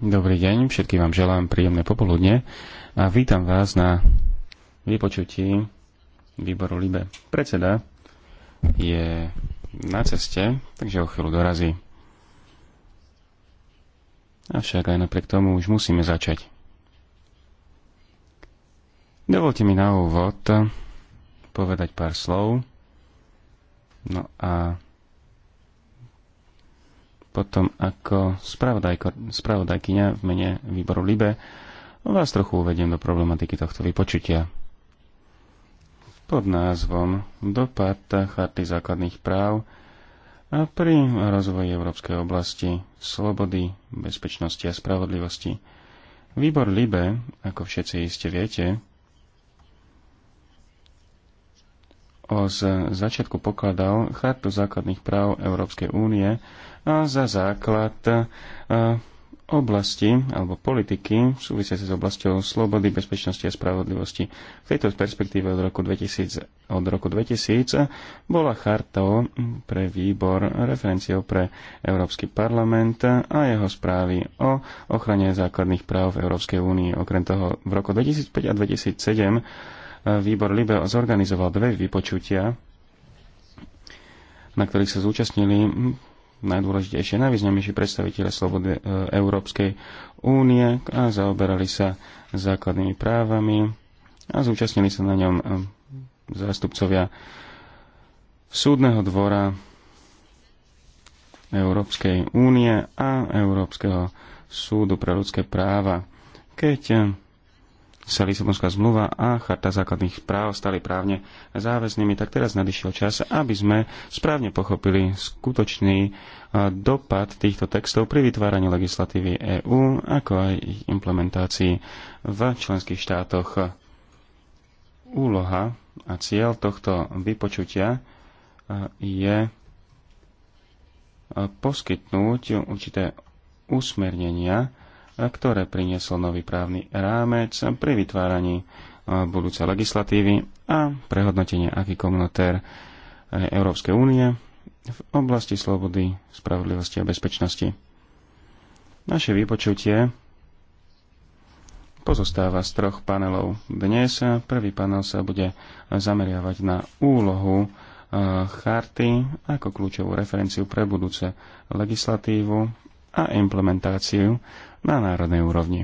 Dobrý deň, všetkým vám želám príjemné popoludne a vítam vás na vypočutí výboru LIBE. Predseda je na ceste, takže o chvíľu dorazí. Avšak aj napriek tomu už musíme začať. Dovolte mi na úvod povedať pár slov. No a potom ako spravodajkyňa v mene výboru LIBE vás trochu uvediem do problematiky tohto vypočutia. Pod názvom Dopad charty základných práv a pri rozvoji európskej oblasti slobody, bezpečnosti a spravodlivosti. Výbor LIBE, ako všetci iste viete, od začiatku pokladal Chartu základných práv Európskej únie za základ e, oblasti alebo politiky súvisiaci s oblasťou slobody, bezpečnosti a spravodlivosti. V tejto perspektíve od roku 2000, od roku 2000 bola chartou pre výbor referenciou pre Európsky parlament a jeho správy o ochrane základných práv v Európskej únii. Okrem toho v roku 2005 a 2007 výbor LIBE zorganizoval dve vypočutia, na ktorých sa zúčastnili najdôležitejšie, najvýznamnejšie predstaviteľe slobody e, Európskej únie a zaoberali sa základnými právami a zúčastnili sa na ňom e, zástupcovia súdneho dvora Európskej únie a Európskeho súdu pre ľudské práva. Keď e, sa Lisabonská zmluva a Charta základných práv stali právne záväznými, tak teraz nadišiel čas, aby sme správne pochopili skutočný e, dopad týchto textov pri vytváraní legislatívy EÚ, ako aj ich implementácii v členských štátoch. Úloha a cieľ tohto vypočutia e, je e, poskytnúť určité usmernenia ktoré priniesol nový právny rámec pri vytváraní e, budúcej legislatívy a prehodnotenie aký komunitér Európskej únie v oblasti slobody, spravodlivosti a bezpečnosti. Naše vypočutie pozostáva z troch panelov. Dnes prvý panel sa bude zameriavať na úlohu e, charty ako kľúčovú referenciu pre budúce legislatívu a implementáciu na národnej úrovni.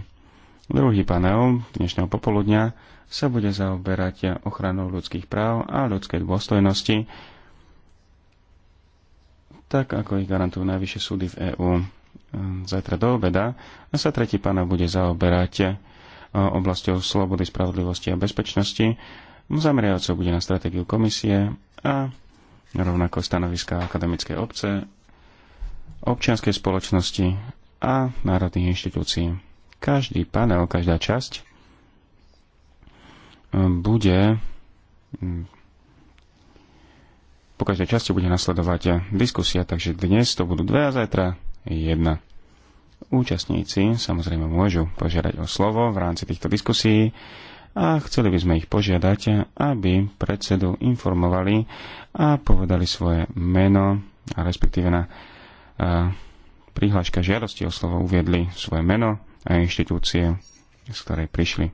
Druhý panel dnešného popoludňa sa bude zaoberať ochranou ľudských práv a ľudskej dôstojnosti, tak ako ich garantujú najvyššie súdy v EÚ. Zajtra do obeda a sa tretí panel bude zaoberať e, oblasťou slobody, spravodlivosti a bezpečnosti. Zameriavať sa bude na stratégiu komisie a rovnako stanoviska akademickej obce, občianskej spoločnosti a národných inštitúcií. Každý panel, každá časť bude po každej časti bude nasledovať diskusia, takže dnes to budú dve a zajtra jedna. Účastníci samozrejme môžu požiadať o slovo v rámci týchto diskusí a chceli by sme ich požiadať, aby predsedu informovali a povedali svoje meno, a respektíve na prihláška žiadosti o slovo uviedli svoje meno a inštitúcie, z ktorej prišli.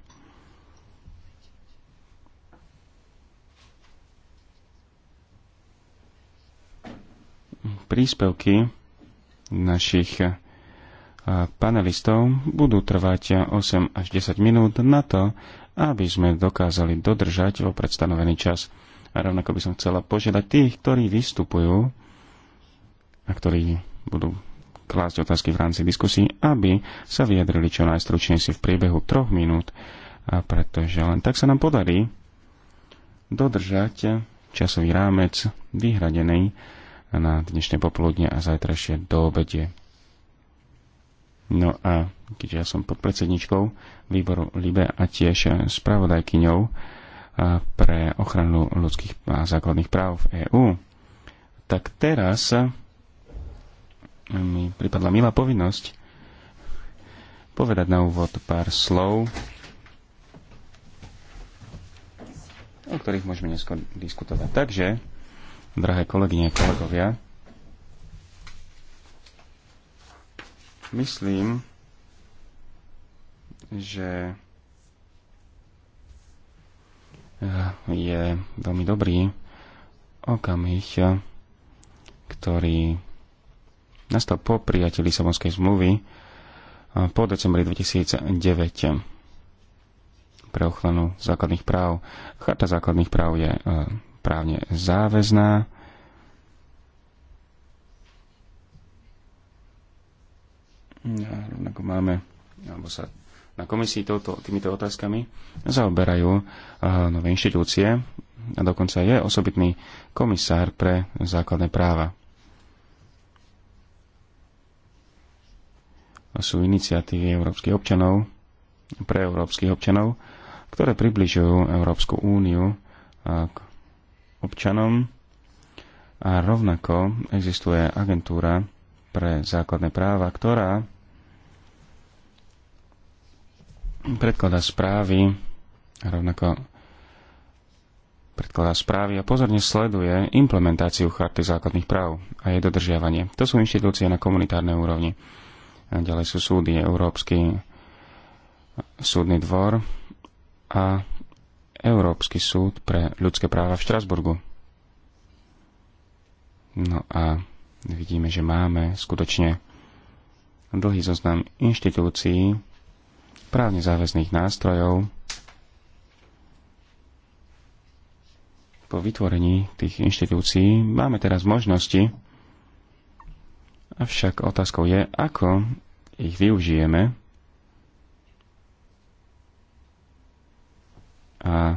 Príspevky našich eh, panelistov budú trvať 8 až 10 minút na to, aby sme dokázali dodržať vo predstanovený čas. A rovnako by som chcela požiadať tých, ktorí vystupujú a ktorí budú klásť otázky v rámci diskusí, aby sa vyjadrili čo najstručnejšie v priebehu troch minút, pretože len tak sa nám podarí dodržať časový rámec vyhradený na dnešné popoludne a zajtrajšie do obede. No a keďže ja som podpredsedničkou výboru LIBE a tiež spravodajkyňou pre ochranu ľudských a základných práv v EÚ, tak teraz mi pripadla milá povinnosť povedať na úvod pár slov, o ktorých môžeme neskôr diskutovať. Takže, drahé kolegyne a kolegovia, myslím, že je veľmi dobrý okamih, ktorý nastal po prijatí Lisabonskej zmluvy eh, po decembri 2009 pre ochranu základných práv. Charta základných práv je eh, právne záväzná. A rovnako máme, alebo sa na komisii touto, týmito otázkami zaoberajú eh, nové inštitúcie a dokonca je osobitný komisár pre základné práva. sú iniciatívy európskych občanov, pre európskych občanov, ktoré približujú Európsku úniu k občanom a rovnako existuje agentúra pre základné práva, ktorá predkladá správy, rovnako predkladá správy a pozorne sleduje implementáciu charty základných práv a jej dodržiavanie. To sú inštitúcie na komunitárnej úrovni. A ďalej sú súdy, Európsky súdny dvor a Európsky súd pre ľudské práva v Štrasburgu. No a vidíme, že máme skutočne dlhý zoznam inštitúcií, právne záväzných nástrojov, po vytvorení tých inštitúcií máme teraz možnosti Avšak otázkou je, ako ich využijeme a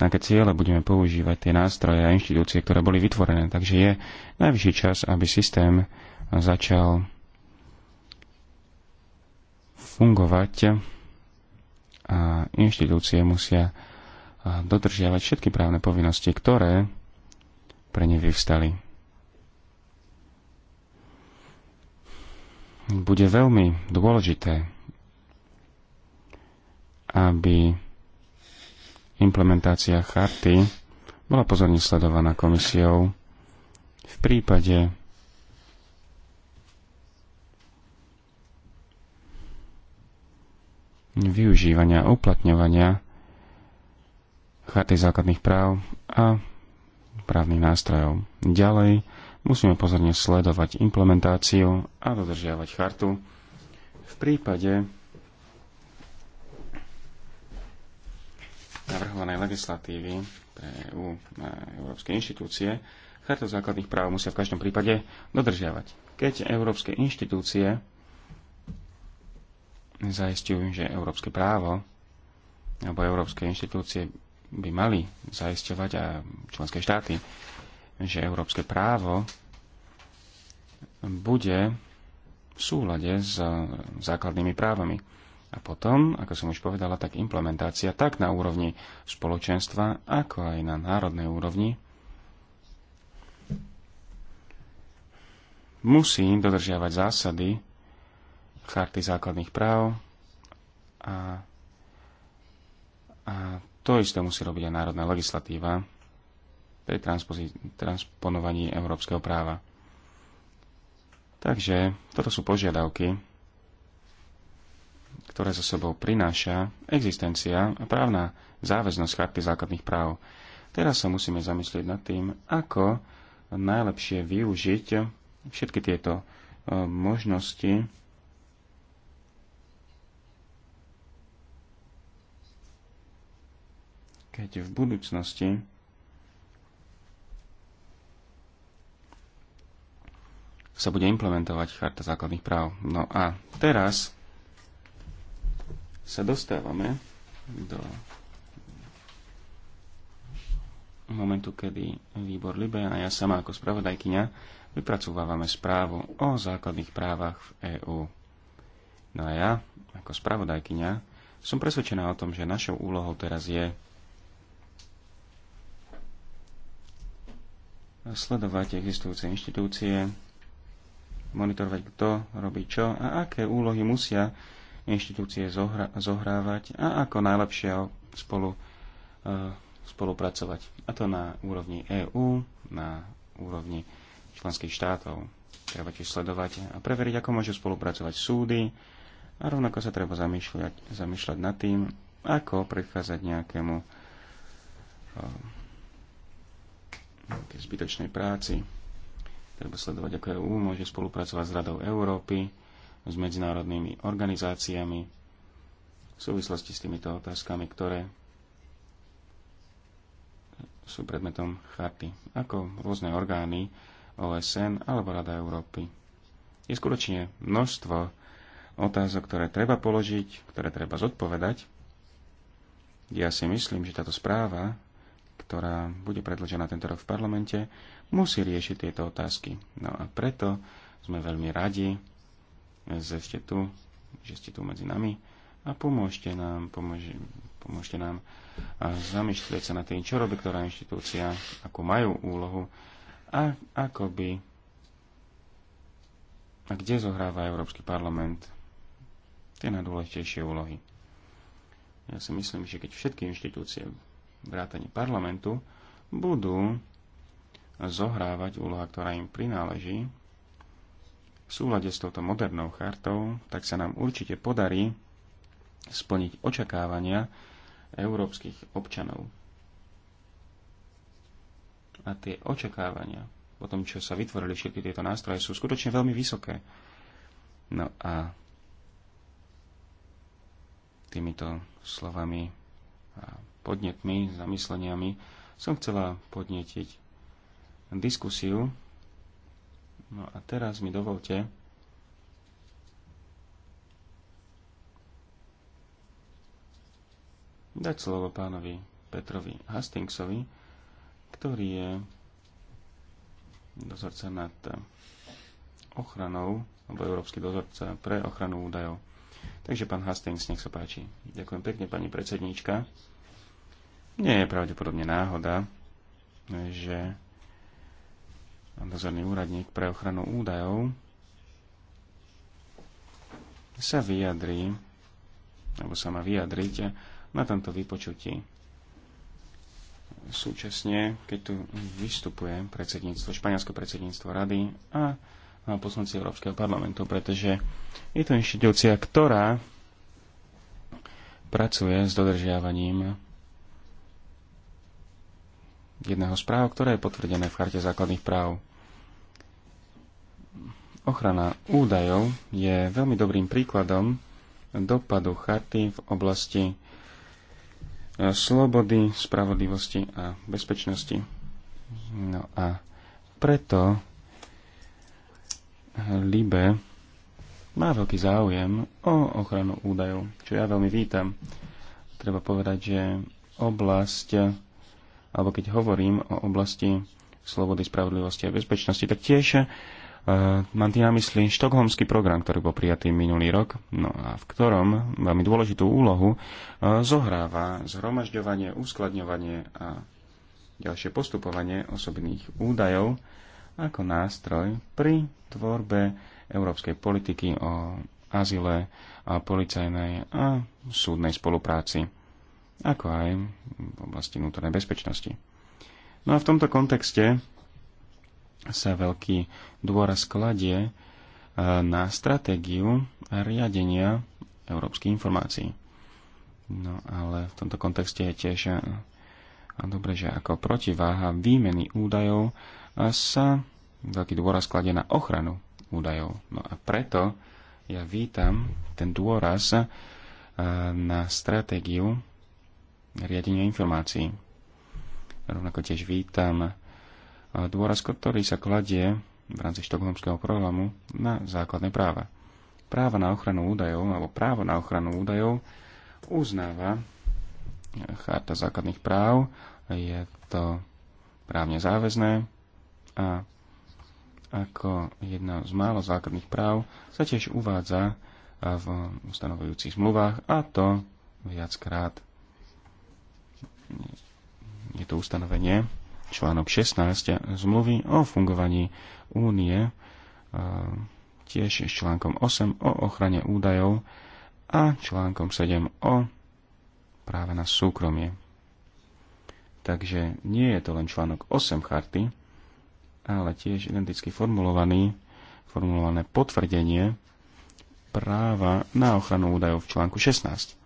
na aké ciele budeme používať tie nástroje a inštitúcie, ktoré boli vytvorené. Takže je najvyšší čas, aby systém začal fungovať a inštitúcie musia dodržiavať všetky právne povinnosti, ktoré pre ne vyvstali. bude veľmi dôležité, aby implementácia charty bola pozorne sledovaná komisiou v prípade využívania a uplatňovania charty základných práv a právnych nástrojov. Ďalej musíme pozorne sledovať implementáciu a dodržiavať chartu. V prípade navrhovanej legislatívy pre EU a európske inštitúcie charta základných práv musia v každom prípade dodržiavať. Keď európske inštitúcie zaistujú, že európske právo alebo európske inštitúcie by mali zaisťovať a členské štáty že európske právo bude v súlade s základnými právami. A potom, ako som už povedala, tak implementácia tak na úrovni spoločenstva, ako aj na národnej úrovni musí dodržiavať zásady charty základných práv a, a to isté musí robiť aj národná legislatíva pri transponovaní európskeho práva. Takže toto sú požiadavky, ktoré za sebou prináša existencia a právna záväznosť charty základných práv. Teraz sa musíme zamyslieť nad tým, ako najlepšie využiť všetky tieto e, možnosti keď v budúcnosti sa bude implementovať Charta základných práv. No a teraz sa dostávame do momentu, kedy výbor Libe a ja sama ako spravodajkyňa vypracovávame správu o základných právach v EÚ. No a ja, ako spravodajkyňa, som presvedčená o tom, že našou úlohou teraz je sledovať existujúce inštitúcie, monitorovať, kto robí čo a aké úlohy musia inštitúcie zohra- zohrávať a ako najlepšie spolu, uh, spolupracovať. A to na úrovni EÚ, na úrovni členských štátov. Treba tiež sledovať a preveriť, ako môžu spolupracovať súdy a rovnako sa treba zamýšľať, zamýšľať nad tým, ako predchádzať nejakému uh, zbytočnej práci treba sledovať, ako EU môže spolupracovať s Radou Európy, s medzinárodnými organizáciami v súvislosti s týmito otázkami, ktoré sú predmetom charty, ako rôzne orgány OSN alebo Rada Európy. Je skutočne množstvo otázok, ktoré treba položiť, ktoré treba zodpovedať. Ja si myslím, že táto správa, ktorá bude predložená tento rok v parlamente, musí riešiť tieto otázky. No a preto sme veľmi radi, že ste tu, že ste tu medzi nami a pomôžte nám, pomôžte, pomôžte nám zamýšľať sa nad tým, čo robí ktorá inštitúcia, ako majú úlohu a ako by a kde zohráva Európsky parlament tie najdôležitejšie úlohy. Ja si myslím, že keď všetky inštitúcie vrátane parlamentu budú zohrávať úloha, ktorá im prináleží. V súlade s touto modernou chartou, tak sa nám určite podarí splniť očakávania európskych občanov. A tie očakávania, po tom, čo sa vytvorili všetky tieto nástroje, sú skutočne veľmi vysoké. No a týmito slovami a podnetmi, zamysleniami som chcela podnetiť diskusiu. No a teraz mi dovolte dať slovo pánovi Petrovi Hastingsovi, ktorý je dozorca nad ochranou, alebo európsky dozorca pre ochranu údajov. Takže pán Hastings, nech sa páči. Ďakujem pekne, pani predsedníčka. Nie je pravdepodobne náhoda, že dozorný úradník pre ochranu údajov sa vyjadrí, alebo sa má vyjadriť na tomto vypočutí. Súčasne, keď tu vystupuje predsedníctvo, španielské predsedníctvo rady a poslanci Európskeho parlamentu, pretože je to inštitúcia, ktorá pracuje s dodržiavaním jedného z práv, ktoré je potvrdené v Charte základných práv. Ochrana údajov je veľmi dobrým príkladom dopadu charty v oblasti e, slobody, spravodlivosti a bezpečnosti. No a preto Libe má veľký záujem o ochranu údajov, čo ja veľmi vítam. Treba povedať, že oblasť alebo keď hovorím o oblasti slobody, spravodlivosti a bezpečnosti, tak tiež uh, mám tým na mysli štokholmský program, ktorý bol prijatý minulý rok, no a v ktorom veľmi dôležitú úlohu uh, zohráva zhromažďovanie, uskladňovanie a ďalšie postupovanie osobných údajov ako nástroj pri tvorbe európskej politiky o azile, a policajnej a súdnej spolupráci ako aj v oblasti vnútornej bezpečnosti. No a v tomto kontexte sa veľký dôraz kladie e, na stratégiu riadenia európskych informácií. No ale v tomto kontexte je tiež a e, dobre, že ako protiváha výmeny údajov e, sa veľký dôraz kladie na ochranu údajov. No a preto ja vítam ten dôraz na stratégiu riadenia informácií. Rovnako tiež vítam eh, dôraz, ktorý sa kladie v rámci štokholmského programu na základné práva. Práva na ochranu údajov, alebo právo na ochranu údajov uznáva eh, Charta základných práv, je to právne záväzné a ako jedna z málo základných práv sa tiež uvádza eh, v ustanovujúcich zmluvách a to viackrát je to ustanovenie článok 16 zmluvy o fungovaní únie, tiež s článkom 8 o ochrane údajov a článkom 7 o práve na súkromie. Takže nie je to len článok 8 charty, ale tiež identicky formulovaný, formulované potvrdenie práva na ochranu údajov v článku 16.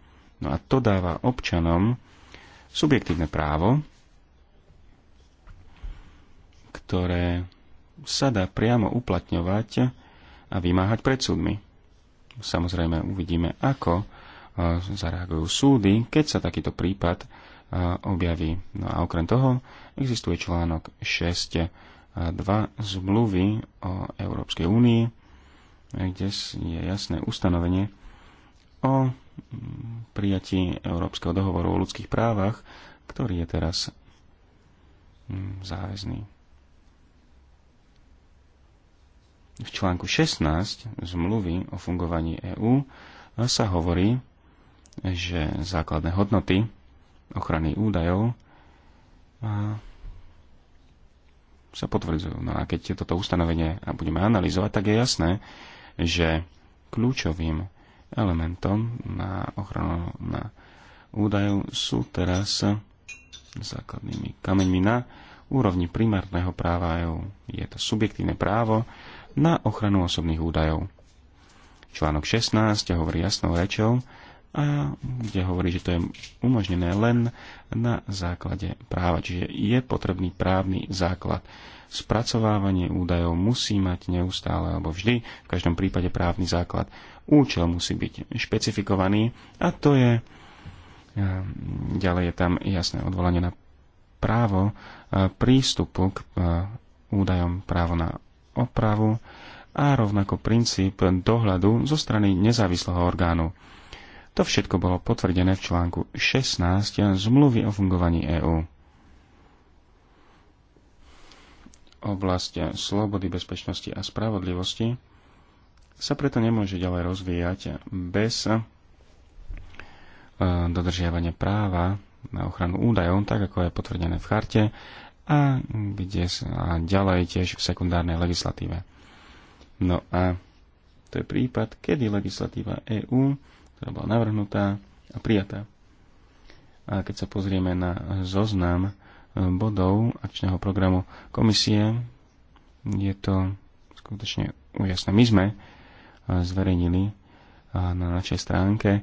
No a to dáva občanom subjektívne právo, ktoré sa dá priamo uplatňovať a vymáhať pred súdmi. Samozrejme uvidíme, ako e, zareagujú súdy, keď sa takýto prípad e, objaví. No a okrem toho existuje článok 6.2 zmluvy o Európskej únii, kde je jasné ustanovenie o prijatí Európskeho dohovoru o ľudských právach, ktorý je teraz mm, záväzný. V článku 16 zmluvy o fungovaní EÚ sa hovorí, že základné hodnoty ochrany údajov sa potvrdzujú. No a keď toto ustanovenie budeme analyzovať, tak je jasné, že kľúčovým elementom na ochranu na údajov sú teraz základnými kameňmi na úrovni primárneho práva EU. Je to subjektívne právo na ochranu osobných údajov. Článok 16 hovorí jasnou rečou, a kde hovorí, že to je umožnené len na základe práva. Čiže je potrebný právny základ spracovávanie údajov musí mať neustále alebo vždy, v každom prípade právny základ. Účel musí byť špecifikovaný a to je, eh, ďalej je tam jasné odvolanie na právo eh, prístupu k eh, údajom právo na opravu a rovnako princíp dohľadu zo strany nezávislého orgánu. To všetko bolo potvrdené v článku 16 zmluvy o fungovaní EÚ. oblasť slobody, bezpečnosti a spravodlivosti sa preto nemôže ďalej rozvíjať bez e, dodržiavania práva na ochranu údajov, tak ako je potvrdené v charte a, kde sa, a ďalej tiež v sekundárnej legislatíve. No a to je prípad, kedy legislatíva EÚ, ktorá bola navrhnutá a prijatá. A keď sa pozrieme na zoznam bodov akčného programu komisie. Je to skutočne ujasné. My sme zverejnili na našej stránke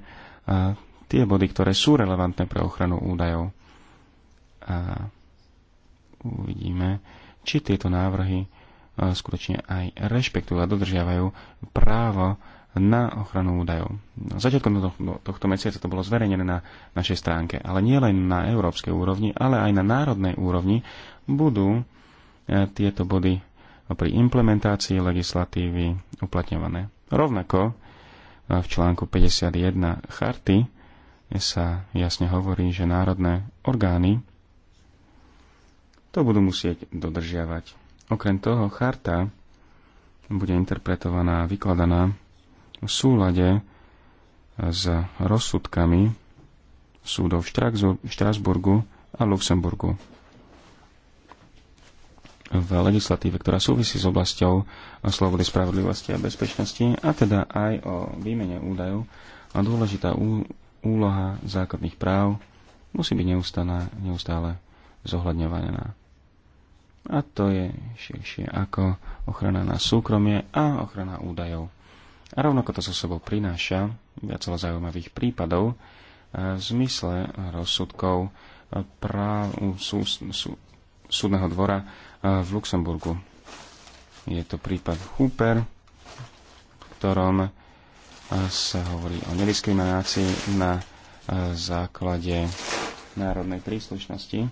tie body, ktoré sú relevantné pre ochranu údajov. A uvidíme, či tieto návrhy skutočne aj rešpektujú a dodržiavajú právo na ochranu údajov. Začiatkom tohto mesiaca to bolo zverejnené na našej stránke, ale nie len na európskej úrovni, ale aj na národnej úrovni budú e, tieto body pri implementácii legislatívy uplatňované. Rovnako e, v článku 51 charty sa jasne hovorí, že národné orgány to budú musieť dodržiavať. Okrem toho, charta bude interpretovaná a vykladaná v súlade s rozsudkami súdov v Štrasburgu a Luxemburgu. V legislatíve, ktorá súvisí s oblasťou slobody, spravodlivosti a bezpečnosti, a teda aj o výmene údajov, a dôležitá úloha základných práv musí byť neustále, neustále zohľadňovaná. A to je širšie ako ochrana na súkromie a ochrana údajov. A rovnako to so sebou prináša viacelo zaujímavých prípadov e, v zmysle rozsudkov e, práv sú, sú, súdneho dvora e, v Luxemburgu. Je to prípad Hooper, v ktorom sa hovorí o nediskriminácii na základe národnej príslušnosti.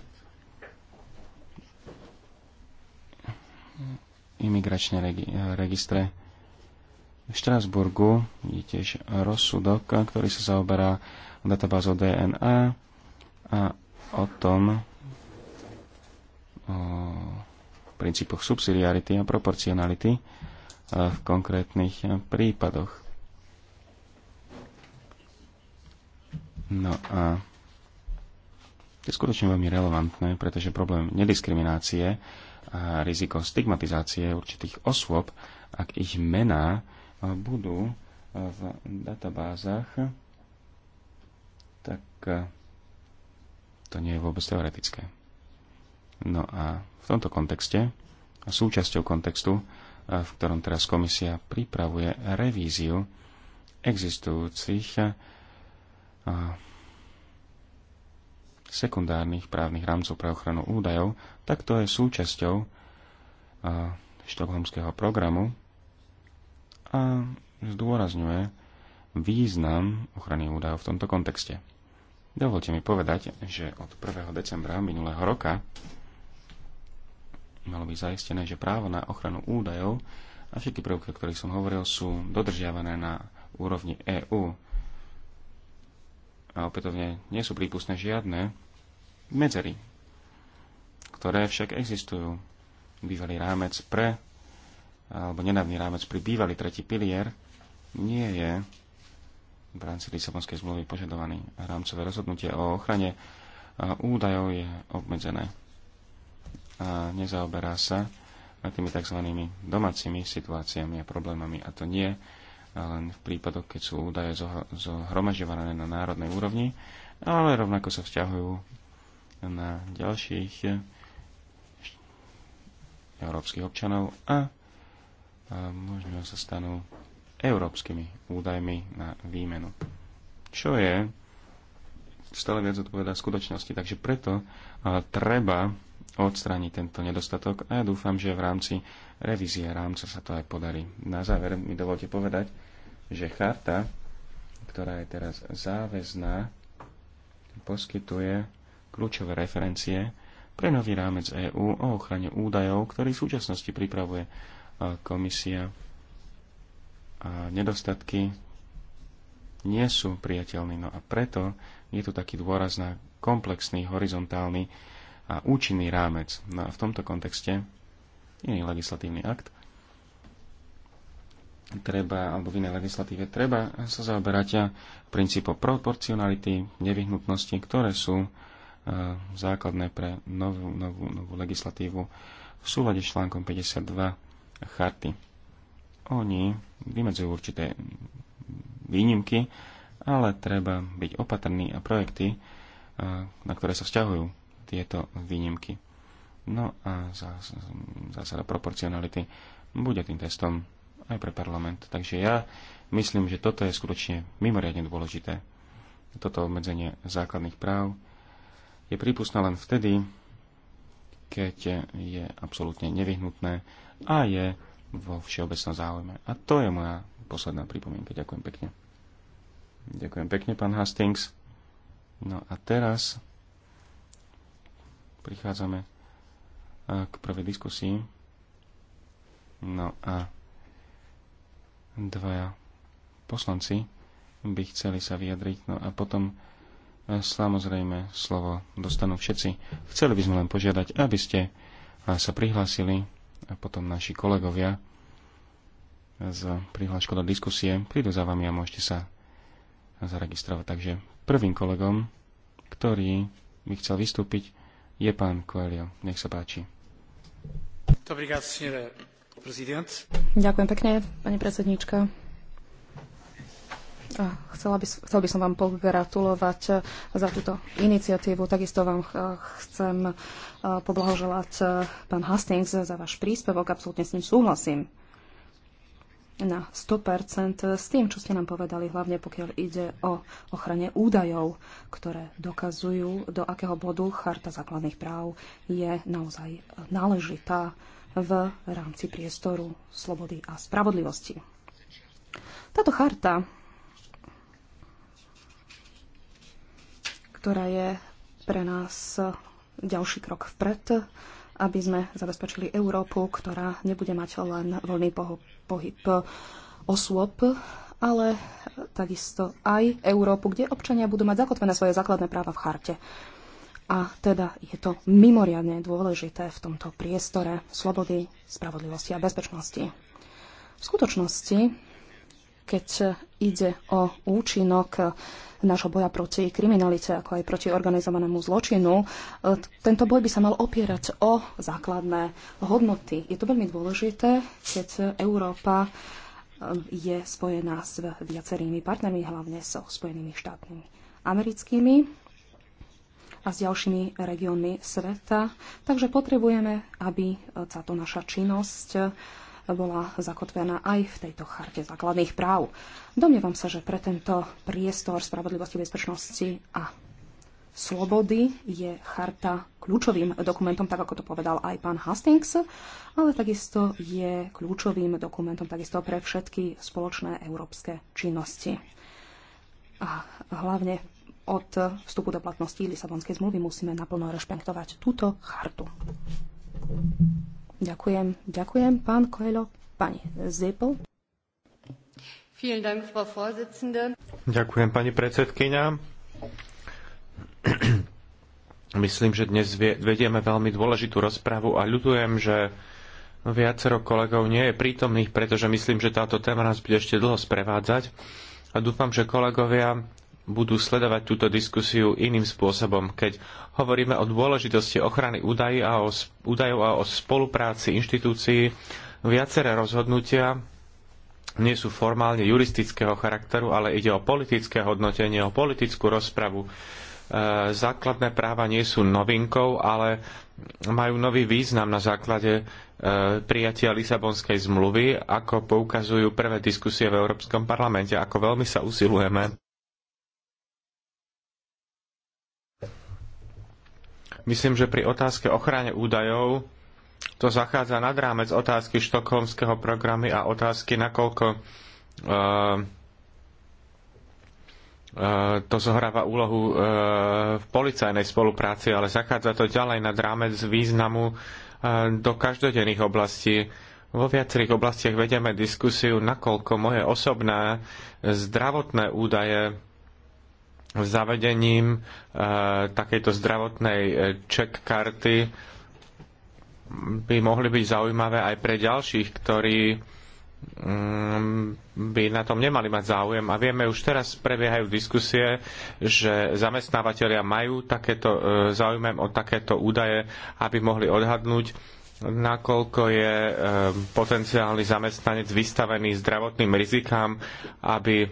Imigračné registre v Štrásburgu je tiež rozsudok, ktorý sa zaoberá databázou DNA a o tom, o princípoch subsidiarity a proporcionality e, v konkrétnych prípadoch. No a to je skutočne veľmi relevantné, pretože problém nediskriminácie a riziko stigmatizácie určitých osôb, ak ich mená budú e, v databázach, tak e, to nie je vôbec teoretické. No a v tomto kontexte a súčasťou kontextu, e, v ktorom teraz komisia pripravuje revíziu existujúcich sekundárnych právnych rámcov pre ochranu údajov, tak to je súčasťou štokholmského programu, a zdôrazňuje význam ochrany údajov v tomto kontexte. Dovolte mi povedať, že od 1. decembra minulého roka malo byť zaistené, že právo na ochranu údajov a všetky prvky, o ktorých som hovoril, sú dodržiavané na úrovni EÚ. A opätovne nie sú prípustné žiadne medzery, ktoré však existujú. Bývalý rámec pre alebo nenávny rámec pri bývalý tretí pilier nie je v rámci Lisabonskej zmluvy požadovaný. Rámcové rozhodnutie o ochrane údajov je obmedzené a nezaoberá sa tými tzv. domácimi situáciami a problémami. A to nie len v prípadoch, keď sú údaje zohromažované na národnej úrovni, ale rovnako sa vzťahujú na ďalších európskych občanov a možno sa stanú európskymi údajmi na výmenu. Čo je stále viac odpovedá skutočnosti, takže preto treba odstrániť tento nedostatok a ja dúfam, že v rámci revízie rámca sa to aj podarí. Na záver mi dovolte povedať, že charta, ktorá je teraz záväzná, poskytuje kľúčové referencie pre nový rámec EÚ o ochrane údajov, ktorý v súčasnosti pripravuje komisia a nedostatky nie sú priateľné. No a preto je tu taký dôraz na komplexný, horizontálny a účinný rámec. No a v tomto kontexte iný legislatívny akt treba, alebo v inej legislatíve treba sa zaoberať princípom proporcionality, nevyhnutnosti, ktoré sú e, základné pre novú, novú, novú legislatívu v súlade s článkom 52 charty. Oni vymedzujú určité výnimky, ale treba byť opatrný a projekty, e, na ktoré sa vzťahujú tieto výnimky. No a zásada proporcionality bude tým testom aj pre parlament. Takže ja myslím, že toto je skutočne mimoriadne dôležité. Toto obmedzenie základných práv je prípustné len vtedy, keď je absolútne nevyhnutné a je vo všeobecnom záujme. A to je moja posledná pripomienka. Ďakujem pekne. Ďakujem pekne, pán Hastings. No a teraz prichádzame k prvej diskusii. No a dvaja poslanci by chceli sa vyjadriť, no a potom samozrejme slovo dostanú všetci. Chceli by sme len požiadať, aby ste sa prihlásili a potom naši kolegovia z prihláškou do diskusie prídu za vami a môžete sa zaregistrovať. Takže prvým kolegom, ktorý by chcel vystúpiť, je pán Coelho. Nech sa páči. Ďakujem pekne, pani predsedníčka. Chcela by, chcel by som vám pogratulovať eh, za túto iniciatívu. Takisto vám chcem eh, poblahoželať eh, pán Hastings za váš príspevok. Absolutne s ním súhlasím na 100% s tým, čo ste nám povedali, hlavne pokiaľ ide o ochrane údajov, ktoré dokazujú, do akého bodu Charta základných práv je naozaj náležitá v rámci priestoru slobody a spravodlivosti. Táto charta ktorá je pre nás ďalší krok vpred, aby sme zabezpečili Európu, ktorá nebude mať len voľný pohyb osôb, ale takisto aj Európu, kde občania budú mať zakotvené svoje základné práva v charte. A teda je to mimoriadne dôležité v tomto priestore slobody, spravodlivosti a bezpečnosti. V skutočnosti keď ide o účinok nášho boja proti kriminalite, ako aj proti organizovanému zločinu. Tento boj by sa mal opierať o základné hodnoty. Je to veľmi dôležité, keď Európa um, je spojená s viacerými partnermi, hlavne so Spojenými štátmi americkými a s ďalšími regiónmi sveta. Takže potrebujeme, aby táto naša činnosť bola zakotvená aj v tejto charte základných práv. Domnievam sa, že pre tento priestor spravodlivosti, bezpečnosti a slobody je charta kľúčovým dokumentom, tak ako to povedal aj pán Hastings, ale takisto je kľúčovým dokumentom takisto pre všetky spoločné európske činnosti. A hlavne od vstupu do platnosti Lisabonskej zmluvy musíme naplno rešpektovať túto chartu. Ďakujem. Ďakujem, pán Koelo. Pani Zipl. Ďakujem, pani predsedkyňa. Myslím, že dnes vedieme veľmi dôležitú rozpravu a ľudujem, že viacero kolegov nie je prítomných, pretože myslím, že táto téma nás bude ešte dlho sprevádzať. A dúfam, že kolegovia budú sledovať túto diskusiu iným spôsobom, keď hovoríme o dôležitosti ochrany údajov a o, údajov a o spolupráci inštitúcií. Viaceré rozhodnutia nie sú formálne juristického charakteru, ale ide o politické hodnotenie, o politickú rozpravu. E, základné práva nie sú novinkou, ale majú nový význam na základe e, prijatia Lisabonskej zmluvy, ako poukazujú prvé diskusie v Európskom parlamente, ako veľmi sa usilujeme Myslím, že pri otázke ochrane údajov to zachádza nad rámec otázky štokholmského programy a otázky, nakoľko uh, to zohráva úlohu eh, v policajnej spolupráci, ale zachádza to ďalej nad rámec významu do každodenných oblastí. Vo viacerých oblastiach vedeme diskusiu, nakoľko moje osobné zdravotné údaje zavedením e, takejto zdravotnej e, check karty by mohli byť zaujímavé aj pre ďalších, ktorí mm, by na tom nemali mať záujem. A vieme, už teraz prebiehajú diskusie, že zamestnávateľia majú takéto e, záujem o takéto údaje, aby mohli odhadnúť, nakoľko je potenciálny zamestnanec vystavený zdravotným rizikám, aby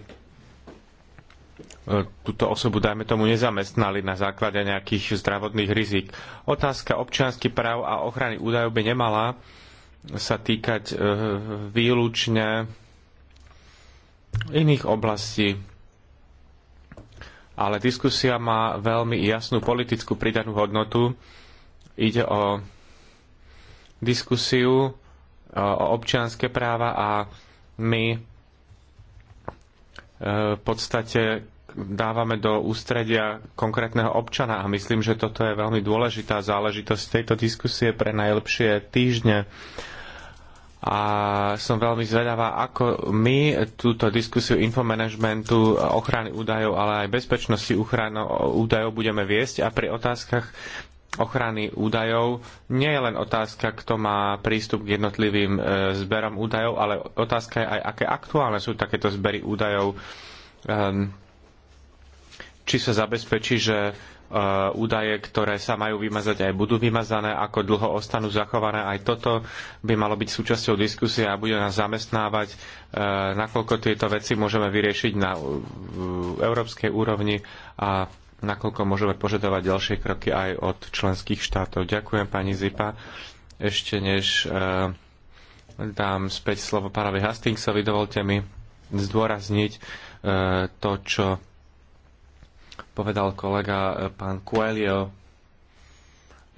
E, túto osobu, dajme tomu, nezamestnali na základe nejakých zdravotných rizik. Otázka občianských práv a ochrany údajov by nemala sa týkať e, výlučne iných oblastí. Ale diskusia má veľmi jasnú politickú pridanú hodnotu. Ide o diskusiu e, o občianské práva a my v podstate dávame do ústredia konkrétneho občana a myslím, že toto je veľmi dôležitá záležitosť tejto diskusie pre najlepšie týždne. A som veľmi zvedavá, ako my túto diskusiu infomanagementu, ochrany údajov, ale aj bezpečnosti údajov budeme viesť a pri otázkach ochrany údajov nie je len otázka, kto má prístup k jednotlivým e, zberom údajov, ale otázka je aj, aké aktuálne sú takéto zbery údajov. Ehm, či sa zabezpečí, že e, údaje, ktoré sa majú vymazať, aj budú vymazané, ako dlho ostanú zachované. Aj toto by malo byť súčasťou diskusie a bude nás zamestnávať, e, nakoľko tieto veci môžeme vyriešiť na európskej úrovni a nakoľko môžeme požadovať ďalšie kroky aj od členských štátov. Ďakujem pani Zipa. Ešte než uh, dám späť slovo pánovi Hastingsovi, dovolte mi zdôrazniť uh, to, čo povedal kolega e, pán Coelho.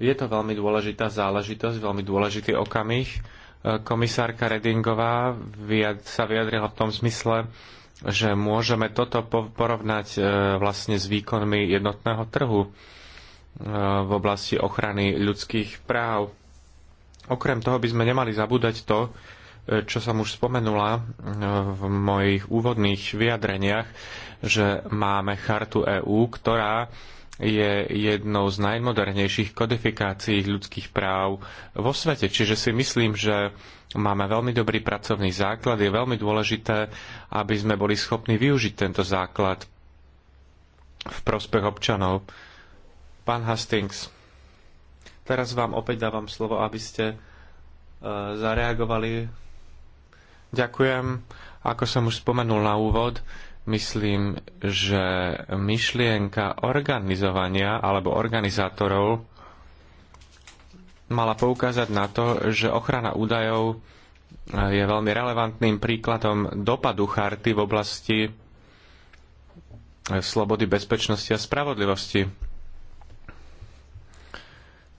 Je to veľmi dôležitá záležitosť, veľmi dôležitý okamih. komisárka Redingová sa vyjadrila v tom zmysle, že môžeme toto porovnať e, vlastne s výkonmi jednotného trhu e, v oblasti ochrany ľudských práv. Okrem toho by sme nemali zabúdať to, e, čo som už spomenula v mojich úvodných vyjadreniach, že máme chartu EÚ, ktorá je jednou z najmodernejších kodifikácií ľudských práv vo svete. Čiže si myslím, že máme veľmi dobrý pracovný základ. Je veľmi dôležité, aby sme boli schopní využiť tento základ v prospech občanov. Pán Hastings, teraz vám opäť dávam slovo, aby ste e, zareagovali. Ďakujem. Ako som už spomenul na úvod, myslím, že myšlienka organizovania alebo organizátorov mala poukázať na to, že ochrana údajov eh, je veľmi relevantným príkladom dopadu charty v oblasti eh, slobody, bezpečnosti a spravodlivosti.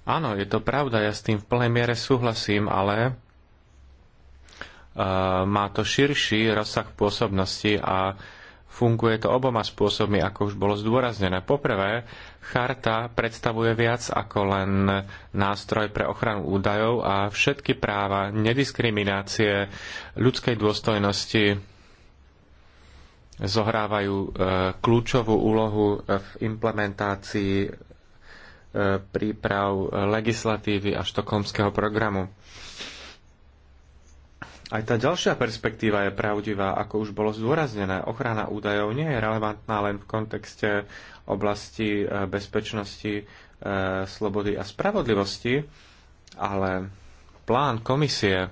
Áno, je to pravda, ja s tým v plnej miere súhlasím, ale eh, má to širší rozsah pôsobnosti a Funguje to oboma spôsobmi, ako už bolo zdôraznené. Poprvé, charta predstavuje viac ako len nástroj pre ochranu údajov a všetky práva, nediskriminácie, ľudskej dôstojnosti zohrávajú e, kľúčovú úlohu v implementácii e, príprav legislatívy a štokholmského programu. Aj tá ďalšia perspektíva je pravdivá, ako už bolo zdôraznené. Ochrana údajov nie je relevantná len v kontexte oblasti e, bezpečnosti, e, slobody a spravodlivosti, ale plán komisie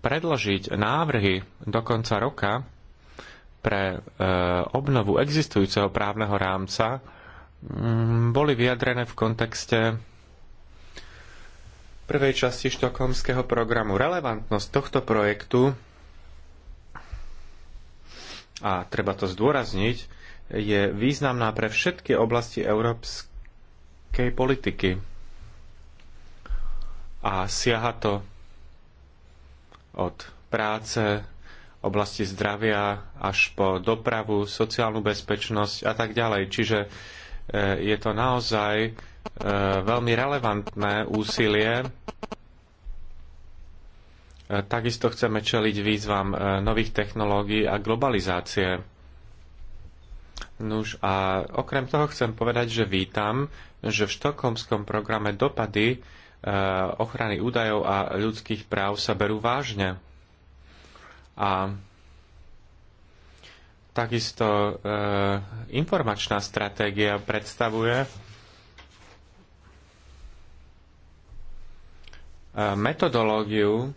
predložiť návrhy do konca roka pre e, obnovu existujúceho právneho rámca boli vyjadrené v kontexte prvej časti štokholmského programu. Relevantnosť tohto projektu, a treba to zdôrazniť, je významná pre všetky oblasti európskej politiky. A siaha to od práce, oblasti zdravia až po dopravu, sociálnu bezpečnosť a tak ďalej. Čiže Eh, je to naozaj eh, veľmi relevantné úsilie. Eh, takisto chceme čeliť výzvam nových technológií a globalizácie. Nuž a okrem toho chcem povedať, že vítam, že v štokholmskom programe dopady ochrany údajov a ľudských práv sa berú vážne. A Takisto e, informačná stratégia predstavuje eh, metodológiu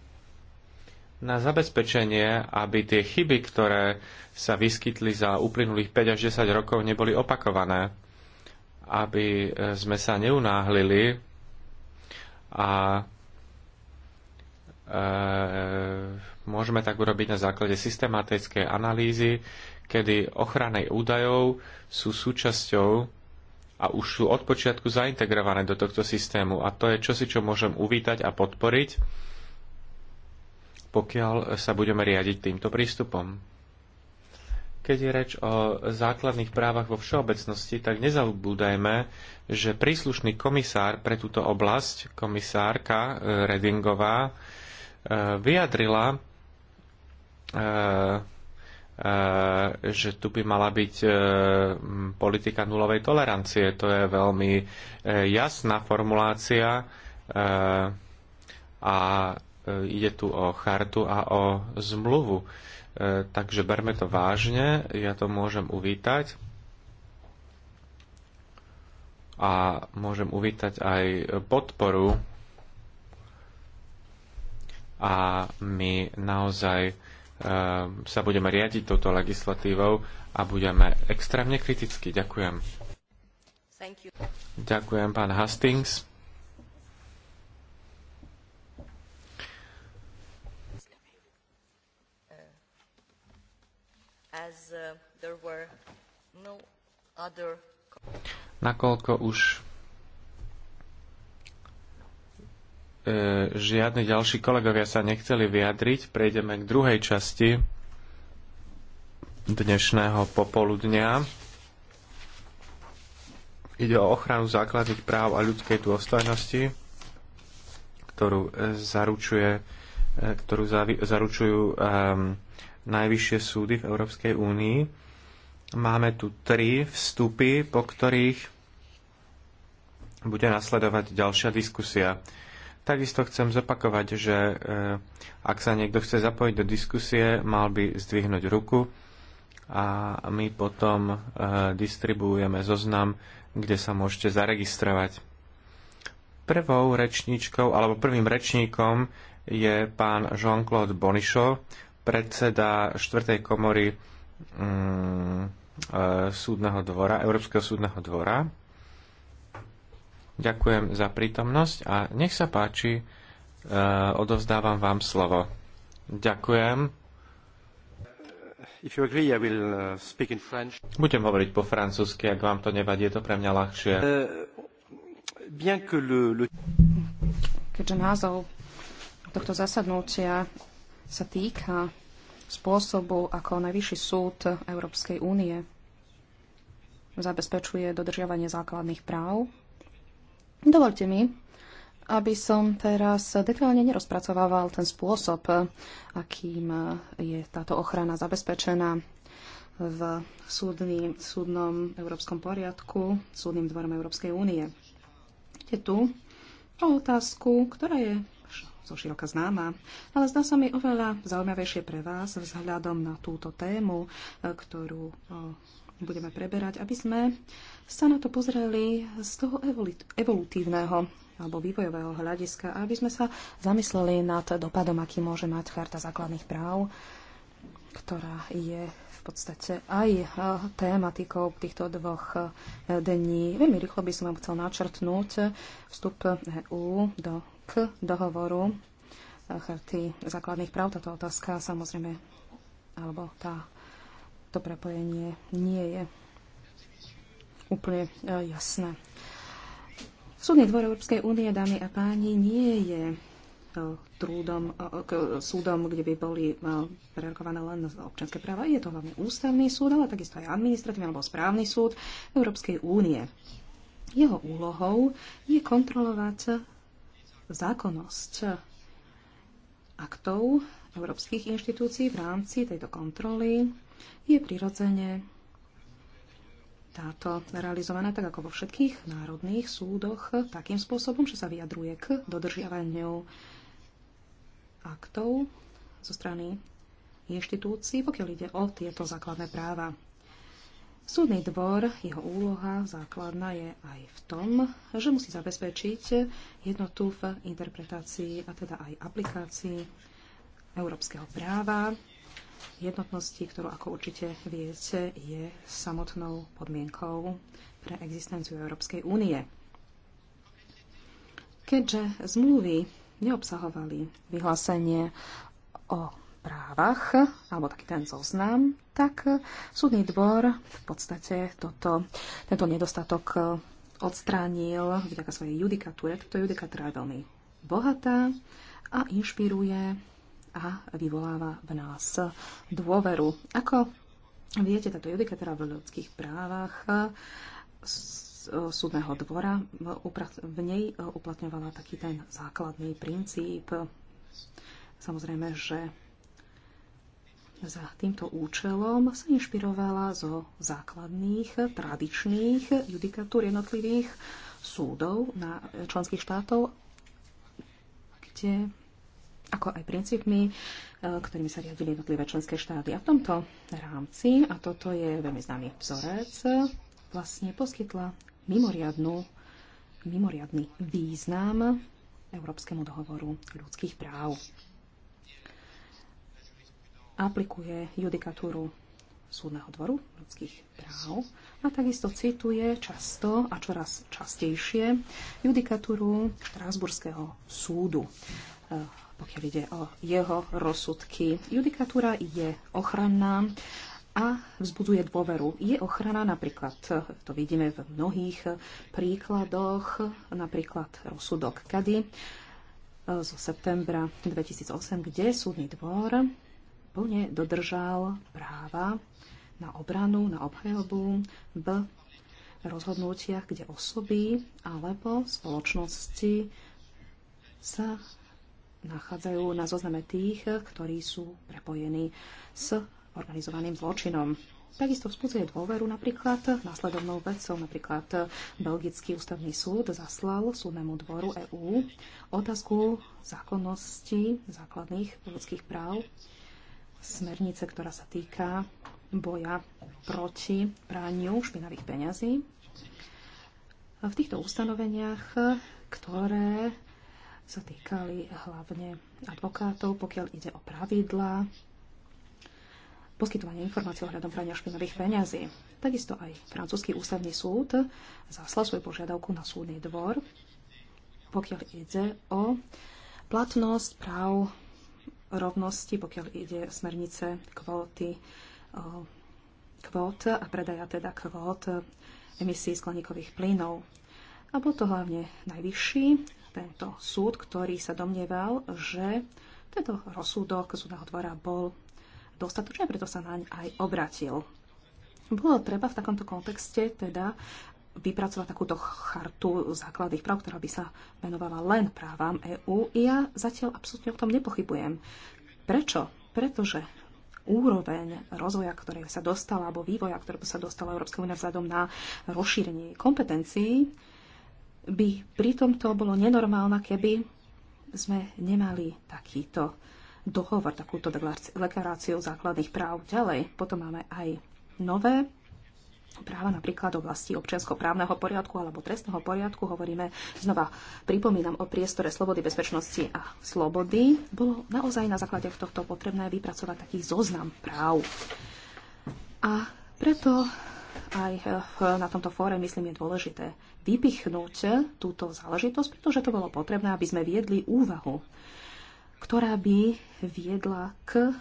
na zabezpečenie, aby tie chyby, ktoré sa vyskytli za uplynulých 5 až 10 rokov, neboli opakované. Aby eh, sme sa neunáhlili a e, môžeme tak urobiť na základe systematickej analýzy, kedy ochrany údajov sú súčasťou a už sú od počiatku zaintegrované do tohto systému. A to je čosi, čo môžem uvítať a podporiť, pokiaľ sa budeme riadiť týmto prístupom. Keď je reč o základných právach vo všeobecnosti, tak nezabúdajme, že príslušný komisár pre túto oblasť, komisárka eh, Redingová, eh, vyjadrila eh, že tu by mala byť e, politika nulovej tolerancie. To je veľmi e, jasná formulácia e, a ide tu o chartu a o zmluvu. Takže berme to vážne, ja to môžem uvítať a môžem uvítať aj podporu a my naozaj Ehm, sa budeme riadiť touto legislatívou a budeme extrémne kriticky. Ďakujem. Ďakujem, pán Hastings. Uh, uh, no Nakoľko už E, žiadni ďalší kolegovia sa nechceli vyjadriť, prejdeme k druhej časti dnešného popoludnia. Ide o ochranu základných práv a ľudskej dôstojnosti, ktorú e, zaručuje, e, ktorú zaručujú um, najvyššie súdy v Európskej únii. Máme tu tri vstupy, po ktorých bude nasledovať ďalšia diskusia. Takisto chcem zopakovať, že eh, ak sa niekto chce zapojiť do diskusie, mal by zdvihnúť ruku a my potom eh, distribuujeme zoznam, kde sa môžete zaregistrovať. Prvou rečníčkou alebo prvým rečníkom je pán Jean-Claude Bonišo, predseda 4. komory mm, eh, súdneho dvora, Európskeho súdneho dvora. Ďakujem za prítomnosť a nech sa páči, e, odovzdávam vám slovo. Ďakujem. If you agree, I will uh, speak in French. Budem hovoriť po francúzsky, ak vám to nevadí, je to pre mňa ľahšie. Uh, Keďže názov tohto zasadnutia sa týka spôsobu, ako Najvyšší súd Európskej únie zabezpečuje dodržiavanie základných práv Dovolte mi, aby som teraz detailne nerozpracovával ten spôsob, akým je táto ochrana zabezpečená v súdny, súdnom európskom poriadku, súdnym dvorom Európskej únie. Je tu o otázku, ktorá je zo široka známa, ale zdá sa mi oveľa zaujímavejšie pre vás vzhľadom na túto tému, ktorú budeme preberať, aby sme sa na to pozreli z toho evolutívneho alebo vývojového hľadiska, aby sme sa zamysleli nad dopadom, aký môže mať Charta základných práv, ktorá je v podstate aj eh, tématikou týchto dvoch eh, dní. Veľmi rýchlo by som vám chcel načrtnúť vstup EU do, k dohovoru eh, Charty základných práv. Táto otázka samozrejme, alebo tá, to prepojenie nie je úplne e, jasné. Súdny dvor Európskej únie, dámy a páni, nie je e, trúdom, e, k súdom, kde by boli prerokované len občanské práva. Je to hlavne ústavný súd, ale takisto aj administratívny alebo správny súd Európskej únie. Jeho úlohou je kontrolovať zákonnosť aktov európskych inštitúcií v rámci tejto kontroly je prirodzene táto realizovaná tak ako vo všetkých národných súdoch takým spôsobom, že sa vyjadruje k dodržiavaniu aktov zo strany inštitúcií, pokiaľ ide o tieto základné práva. Súdny dvor, jeho úloha základná je aj v tom, že musí zabezpečiť jednotu v interpretácii a teda aj aplikácii európskeho práva jednotnosti, ktorú ako určite viete, je samotnou podmienkou pre existenciu Európskej únie. Keďže zmluvy neobsahovali vyhlásenie o právach, alebo taký ten zoznam, tak súdny dvor v podstate toto, tento nedostatok odstránil vďaka svojej judikatúre. Toto judikatúra je veľmi bohatá a inšpiruje a vyvoláva v nás dôveru. Ako viete, táto judikatúra v ľudských právach súdneho dvora v nej e, uplatňovala taký ten základný princíp. Samozrejme, že za týmto účelom sa inšpirovala zo základných tradičných judikatúr jednotlivých súdov na členských štátov, kde ako aj princípmi, e, ktorými sa riadili jednotlivé členské štáty. A v tomto rámci, a toto je veľmi známy vzorec, vlastne poskytla mimoriadnu, mimoriadný význam Európskemu dohovoru ľudských práv. Aplikuje judikatúru súdneho dvoru ľudských práv a takisto cituje často a čoraz častejšie judikatúru Štrásburského súdu e, pokiaľ ide o jeho rozsudky. Judikatúra je ochranná a vzbuduje dôveru. Je ochrana napríklad, to vidíme v mnohých príkladoch, napríklad rozsudok Kady zo septembra 2008, kde súdny dvor plne dodržal práva na obranu, na obhajobu v rozhodnutiach, kde osoby alebo spoločnosti sa nachádzajú na zozname tých, ktorí sú prepojení s organizovaným zločinom. Takisto vzbudzuje dôveru napríklad následovnou vecou. Napríklad Belgický ústavný súd zaslal súdnemu dvoru EÚ otázku zákonnosti základných ľudských práv smernice, ktorá sa týka boja proti praniu špinavých peňazí. V týchto ustanoveniach, ktoré sa týkali hlavne advokátov, pokiaľ ide o pravidlá poskytovanie informácií ohľadom prania špinavých peňazí. Takisto aj francúzsky ústavný súd zaslal svoju požiadavku na súdny dvor, pokiaľ ide o platnosť práv rovnosti, pokiaľ ide smernice kvóty, kvót a predaja teda kvót emisí skleníkových plynov. A bol to hlavne najvyšší tento súd, ktorý sa domnieval, že tento rozsudok súdneho dvora bol dostatočný, preto sa naň aj obratil. Bolo treba v takomto kontexte teda vypracovať takúto chartu základných práv, ktorá by sa venovala len právam EÚ. Ja zatiaľ absolútne o tom nepochybujem. Prečo? Pretože úroveň rozvoja, ktoré sa dostala, alebo vývoja, ktorého sa dostala Európska únia vzhľadom na rozšírenie kompetencií, by pritom to bolo nenormálne, keby sme nemali takýto dohovor, takúto deklaráciu základných práv. Ďalej potom máme aj nové práva napríklad oblasti občiansko-právneho poriadku alebo trestného poriadku. Hovoríme znova, pripomínam o priestore slobody, bezpečnosti a slobody. Bolo naozaj na základe tohto potrebné vypracovať taký zoznam práv. A preto aj eh, na tomto fóre, myslím, je dôležité vypichnúť eh, túto záležitosť, pretože to bolo potrebné, aby sme viedli úvahu, ktorá by viedla k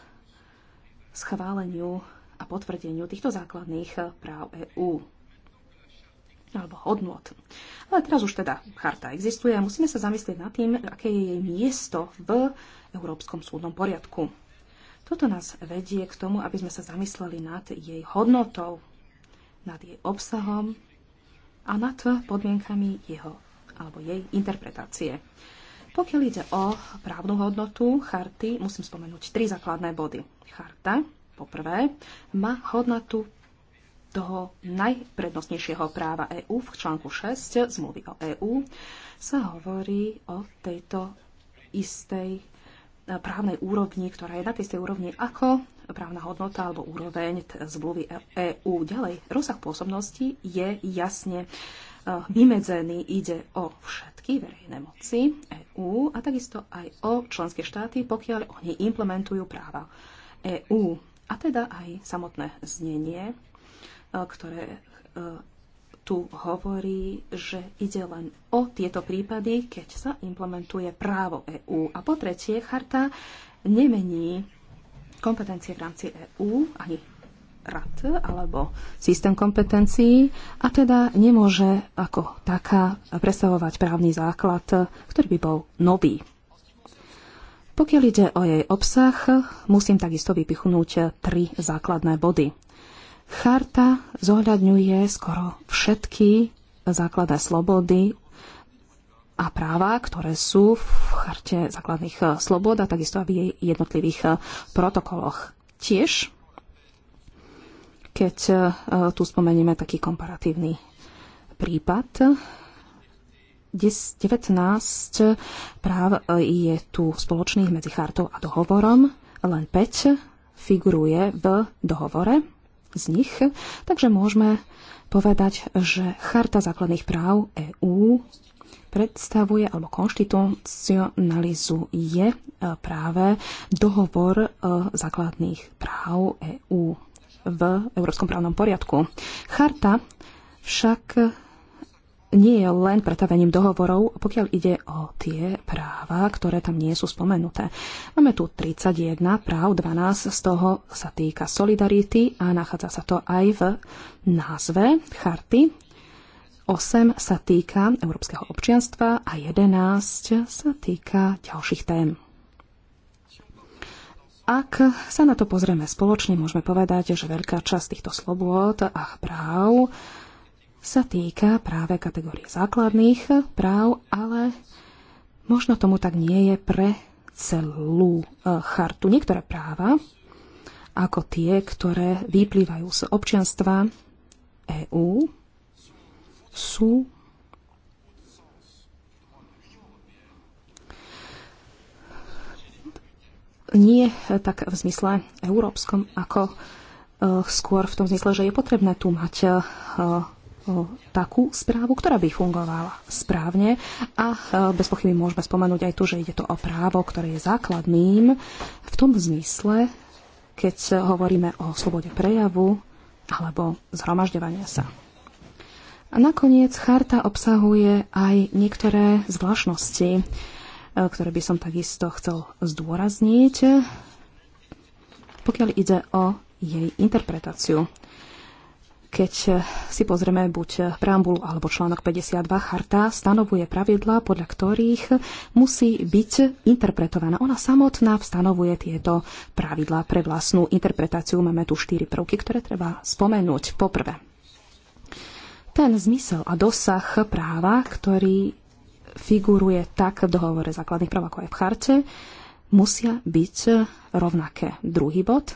schváleniu a potvrdeniu týchto základných eh, práv EÚ alebo hodnot. Ale teraz už teda charta existuje a musíme sa zamyslieť nad tým, aké je jej miesto v Európskom súdnom poriadku. Toto nás vedie k tomu, aby sme sa zamysleli nad jej hodnotou, nad jej obsahom a nad podmienkami jeho alebo jej interpretácie. Pokiaľ ide o právnu hodnotu charty, musím spomenúť tri základné body. Charta, poprvé, má hodnotu toho najprednostnejšieho práva EÚ v článku 6 zmluvy o EÚ sa hovorí o tejto istej eh, právnej úrovni, ktorá je na tej istej úrovni ako právna hodnota alebo úroveň zmluvy EÚ. E Ďalej, rozsah pôsobnosti je jasne e, vymedzený. Ide o všetky verejné moci EÚ a takisto aj o členské štáty, pokiaľ oni implementujú práva EÚ. A teda aj samotné znenie, e, ktoré tu hovorí, že ide len o tieto prípady, keď sa implementuje právo EÚ. A po tretie, charta nemení kompetencie v rámci EÚ, ani rad alebo systém kompetencií a teda nemôže ako taká predstavovať právny základ, ktorý by bol nový. Pokiaľ ide o jej obsah, musím takisto vypichnúť tri základné body. Charta zohľadňuje skoro všetky základné slobody a práva, ktoré sú v charte základných eh, slobod a takisto aj v jej jednotlivých eh, protokoloch. Tiež, keď eh, tu spomenieme taký komparatívny prípad, 19 práv je tu spoločných medzi chartou a dohovorom, len 5 figuruje v dohovore z nich. Takže môžeme povedať, že Charta základných práv EÚ predstavuje alebo konštitucionalizuje e, práve dohovor e, základných práv EÚ v európskom právnom poriadku. Charta však nie je len pretavením dohovorov, pokiaľ ide o tie práva, ktoré tam nie sú spomenuté. Máme tu 31 práv, 12 z toho sa týka solidarity a nachádza sa to aj v názve charty. 8 sa týka európskeho občianstva a 11 sa týka ďalších tém. Ak sa na to pozrieme spoločne, môžeme povedať, že veľká časť týchto slobôd a práv sa týka práve kategórie základných práv, ale možno tomu tak nie je pre celú e, chartu. Niektoré práva, ako tie, ktoré vyplývajú z občianstva EÚ, sú nie tak v zmysle európskom, ako e, skôr v tom zmysle, že je potrebné tu mať e, takú správu, ktorá by fungovala správne. A e, bez pochyby môžeme spomenúť aj tu, že ide to o právo, ktoré je základným v tom zmysle, keď hovoríme o slobode prejavu alebo zhromažďovania sa. A nakoniec charta obsahuje aj niektoré zvláštnosti, e, ktoré by som takisto chcel zdôrazniť, pokiaľ ide o jej interpretáciu. Keď eh, si pozrieme buď eh, preambulu alebo článok 52, charta stanovuje pravidlá, podľa ktorých musí byť interpretovaná. Ona samotná stanovuje tieto pravidlá pre vlastnú interpretáciu. Máme tu štyri prvky, ktoré treba spomenúť. Poprvé, ten zmysel a dosah práva, ktorý figuruje tak v dohovore základných práv ako aj v charte, musia byť rovnaké. Druhý bod,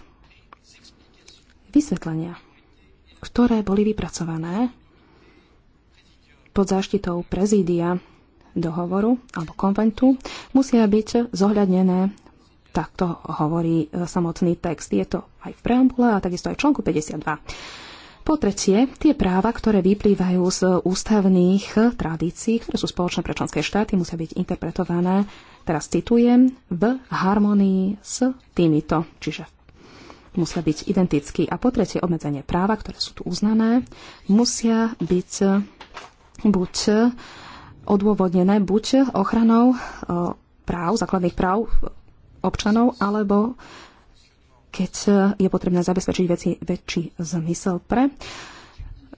vysvetlenia ktoré boli vypracované pod záštitou prezídia dohovoru alebo konventu, musia byť zohľadnené takto hovorí e, samotný text. Je to aj v preambule a takisto aj v článku 52. Po tretie, tie práva, ktoré vyplývajú z ústavných tradícií, ktoré sú spoločné pre členské štáty, musia byť interpretované, teraz citujem, v harmonii s týmito, čiže v musia byť identickí. A po tretie, obmedzenie práva, ktoré sú tu uznané, musia byť buď odôvodnené buď ochranou e, práv, základných práv občanov, alebo keď je potrebné zabezpečiť veci, väčší zmysel pre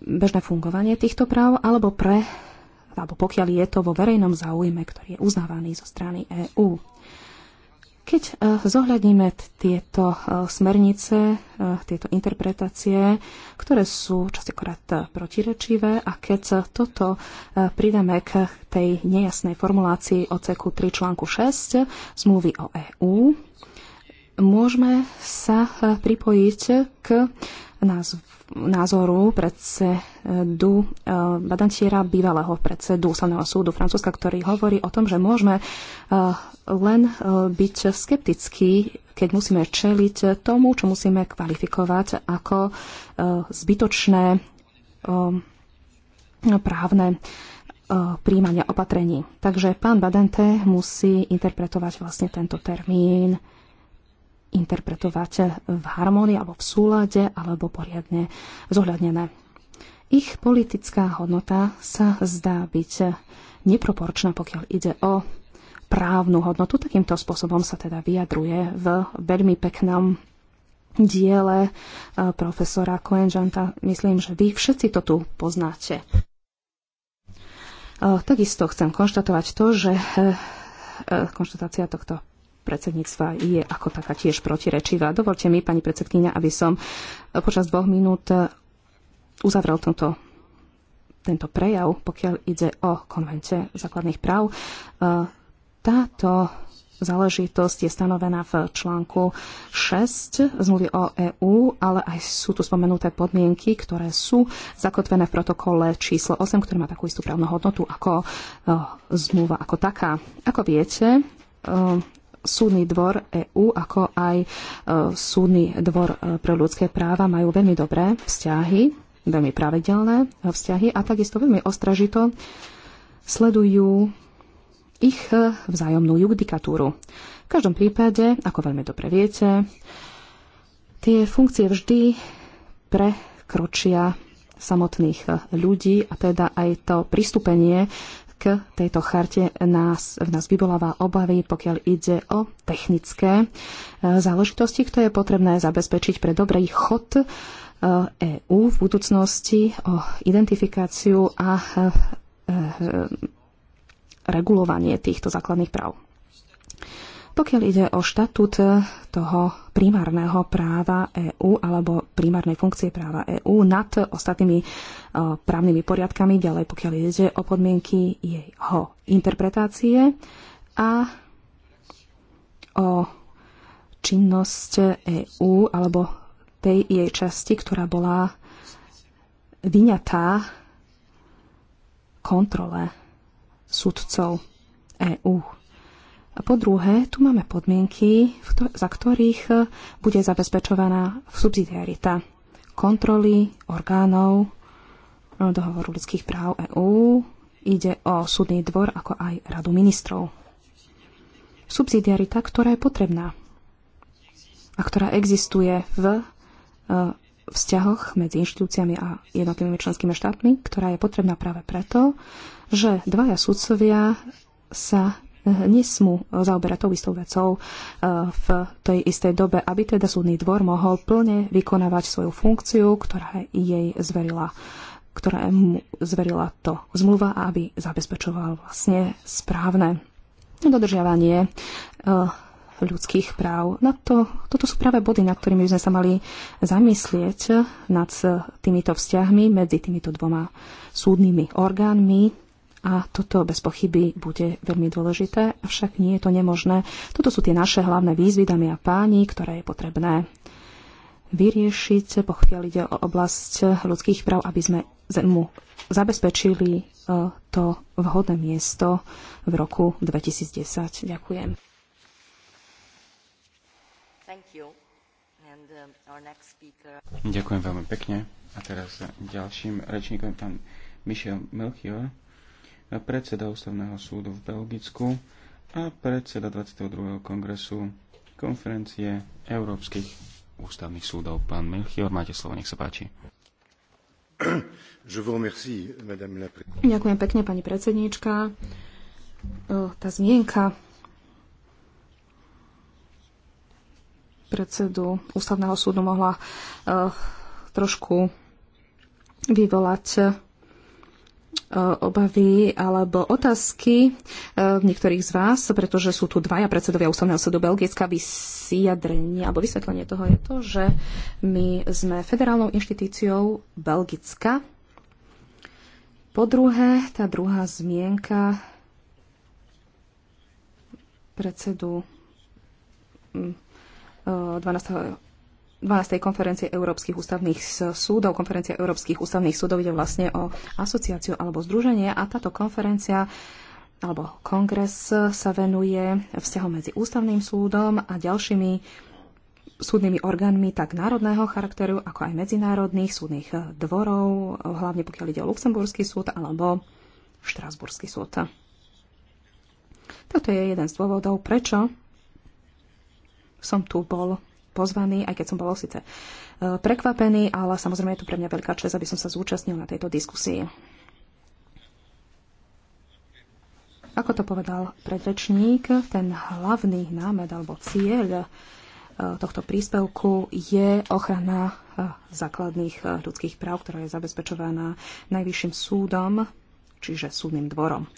bežné fungovanie týchto práv, alebo pre alebo pokiaľ je to vo verejnom záujme, ktorý je uznávaný zo strany EÚ. Keď eh, zohľadníme tieto eh, smernice, eh, tieto interpretácie, ktoré sú častokrát protirečivé a keď toto pridáme k tej nejasnej formulácii oceku 3 článku 6 zmluvy o EÚ, môžeme sa pripojiť k názoru predsedu eh, Badantiera, bývalého predsedu ústavného súdu Francúzska, ktorý hovorí o tom, že môžeme eh, len eh, byť skeptickí, keď musíme čeliť tomu, čo musíme kvalifikovať ako zbytočné právne príjmania opatrení. Takže pán Badente musí interpretovať vlastne tento termín interpretovať v harmonii alebo v súlade alebo poriadne zohľadnené. Ich politická hodnota sa zdá byť neproporčná, pokiaľ ide o právnu hodnotu. Takýmto spôsobom sa teda vyjadruje v veľmi peknom diele e, profesora Coenžanta. Myslím, že vy všetci to tu poznáte. E, takisto chcem konštatovať to, že e, konštatácia tohto predsedníctva je ako taká tiež protirečivá. Dovolte mi, pani predsedkynia, aby som počas dvoch minút e, uzavrel tento tento prejav, pokiaľ ide o konvente základných práv. E, táto záležitosť je stanovená v článku 6 zmluvy o EÚ, ale aj sú tu spomenuté podmienky, ktoré sú zakotvené v protokole číslo 8, ktorý má takú istú právnu hodnotu ako e, zmluva ako taká. Ako viete, súdny dvor EÚ, ako aj e, súdny dvor e, pre ľudské práva majú veľmi dobré vzťahy, veľmi pravidelné e, vzťahy a takisto veľmi ostražito sledujú ich vzájomnú judikatúru. V každom prípade, ako veľmi dobre viete, tie funkcie vždy prekročia samotných ľudí a teda aj to pristúpenie k tejto charte nás, v nás vyvoláva obavy, pokiaľ ide o technické e, záležitosti, ktoré je potrebné zabezpečiť pre dobrý chod EÚ e v budúcnosti o identifikáciu a e, regulovanie týchto základných práv. Pokiaľ ide o štatút eh, toho primárneho práva EÚ alebo primárnej funkcie práva EÚ nad ostatnými eh, právnymi poriadkami, ďalej pokiaľ ide o podmienky jeho interpretácie a o činnosť EÚ alebo tej jej časti, ktorá bola vyňatá kontrole sudcov EÚ. A po druhé, tu máme podmienky, za ktorých eh, bude zabezpečovaná subsidiarita kontroly orgánov eh, dohovoru ľudských práv EÚ. Ide o súdny dvor, ako aj radu ministrov. Subsidiarita, ktorá je potrebná a ktorá existuje v eh, vzťahoch medzi inštitúciami a jednotlivými členskými štátmi, ktorá je potrebná práve preto, že dvaja sudcovia sa Eh, nesmú eh, zaoberať tou istou vecou eh, v tej istej dobe, aby teda súdny dvor mohol plne vykonávať svoju funkciu, ktorá jej zverila ktorá mu zverila to zmluva, aby zabezpečoval vlastne správne dodržiavanie ľudských práv. Na to, toto sú práve body, nad ktorými sme sa mali zamyslieť nad týmito vzťahmi medzi týmito dvoma súdnymi orgánmi, a toto bez pochyby bude veľmi dôležité, avšak nie je to nemožné. Toto sú tie naše hlavné výzvy, dámy a páni, ktoré je potrebné vyriešiť, pokiaľ ide o oblasť ľudských práv, aby sme mu zabezpečili e, to vhodné miesto v roku 2010. Ďakujem. Um, Ďakujem veľmi pekne. A teraz ďalším rečníkom pán Michel Melchior predseda Ústavného súdu v Belgicku a predseda 22. kongresu konferencie Európskych ústavných súdov. Pán Melchior, máte slovo, nech sa páči. Remercie, Ďakujem pekne, pani predsedníčka. Tá zmienka predsedu ústavného súdu mohla trošku vyvolať Eh, obavy alebo otázky eh, niektorých z vás, pretože sú tu dvaja predsedovia ústavného súdu Belgická vysiadrenie alebo vysvetlenie toho je to, že my sme federálnou inštitíciou Belgická. Po druhé, tá druhá zmienka predsedu 12. Mm, eh, 12. konferencie Európskych ústavných súdov. Konferencia Európskych ústavných súdov ide vlastne o asociáciu alebo združenie a táto konferencia alebo kongres sa venuje vzťahu medzi ústavným súdom a ďalšími súdnymi orgánmi tak národného charakteru, ako aj medzinárodných súdnych e, dvorov, hlavne pokiaľ ide o Luxemburský súd alebo Štrasburský súd. Toto je jeden z dôvodov, prečo som tu bol pozvaný, aj keď som bol síce e, prekvapený, ale samozrejme je to pre mňa veľká čest, aby som sa zúčastnil na tejto diskusii. Ako to povedal predrečník, ten hlavný námed alebo cieľ e, tohto príspevku je ochrana e, základných ľudských práv, ktorá je zabezpečovaná Najvyšším súdom, čiže súdnym dvorom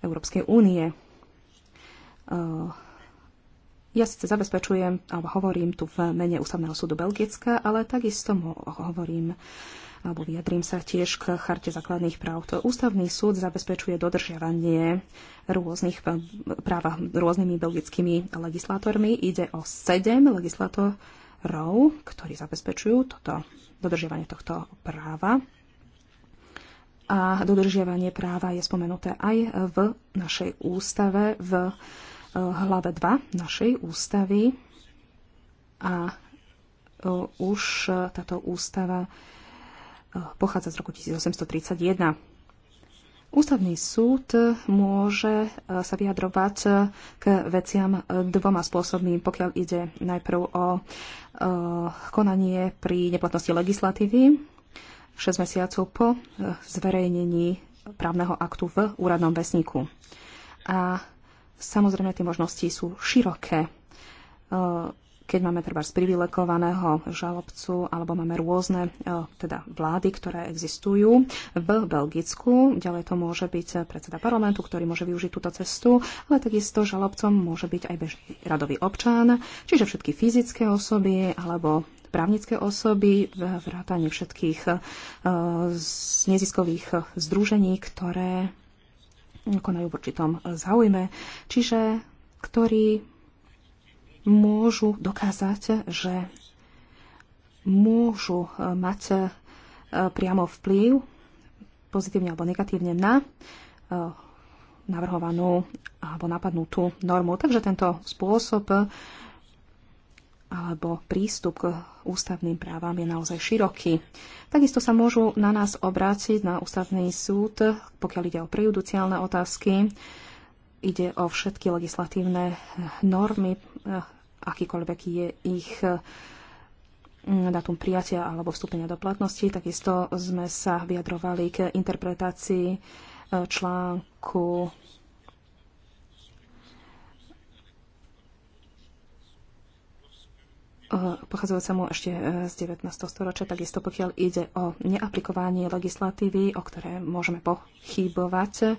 Európskej únie. Ja síce zabezpečujem, alebo hovorím tu v mene Ústavného súdu Belgická, ale takisto mu hovorím alebo vyjadrím sa tiež k charte základných práv. To ústavný súd zabezpečuje dodržiavanie rôznych eh, práv rôznymi belgickými legislátormi. Ide o sedem legislátorov, ktorí zabezpečujú toto dodržiavanie tohto práva. A dodržiavanie práva je spomenuté aj v našej ústave v hlave 2 našej ústavy a e, už e, táto ústava e, pochádza z roku 1831. Ústavný súd môže sa vyjadrovať k veciam dvoma spôsobmi, pokiaľ ide najprv o konanie pri neplatnosti legislatívy 6 mesiacov po zverejnení právneho aktu v úradnom vesníku. A Samozrejme, tie možnosti sú široké. E, keď máme treba privilegovaného žalobcu alebo máme rôzne e, teda vlády, ktoré existujú v Belgicku, ďalej to môže byť predseda parlamentu, ktorý môže využiť túto cestu, ale takisto žalobcom môže byť aj bežný radový občan, čiže všetky fyzické osoby alebo právnické osoby, vrátanie všetkých e, z neziskových združení, ktoré konajú v určitom záujme, čiže ktorí môžu dokázať, že môžu eh, mať eh, priamo vplyv pozitívne alebo negatívne na eh, navrhovanú alebo napadnutú normu. Takže tento spôsob alebo prístup k ústavným právam je naozaj široký. Takisto sa môžu na nás obrátiť na ústavný súd, pokiaľ ide o prejudiciálne otázky. Ide o všetky legislatívne normy, eh, akýkoľvek je ich mm, datum prijatia alebo vstúpenia do platnosti. Takisto sme sa vyjadrovali k interpretácii eh, článku Eh, sa mu ešte eh, z 19. storočia, takisto pokiaľ ide o neaplikovanie legislatívy, o ktoré môžeme pochybovať eh,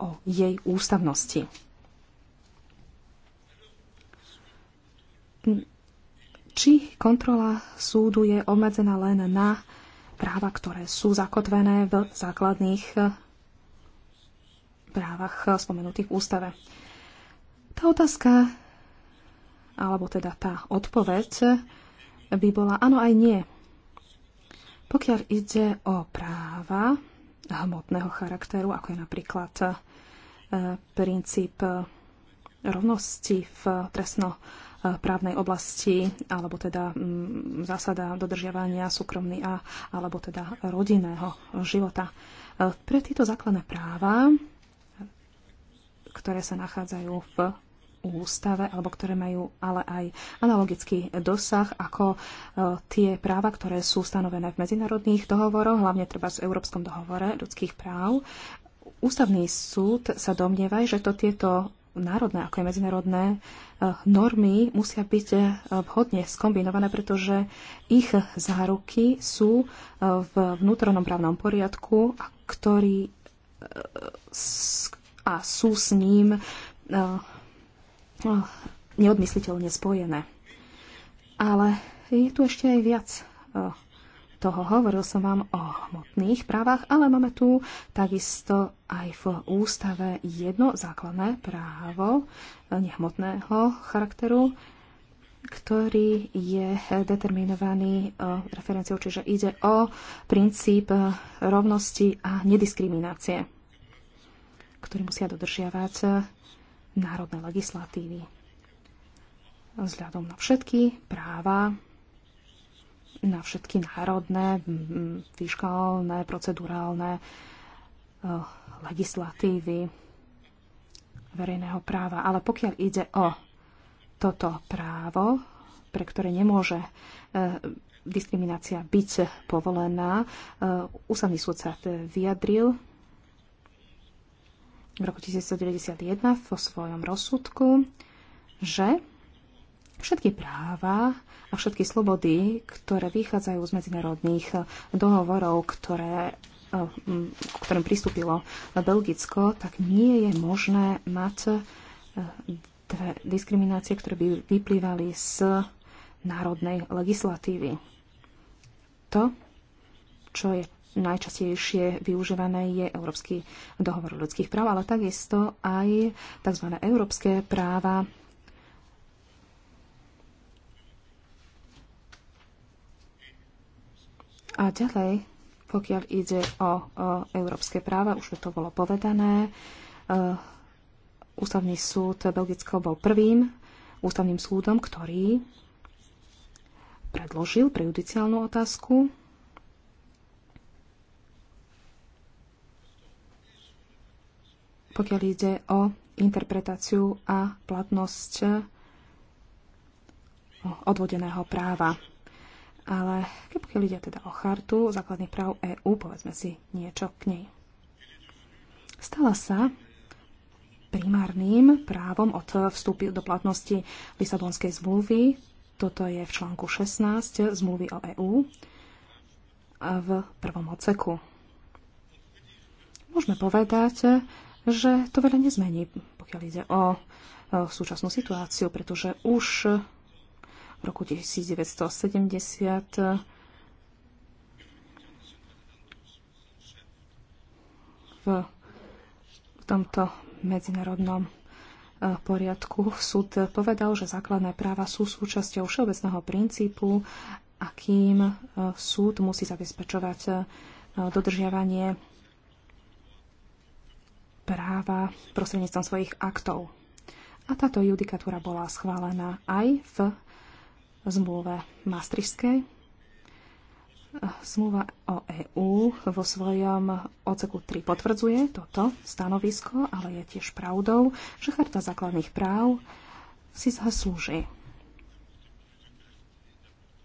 o jej ústavnosti. Hm, či kontrola súdu je obmedzená len na práva, ktoré sú zakotvené v základných právach spomenutých v ústave. Tá otázka alebo teda tá odpoveď by bola áno aj nie. Pokiaľ ide o práva hmotného charakteru, ako je napríklad e, princíp rovnosti v trestno právnej oblasti, alebo teda mm, zásada dodržiavania súkromný a alebo teda rodinného života. E, pre tieto základné práva, ktoré sa nachádzajú v ústave, alebo ktoré majú ale aj analogický dosah ako e, tie práva, ktoré sú stanovené v medzinárodných dohovoroch, hlavne treba v Európskom dohovore ľudských práv. Ústavný súd sa domnieva, že to tieto národné ako aj medzinárodné e, normy musia byť e, vhodne skombinované, pretože ich záruky sú v vnútornom právnom poriadku, ktorý a sú s ním neodmysliteľne spojené. Ale je tu ešte aj viac eh, toho. Hovoril som vám o hmotných právach, ale máme tu takisto aj v ústave jedno základné právo eh, nehmotného charakteru, ktorý je determinovaný eh, referenciou, čiže ide o princíp rovnosti a nediskriminácie, ktorý musia dodržiavať národnej legislatívy. Vzhľadom na všetky práva, na všetky národné, fiskálne, procedurálne eh, legislatívy verejného práva. Ale pokiaľ ide o toto právo, pre ktoré nemôže eh, diskriminácia byť povolená, eh, ústavný súd sa vyjadril v roku 1991 vo svojom rozsudku, že všetky práva a všetky slobody, ktoré vychádzajú z medzinárodných dohovorov, ktoré eh, k ktorým pristúpilo Belgicko, tak nie je možné mať eh, dve diskriminácie, ktoré by vyplývali z národnej legislatívy. To, čo je najčastejšie využívané je Európsky dohovor o ľudských práv, ale takisto aj tzv. európske práva A ďalej, pokiaľ ide o, o európske práva, už to bolo povedané, e, Ústavný súd Belgického bol prvým ústavným súdom, ktorý predložil prejudiciálnu otázku pokiaľ ide o interpretáciu a platnosť eh, odvodeného práva. Ale keď pokiaľ ide teda o chartu základných práv EÚ, povedzme si niečo k nej. Stala sa primárnym právom od vstúpil do platnosti Lisabonskej zmluvy. Toto je v článku 16 zmluvy o EÚ v prvom odseku. Môžeme povedať, že to veľa nezmení, pokiaľ ide o súčasnú situáciu, pretože už v roku 1970 v tomto medzinárodnom e, poriadku súd povedal, že základné práva sú súčasťou všeobecného princípu, akým e, súd musí zabezpečovať e, dodržiavanie práva prostredníctvom svojich aktov. A táto judikatúra bola schválená aj v zmluve Maastrichtskej. Zmluva o EÚ vo svojom oceku 3 potvrdzuje toto stanovisko, ale je tiež pravdou, že Charta základných práv si zaslúži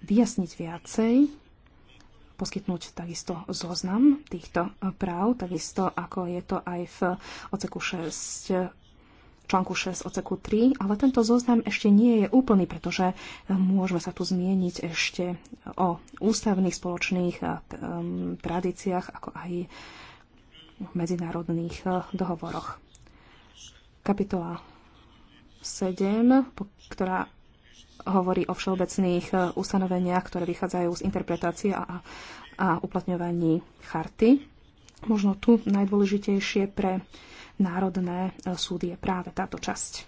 vyjasniť viacej poskytnúť takisto zoznam týchto práv, takisto ako je to aj v oceku 6 článku 6 oceku 3, ale tento zoznam ešte nie je úplný, pretože môžeme sa tu zmieniť ešte o ústavných spoločných eh, mm, tradíciách, ako aj v medzinárodných eh, dohovoroch. Kapitola 7, ktorá hovorí o všeobecných e, ustanoveniach, ktoré vychádzajú z interpretácie a, a uplatňovaní charty. Možno tu najdôležitejšie pre národné e, súdy je práve táto časť.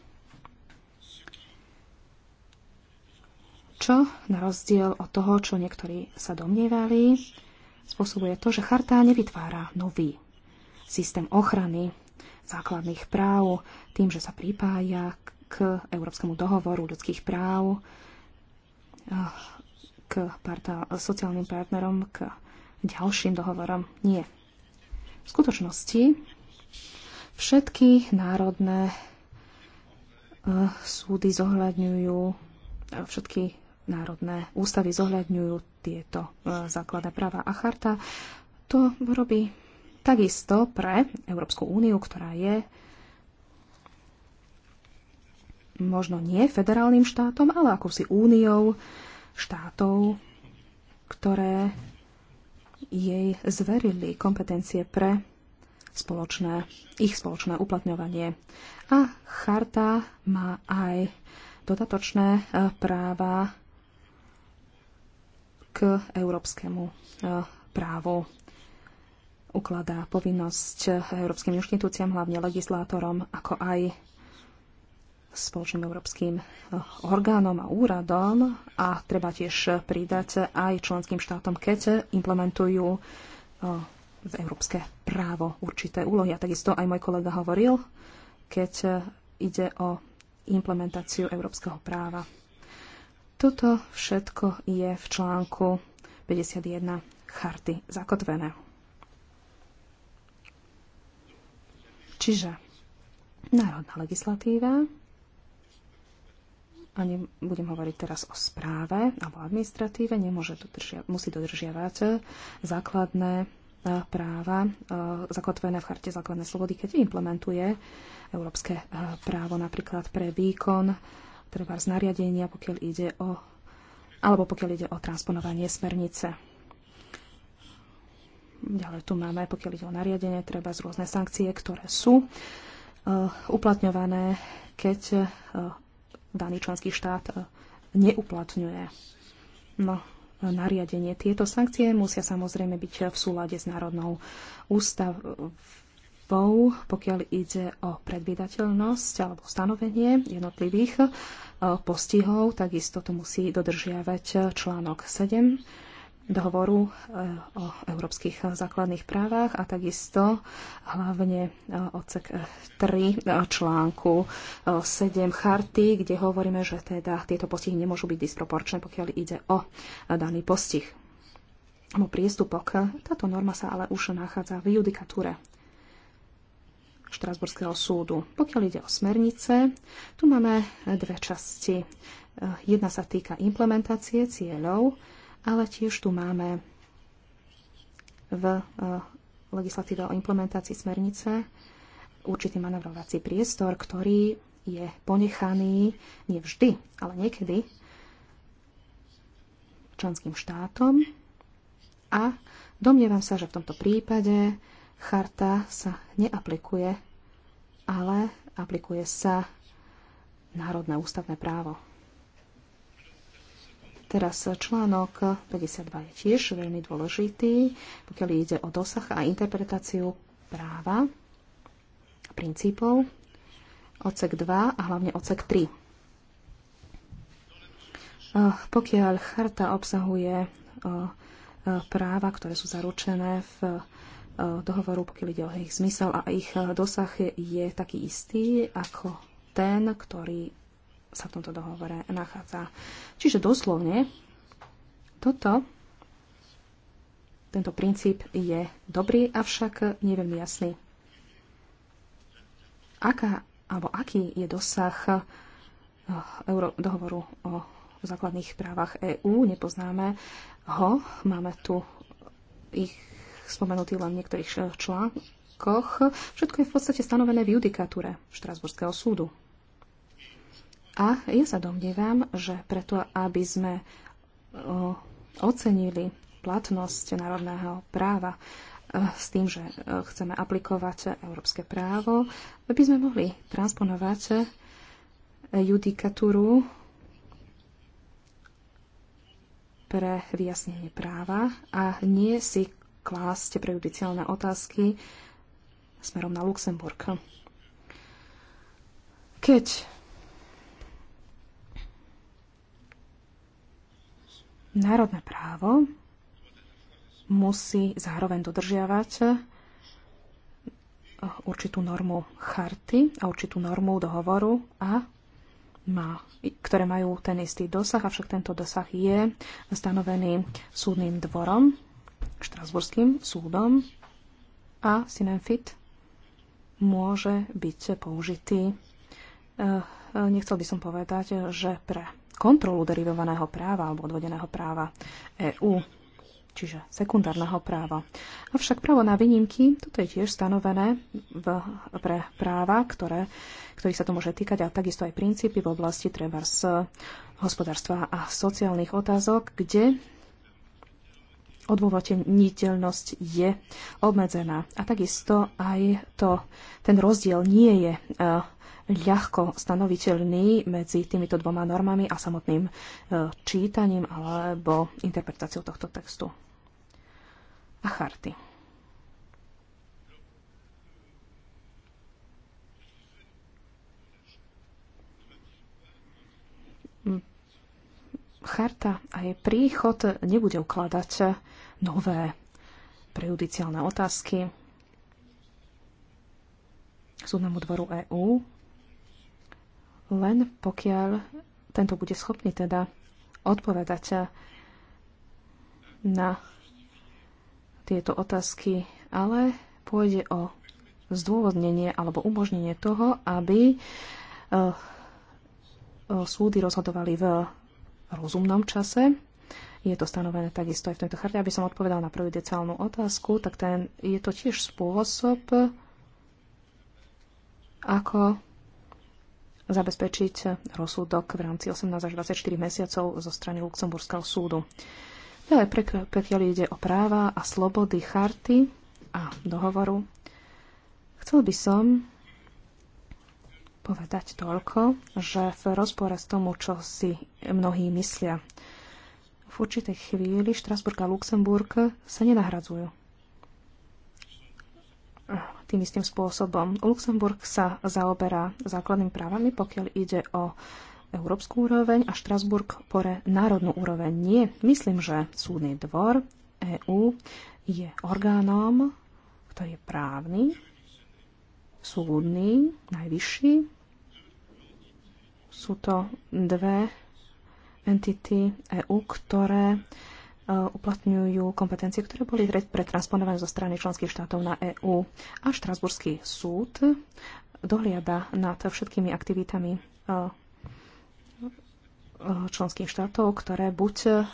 Čo, na rozdiel od toho, čo niektorí sa domnievali, spôsobuje to, že charta nevytvára nový systém ochrany základných práv tým, že sa pripája k Európskemu dohovoru ľudských práv, k parta, sociálnym partnerom, k ďalším dohovorom. Nie. V skutočnosti všetky národné e, súdy zohľadňujú, e, všetky národné ústavy zohľadňujú tieto e, základné práva a charta. To robí takisto pre Európsku úniu, ktorá je možno nie federálnym štátom, ale akousi úniou štátov, ktoré jej zverili kompetencie pre spoločné, ich spoločné uplatňovanie. A charta má aj dodatočné e, práva k európskemu e, právu ukladá povinnosť e, európskym inštitúciám, hlavne legislátorom, ako aj spoločným európskym eh, orgánom a úradom a treba tiež pridať aj členským štátom, keď implementujú eh, v európske právo určité úlohy. A takisto aj môj kolega hovoril, keď ide o implementáciu európskeho práva. Toto všetko je v článku 51 charty zakotvené. Čiže národná legislatíva a nebudem hovoriť teraz o správe alebo administratíve, nemôže dodržia- musí dodržiavať e, základné e, práva e, zakotvené v charte základné slobody, keď implementuje európske právo napríklad pre výkon, treba z nariadenia, pokiaľ ide o alebo pokiaľ ide o transponovanie smernice. Ďalej tu máme, pokiaľ ide o nariadenie, treba z rôzne sankcie, ktoré sú uh, uplatňované, keď uh, daný členský štát e, neuplatňuje. No, e, nariadenie. Tieto sankcie musia samozrejme byť v súlade s národnou ústavou, pokiaľ ide o predvydateľnosť alebo stanovenie jednotlivých e, postihov, takisto to musí dodržiavať článok 7 dohovoru e, o európskych základných právach a takisto hlavne e, odsek 3 e, článku 7 charty, kde hovoríme, že teda tieto postihy nemôžu byť disproporčné, pokiaľ ide o daný postih Mo priestupok. Táto norma sa ale už nachádza v judikatúre Štrasburského súdu. Pokiaľ ide o smernice, tu máme dve časti. Jedna sa týka implementácie cieľov ale tiež tu máme v e, legislatíve o implementácii smernice určitý manevrovací priestor, ktorý je ponechaný nevždy, ale niekedy členským štátom a domnievam sa, že v tomto prípade charta sa neaplikuje, ale aplikuje sa národné ústavné právo. Teraz článok 52 je tiež veľmi dôležitý, pokiaľ ide o dosah a interpretáciu práva, princípov, odsek 2 a hlavne odsek 3. Eh, pokiaľ charta obsahuje eh, eh, práva, ktoré sú zaručené v dohovoru, pokiaľ ide o ich zmysel a ich dosah je taký istý ako ten, ktorý sa v tomto dohovore nachádza. Čiže doslovne toto, tento princíp je dobrý, avšak nie veľmi jasný. Aká, alebo aký je dosah eh, Euro, dohovoru o základných právach EÚ, nepoznáme ho. Máme tu ich spomenutý len v niektorých eh, článkoch. Všetko je v podstate stanovené v judikatúre Štrasburského súdu. A ja sa domnievam, že preto, aby sme ocenili platnosť národného práva e, s tým, že e, chceme aplikovať európske právo, by sme mohli transponovať judikatúru pre vyjasnenie práva a nie si klásť prejudiciálne otázky smerom na Luxemburg. Keď národné právo musí zároveň dodržiavať eh, určitú normu charty a určitú normu dohovoru a má, ktoré majú ten istý dosah, avšak tento dosah je stanovený súdnym dvorom, štrasburským súdom a Sinenfit môže byť použitý. Eh, eh, nechcel by som povedať, že pre kontrolu derivovaného práva alebo odvodeného práva EÚ, čiže sekundárneho práva. Avšak právo na výnimky, toto je tiež stanovené v, pre práva, ktoré, ktorých sa to môže týkať, a takisto aj princípy v oblasti treba z hospodárstva a sociálnych otázok, kde odôvodeniteľnosť je obmedzená. A takisto aj to, ten rozdiel nie je uh, ľahko stanoviteľný medzi týmito dvoma normami a samotným e, čítaním alebo interpretáciou tohto textu a charty. Charta a jej príchod nebude ukladať nové prejudiciálne otázky súdnemu dvoru EÚ len pokiaľ tento bude schopný teda odpovedať na tieto otázky, ale pôjde o zdôvodnenie alebo umožnenie toho, aby eh, eh, súdy rozhodovali v rozumnom čase. Je to stanovené takisto aj v tejto charte. Aby som odpovedal na prvú decálnu otázku, tak ten, je to tiež spôsob, ako zabezpečiť rozsudok v rámci 18 až 24 mesiacov zo strany Luxemburského súdu. Ďalej, pokiaľ ide o práva a slobody charty a dohovoru, chcel by som povedať toľko, že v rozpore s tomu, čo si mnohí myslia, v určitej chvíli Štrasburg a Luxemburg sa nenahradzujú tým istým spôsobom. Luxemburg sa zaoberá základnými právami, pokiaľ ide o európsku úroveň a Štrasburg pore národnú úroveň. Nie, myslím, že súdny dvor EÚ je orgánom, ktorý je právny, súdny, najvyšší. Sú to dve entity EÚ, ktoré Eh, uplatňujú kompetencie, ktoré boli pretransponované zo strany členských štátov na EÚ. A Štrasburský súd dohliada nad všetkými aktivitami eh, eh, členských štátov, ktoré buď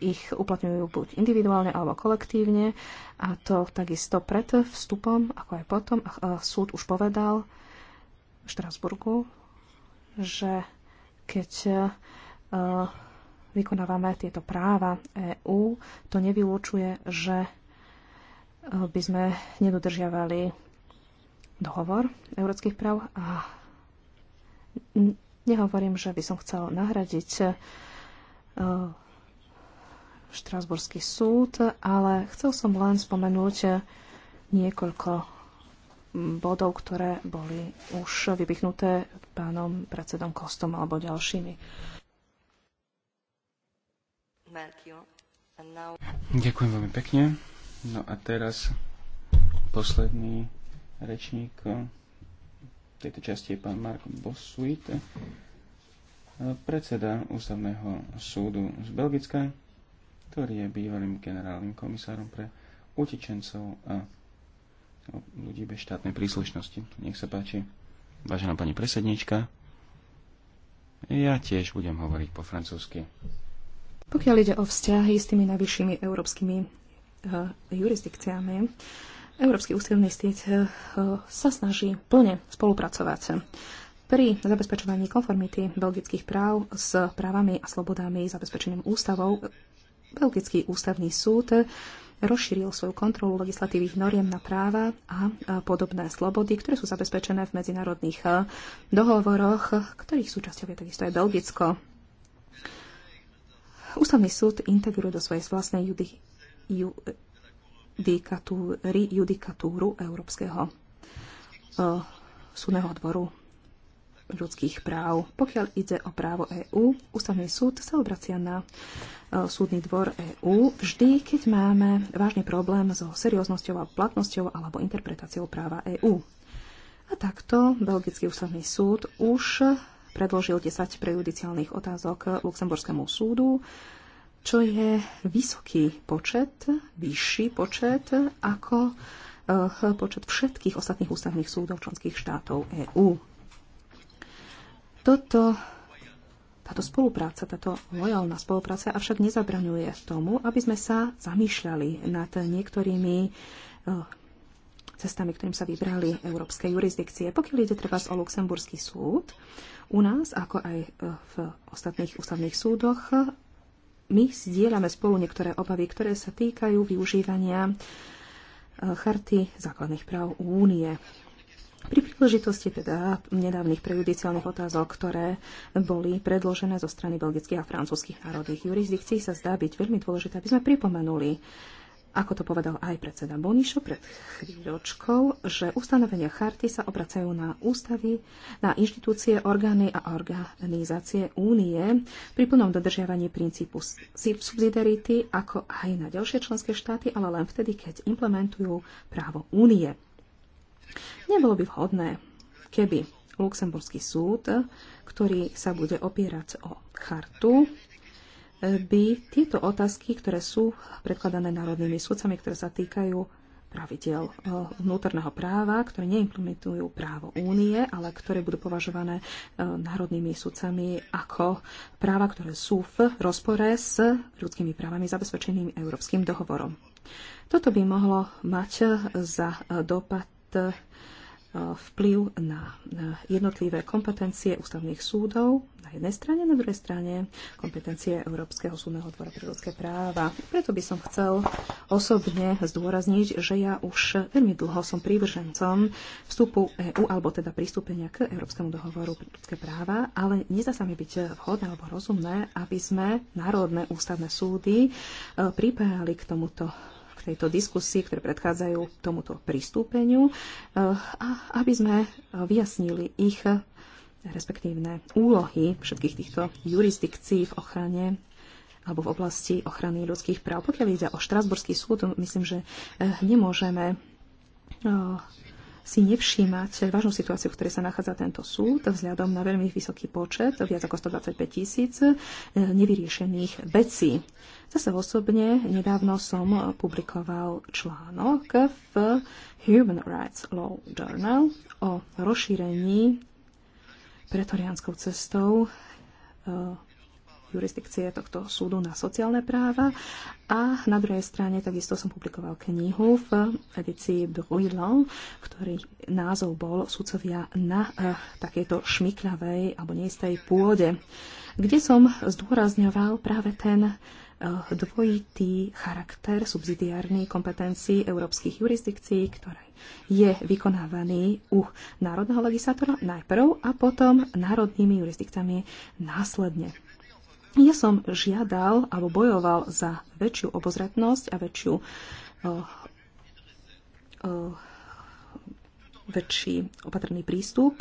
ich uplatňujú buď individuálne alebo kolektívne, a to takisto pred vstupom, ako aj potom. Súd už povedal v Štrasburgu, že keď vykonávame tieto práva EÚ, to nevylučuje, že e, by sme nedodržiavali dohovor európskych práv a nehovorím, že by som chcel nahradiť e, Štrásburský súd, ale chcel som len spomenúť niekoľko bodov, ktoré boli už vypichnuté pánom predsedom Kostom alebo ďalšími. Ďakujem veľmi pekne. No a teraz posledný rečník tejto časti je pán Mark Bosuit, predseda Ústavného súdu z Belgicka, ktorý je bývalým generálnym komisárom pre utečencov a ľudí bez štátnej príslušnosti. Nech sa páči. Vážená pani predsednička, ja tiež budem hovoriť po francúzsky. Pokiaľ ide o vzťahy s tými najvyššími európskymi uh, jurisdikciami, Európsky ústredný stýd uh, eh, sa snaží plne spolupracovať pri zabezpečovaní konformity belgických práv s právami a slobodami zabezpečeným ústavou Belgický ústavný súd rozšíril svoju kontrolu legislatívnych noriem na práva a podobné slobody, ktoré sú zabezpečené v medzinárodných eh, dohovoroch, ktorých súčasťou je takisto aj Belgicko ústavný súd integruje do svojej vlastnej judi, judikatúry, judikatúru Európskeho uh, súdneho dvoru ľudských práv. Pokiaľ ide o právo EÚ, ústavný súd sa obracia na uh, súdny dvor EÚ vždy, keď máme vážny problém so serióznosťou a platnosťou alebo interpretáciou práva EÚ. A takto Belgický ústavný súd už predložil 10 prejudiciálnych otázok Luxemburskému súdu, čo je vysoký počet, vyšší počet ako eh, počet všetkých ostatných ústavných súdov členských štátov EÚ. Toto táto spolupráca, táto lojálna spolupráca avšak nezabraňuje tomu, aby sme sa zamýšľali nad niektorými eh, cestami, ktorým sa vybrali európske jurisdikcie. Pokiaľ ide treba o Luxemburský súd, u nás, ako aj e, v ostatných ústavných súdoch, my zdieľame spolu niektoré obavy, ktoré sa týkajú využívania e, charty základných práv únie. Pri príležitosti teda nedávnych prejudiciálnych otázok, ktoré boli predložené zo strany belgických a francúzských národných jurisdikcií, sa zdá byť veľmi dôležité, aby sme pripomenuli ako to povedal aj predseda Bonišo pred chvíľočkou, že ustanovenia charty sa obracajú na ústavy, na inštitúcie, orgány a organizácie únie pri plnom dodržiavaní princípu subsidiarity, ako aj na ďalšie členské štáty, ale len vtedy, keď implementujú právo únie. Nebolo by vhodné, keby Luxemburský súd, ktorý sa bude opierať o chartu, by tieto otázky, ktoré sú predkladané národnými sudcami, ktoré sa týkajú pravidel eh, vnútorného práva, ktoré neimplementujú právo únie, ale ktoré budú považované eh, národnými sudcami ako práva, ktoré sú v rozpore s ľudskými právami zabezpečeným európskym dohovorom. Toto by mohlo mať za eh, dopad vplyv na jednotlivé kompetencie ústavných súdov na jednej strane, na druhej strane kompetencie Európskeho súdneho dvora pre ľudské práva. Preto by som chcel osobne zdôrazniť, že ja už veľmi dlho som prívržencom vstupu EU, alebo teda pristúpenia k Európskemu dohovoru pre ľudské práva, ale nezdá sa mi byť vhodné alebo rozumné, aby sme národné ústavné súdy eh, pripájali k tomuto tejto diskusii, ktoré predchádzajú tomuto pristúpeniu eh, a aby sme vyjasnili ich eh, respektívne úlohy všetkých týchto jurisdikcií v ochrane alebo v oblasti ochrany ľudských práv. Pokiaľ ide o Štrasburský súd, myslím, že eh, nemôžeme si nevšímať vážnu situáciu, v ktorej sa nachádza tento súd, vzhľadom na veľmi vysoký počet, viac ako 125 tisíc e, nevyriešených vecí. Zase osobne nedávno som publikoval článok v Human Rights Law Journal o rozšírení pretoriánskou cestou e, jurisdikcie tohto súdu na sociálne práva. A na druhej strane takisto som publikoval knihu v edícii Bruilon, ktorý názov bol Sudcovia na eh, takejto šmikľavej alebo neistej pôde, kde som zdôrazňoval práve ten e, dvojitý charakter subsidiárnej kompetencií európskych jurisdikcií, ktoré je vykonávaný u národného legislatora najprv a potom národnými jurisdikciami následne. Ja som žiadal alebo bojoval za väčšiu obozretnosť a väčšiu oh, oh, väčší opatrný prístup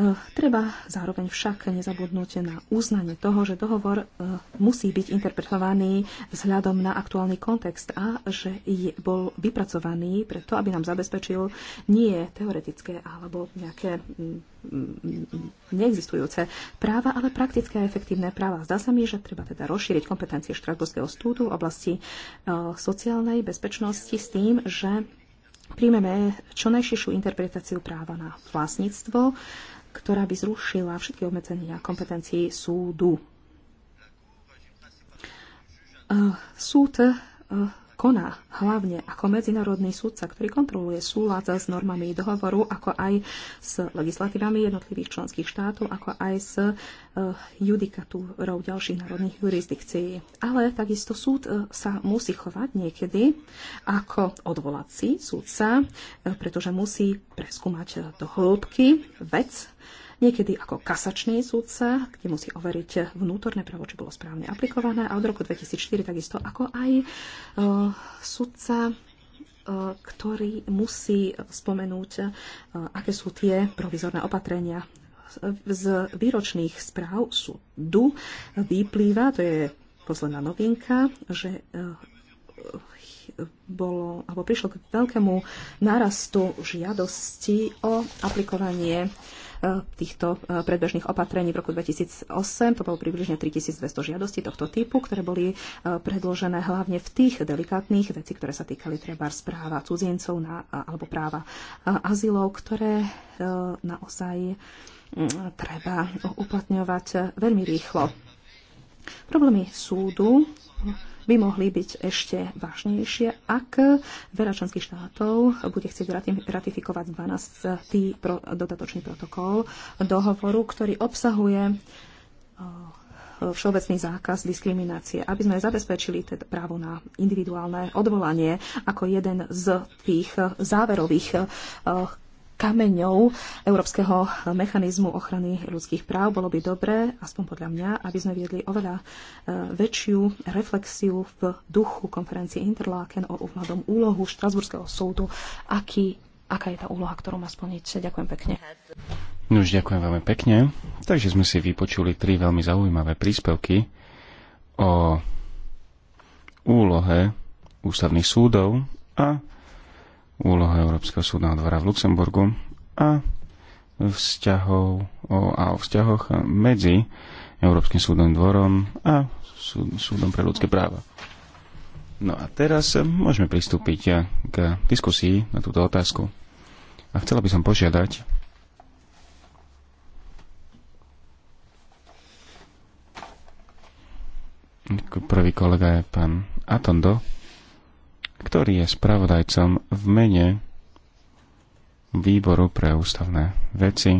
E, treba zároveň však nezabudnúť na uznanie toho, že dohovor e, musí byť interpretovaný vzhľadom na aktuálny kontext a že je, bol vypracovaný preto, aby nám zabezpečil nie teoretické alebo nejaké neexistujúce práva, ale praktické a efektívne práva. Zdá sa mi, že treba teda rozšíriť kompetencie Štrasburského súdu v oblasti e, sociálnej bezpečnosti s tým, že príjmeme čo najširšiu interpretáciu práva na vlastníctvo, ktorá by zrušila všetky obmedzenia kompetencií súdu. Eh, súd eh, koná hlavne ako medzinárodný sudca, ktorý kontroluje súlad s normami dohovoru, ako aj s legislatívami jednotlivých členských štátov, ako aj s eh, judikatúrou ďalších národných jurisdikcií. Ale takisto súd eh, sa musí chovať niekedy ako odvolací súdca, eh, pretože musí preskúmať do hĺbky vec, niekedy ako kasačný sudca, kde musí overiť vnútorné právo, či bolo správne aplikované a od roku 2004 takisto ako aj uh, sudca e, ktorý musí spomenúť, e, aké sú tie provizorné opatrenia. Z výročných správ súdu vyplýva, to je posledná novinka, že bolo, alebo prišlo k veľkému nárastu žiadosti o aplikovanie týchto e, predbežných opatrení v roku 2008. To bolo približne 3200 žiadostí tohto typu, ktoré boli e, predložené hlavne v tých delikátnych veci, ktoré sa týkali treba správa cudziencov na, alebo práva e, azylov, ktoré naozaj treba uplatňovať veľmi rýchlo. Problémy súdu by mohli byť ešte vážnejšie, ak veľa členských štátov bude chcieť ratifikovať 12. Pro, dodatočný protokol dohovoru, ktorý obsahuje všeobecný zákaz diskriminácie, aby sme zabezpečili teda právo na individuálne odvolanie ako jeden z tých záverových kameňov Európskeho mechanizmu ochrany ľudských práv. Bolo by dobré, aspoň podľa mňa, aby sme viedli oveľa e, väčšiu reflexiu v duchu konferencie Interlaken o úhľadom úlohu Štrasburského súdu, aký, aká je tá úloha, ktorú má splniť. Ďakujem pekne. No už ďakujem veľmi pekne. Takže sme si vypočuli tri veľmi zaujímavé príspevky o úlohe ústavných súdov a úloha Európskeho súdneho dvora v Luxemburgu a vzťahov, o, a o vzťahoch medzi Európskym súdnym dvorom a súd, súdom pre ľudské práva. No a teraz môžeme pristúpiť k diskusii na túto otázku. A chcela by som požiadať prvý kolega je pán Atondo, ktorý je spravodajcom v mene Výboru pre ústavné veci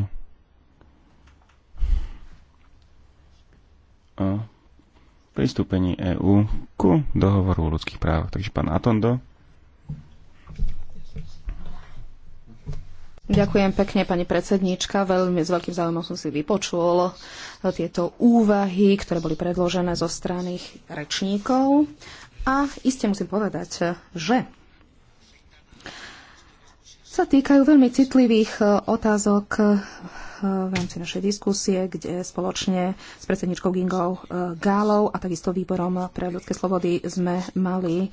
o pristúpení EÚ ku dohovoru o ľudských právach. Takže pán Atondo. Ďakujem pekne, pani predsedníčka. Veľmi s veľkým záujmom som si vypočul tieto úvahy, ktoré boli predložené zo strany rečníkov. A iste musím povedať, že sa týkajú veľmi citlivých e, otázok e, v rámci našej diskusie, kde spoločne s predsedničkou Gingou e, Gálov a takisto výborom pre ľudské slobody sme mali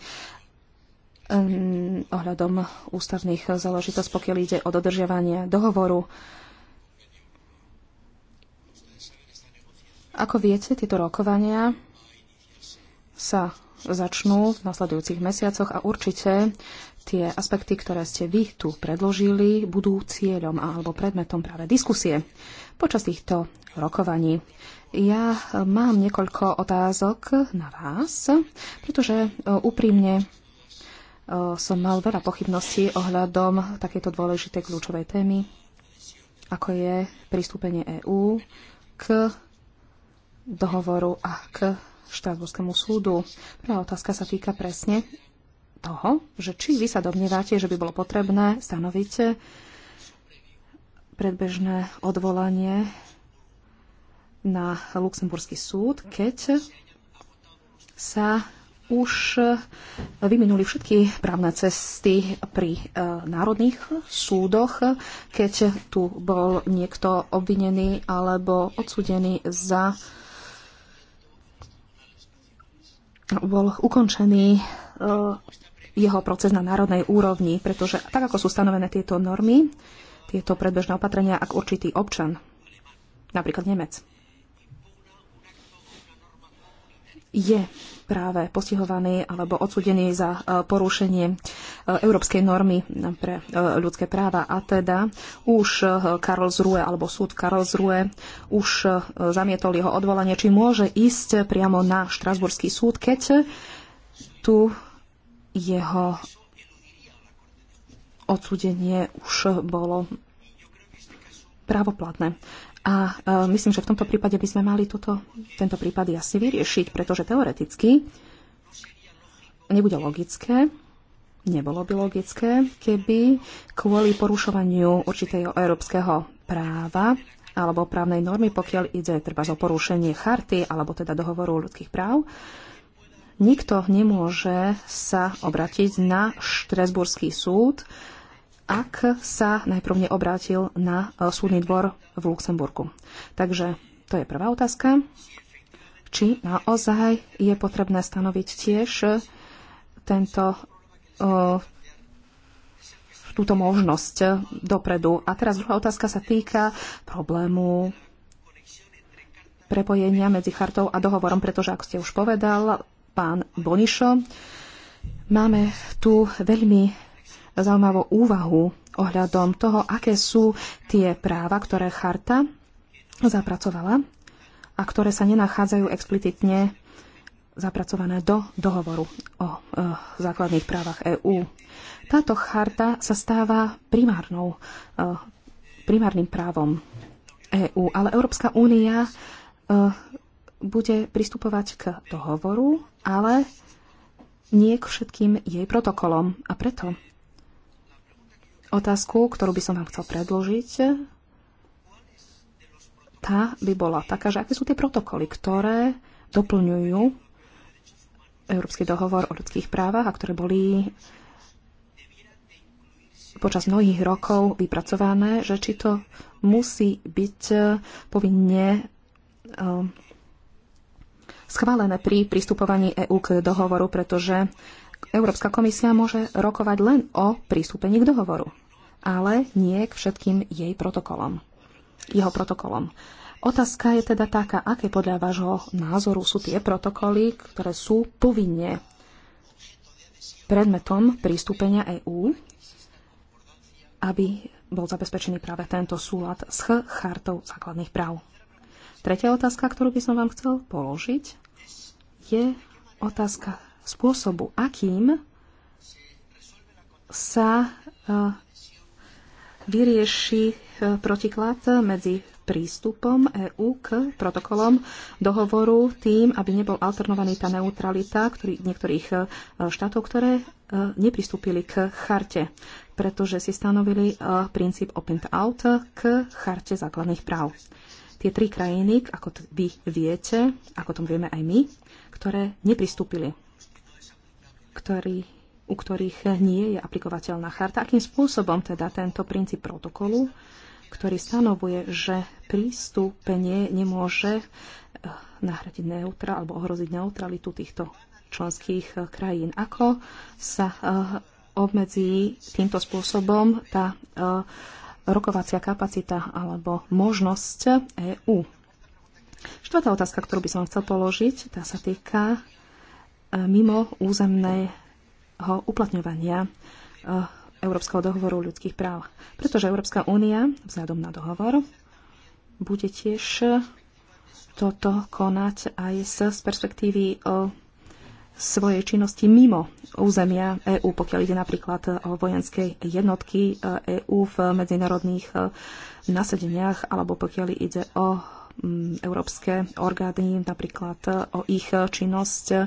ohľadom ústavných záležitostí, pokiaľ ide o dodržiavanie dohovoru. Ako viete, tieto rokovania sa začnú v nasledujúcich mesiacoch a určite tie aspekty, ktoré ste vy tu predložili, budú cieľom alebo predmetom práve diskusie počas týchto rokovaní. Ja e, mám niekoľko otázok na vás, pretože e, úprimne e, som mal veľa pochybností ohľadom takéto dôležitej kľúčovej témy, ako je pristúpenie EÚ k dohovoru a k Štrasburskému súdu. Prvá otázka sa týka presne toho, že či vy sa domnievate, že by bolo potrebné stanoviť predbežné odvolanie na Luxemburský súd, keď sa už vyminuli všetky právne cesty pri e, národných súdoch, keď tu bol niekto obvinený alebo odsudený za bol ukončený e, jeho proces na národnej úrovni, pretože tak, ako sú stanovené tieto normy, tieto predbežné opatrenia, ak určitý občan, napríklad Nemec, je práve postihovaný alebo odsudený za e, porušenie e, európskej normy pre e, ľudské práva. A teda už Karlsruhe alebo súd Karlsruhe už zamietol jeho odvolanie, či môže ísť priamo na Štrasburský súd, keď tu jeho odsudenie už bolo právoplatné. A e, myslím, že v tomto prípade by sme mali toto, tento prípad jasne vyriešiť, pretože teoreticky nebude logické, nebolo by logické, keby kvôli porušovaniu určitého európskeho práva alebo právnej normy, pokiaľ ide treba o porušenie charty alebo teda dohovoru ľudských práv, nikto nemôže sa obratiť na Štresburský súd, ak sa najprv neobrátil na e, súdny dvor v Luxemburgu. Takže to je prvá otázka. Či naozaj je potrebné stanoviť tiež e, tento, e, túto možnosť dopredu. A teraz druhá otázka sa týka problému prepojenia medzi chartou a dohovorom, pretože, ako ste už povedal, pán Bonišo, máme tu veľmi zaujímavú úvahu ohľadom toho, aké sú tie práva, ktoré charta zapracovala a ktoré sa nenachádzajú explicitne zapracované do dohovoru o e, základných právach EÚ. Táto charta sa stáva primárnou, e, primárnym právom EÚ, ale Európska únia e, bude pristupovať k dohovoru, ale nie k všetkým jej protokolom. A preto otázku, ktorú by som vám chcel predložiť, tá by bola taká, že aké sú tie protokoly, ktoré doplňujú Európsky dohovor o ľudských právach a ktoré boli počas mnohých rokov vypracované, že či to musí byť povinne ehm, schválené pri pristupovaní EÚ k dohovoru, pretože Európska komisia môže rokovať len o prístupení k dohovoru, ale nie k všetkým jej protokolom, jeho protokolom. Otázka je teda taká, aké podľa vášho názoru sú tie protokoly, ktoré sú povinne predmetom prístupenia EÚ, aby bol zabezpečený práve tento súlad s chartou základných práv. Tretia otázka, ktorú by som vám chcel položiť, je otázka spôsobu, akým sa e, vyrieši e, protiklad medzi prístupom EÚ k protokolom dohovoru tým, aby nebol alternovaný tá neutralita ktorý, niektorých e, štátov, ktoré nepristúpili k charte, pretože si stanovili princíp opt-out k charte základných práv. Tie tri krajiny, ako vy viete, ako tom vieme aj my, ktoré nepristúpili ktorý, u ktorých nie je aplikovateľná charta. Akým spôsobom teda tento princíp protokolu, ktorý stanovuje, že prístupenie nemôže eh, nahradiť neutra alebo ohroziť neutralitu týchto členských eh, krajín. Ako sa eh, obmedzí týmto spôsobom tá rokovacia kapacita alebo možnosť EÚ. Štvrtá otázka, ktorú by som chcel položiť, tá sa týka E, mimo územného uplatňovania e, Európskeho dohovoru ľudských práv. Pretože Európska únia, vzhľadom na dohovor, bude tiež toto konať aj z perspektívy e, svojej činnosti mimo územia EÚ, pokiaľ ide napríklad o vojenské jednotky EÚ v medzinárodných nasadeniach, alebo pokiaľ ide o Mm, európske orgány, napríklad e, o ich činnosť e,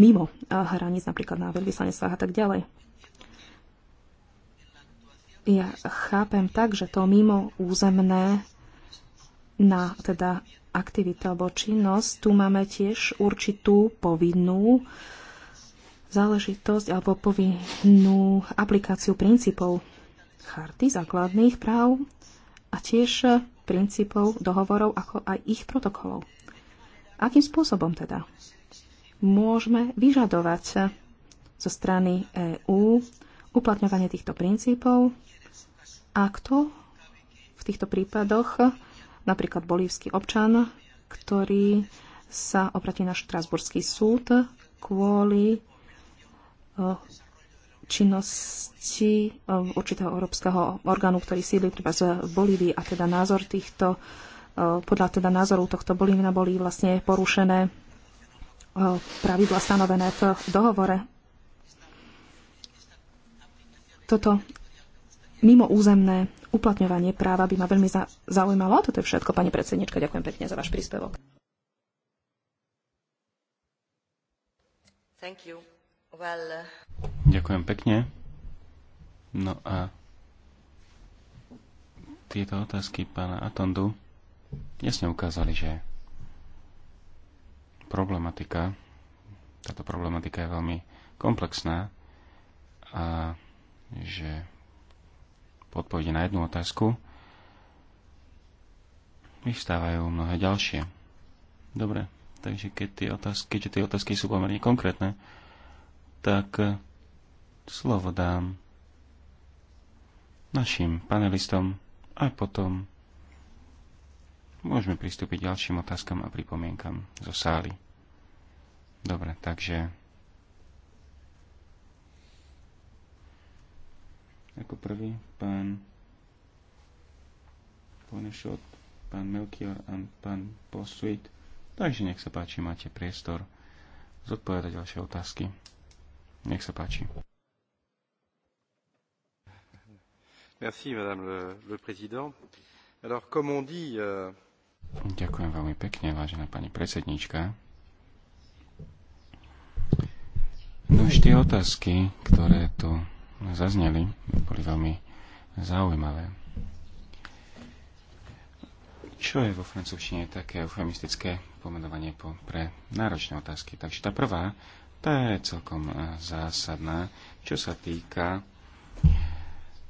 mimo e, hraníc, napríklad na veľvyslanectvách a tak ďalej. Ja chápem tak, že to mimo územné na teda aktivita alebo činnosť, tu máme tiež určitú povinnú záležitosť alebo povinnú aplikáciu princípov charty základných práv a tiež princípov, dohovorov, ako aj ich protokolov. Akým spôsobom teda môžeme vyžadovať zo strany EÚ uplatňovanie týchto princípov a kto v týchto prípadoch, napríklad bolívsky občan, ktorý sa obratí na Štrasburský súd kvôli e, činnosti e, určitého európskeho orgánu, ktorý sídli v Bolívii a teda názor týchto, e, podľa teda názoru tohto Bolívna boli vlastne porušené e, pravidla stanovené v dohovore. Toto mimo územné uplatňovanie práva by ma veľmi zaujímalo. A toto je všetko, pani predsednička. Ďakujem pekne za váš príspevok. Well, uh... Ďakujem pekne. No a tieto otázky pána Atondu jasne ukázali, že problematika, táto problematika je veľmi komplexná a že podpovede na jednu otázku vyvstávajú mnohé ďalšie. Dobre, takže keď tie otázky, keďže tie otázky sú pomerne konkrétne, tak slovo dám našim panelistom a potom môžeme pristúpiť ďalším otázkam a pripomienkam zo sály. Dobre, takže ako prvý pán Ponešot, pán Melchior a pán Posuit. Takže nech sa páči, máte priestor zodpovedať ďalšie otázky. Nech sa páči. Merci, madame le, le président. Alors, euh, Ďakujem veľmi pekne, vážená pani predsednička. No už tie otázky, ktoré tu zazneli, boli veľmi zaujímavé. Čo je vo francúzštine také eufemistické pomenovanie po, pre náročné otázky? Takže tá prvá, tá je celkom eh, zásadná, čo sa týka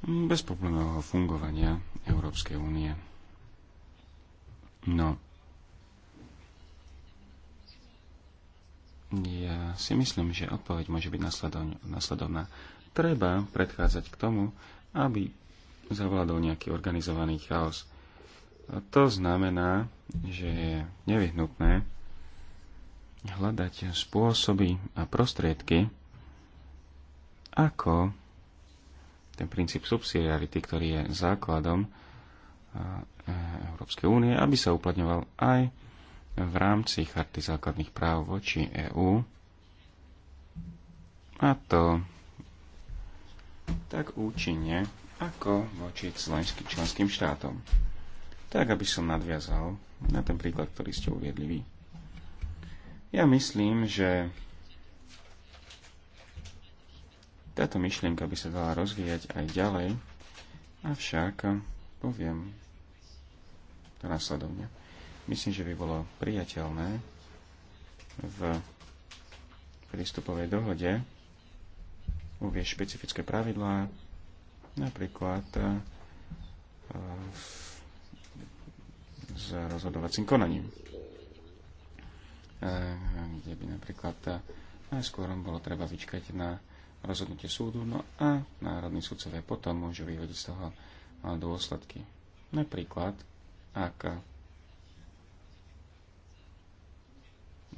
bezproblémového fungovania Európskej únie. No, ja si myslím, že odpoveď môže byť nasledovná. Treba predchádzať k tomu, aby zavládol nejaký organizovaný chaos. A to znamená, že je nevyhnutné hľadať spôsoby a prostriedky, ako ten princíp subsidiarity, ktorý je základom e, Európskej únie, aby sa uplatňoval aj v rámci Charty základných práv voči EÚ. A to tak účinne ako voči členským, členským štátom. Tak, aby som nadviazal na ten príklad, ktorý ste uviedli vy. Ja myslím, že Táto myšlienka by sa dala rozvíjať aj ďalej, avšak poviem to následovne. Myslím, že by bolo priateľné v prístupovej dohode uvieť špecifické pravidlá, napríklad e, s rozhodovacím konaním. E, kde by napríklad e, najskôr bolo treba vyčkať na rozhodnutie súdu, no a národní sudcovia potom môžu vyvodiť z toho dôsledky. Napríklad, ak,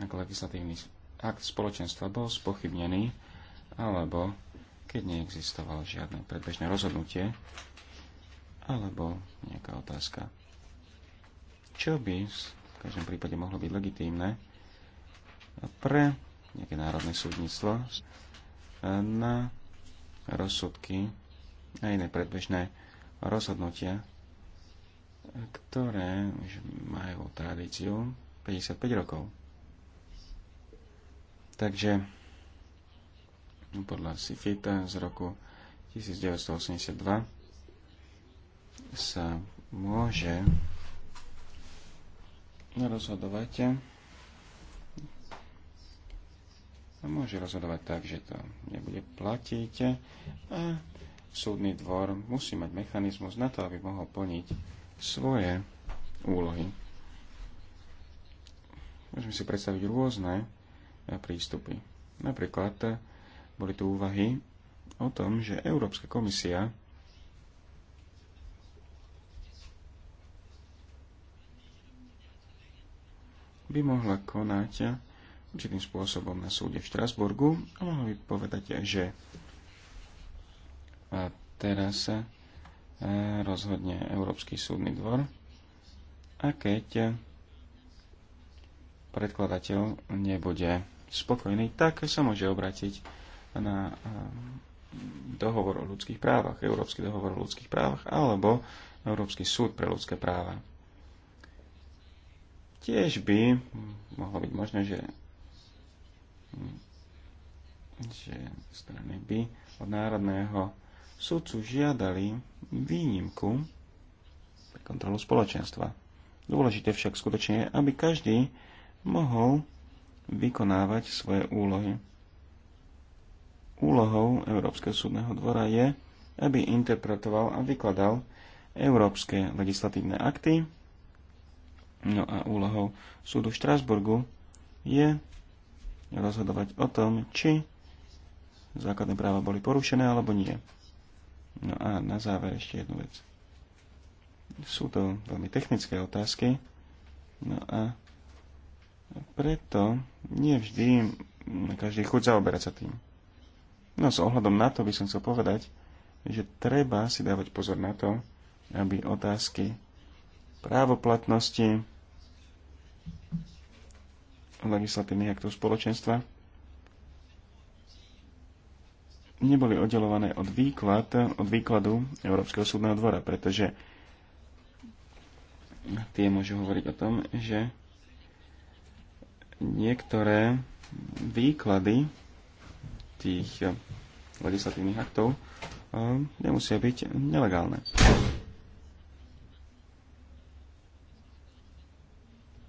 ak legislatívny akt spoločenstva bol spochybnený, alebo keď neexistovalo žiadne predbežné rozhodnutie, alebo nejaká otázka. Čo by v každom prípade mohlo byť legitímne pre nejaké národné súdnictvo na rozsudky a iné predbežné rozhodnutia, ktoré už majú tradíciu 55 rokov. Takže podľa Sifita z roku 1982 sa môže rozhodovať môže rozhodovať tak, že to nebude platiť a súdny dvor musí mať mechanizmus na to, aby mohol plniť svoje úlohy. Môžeme si predstaviť rôzne eh, prístupy. Napríklad eh, boli tu úvahy o tom, že Európska komisia by mohla konať eh, určitým spôsobom na súde v Štrasburgu a mohol by povedať, že a teraz sa e, rozhodne Európsky súdny dvor a keď predkladateľ nebude spokojný, tak sa môže obrátiť na e, dohovor o ľudských právach, Európsky dohovor o ľudských právach alebo Európsky súd pre ľudské práva. Tiež by mohlo byť možné, že že strany by od Národného súdcu žiadali výnimku pre kontrolu spoločenstva. Dôležité však skutočne je, aby každý mohol vykonávať svoje úlohy. Úlohou Európskeho súdneho dvora je, aby interpretoval a vykladal európske legislatívne akty. No a úlohou súdu v Štrásburgu je rozhodovať o tom, či základné práva boli porušené alebo nie. No a na záver ešte jednu vec. Sú to veľmi technické otázky, no a preto nie vždy každý chuť zaoberať sa tým. No s ohľadom na to by som chcel povedať, že treba si dávať pozor na to, aby otázky právoplatnosti legislatívnych aktov spoločenstva neboli oddelované od, výklad, od výkladu Európskeho súdneho dvora, pretože tie môžu hovoriť o tom, že niektoré výklady tých legislatívnych aktov eh, nemusia byť nelegálne.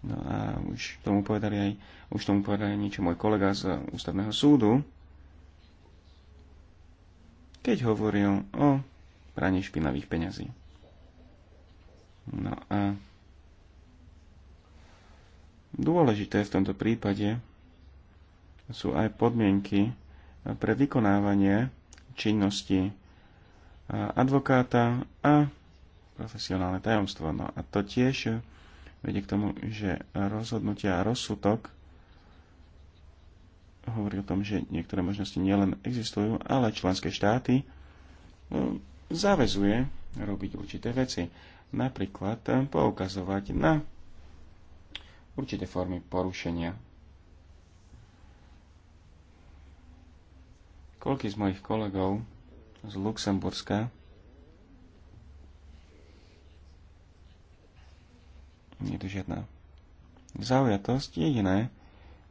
No a už tomu povedali aj, už tomu povedali aj niečo môj kolega z ústavného súdu, keď hovoril o praní špinavých peňazí. No a dôležité v tomto prípade sú aj podmienky pre vykonávanie činnosti advokáta a profesionálne tajomstvo. No a to tiež vedie k tomu, že rozhodnutia a rozsudok hovorí o tom, že niektoré možnosti nielen existujú, ale členské štáty no, zavezuje robiť určité veci. Napríklad eh, poukazovať na určité formy porušenia. Koľký z mojich kolegov z Luxemburska Nie je to žiadna zaujatosť. Jediné,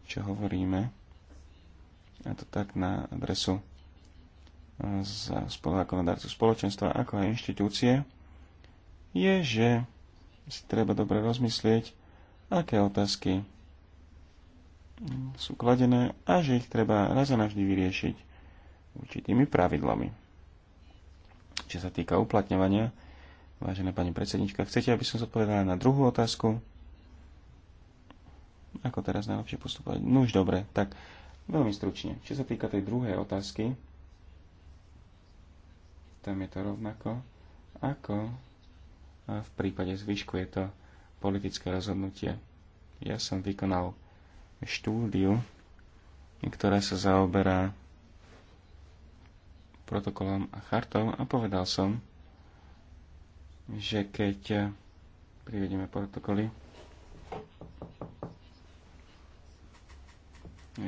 čo hovoríme, a to tak na adresu e, za spoluzákonodárcu spoločenstva ako aj inštitúcie, je, že si treba dobre rozmyslieť, aké otázky sú kladené a že ich treba raz a navždy vyriešiť určitými pravidlami. Čo sa týka uplatňovania Vážená pani predsednička, chcete, aby som zodpovedala na druhú otázku? Ako teraz najlepšie postupovať? No už dobre, tak veľmi stručne. Čo sa týka tej druhej otázky, tam je to rovnako, ako a v prípade zvyšku je to politické rozhodnutie. Ja som vykonal štúdiu, ktorá sa zaoberá protokolom a chartou a povedal som, že keď eh, privedieme protokoly,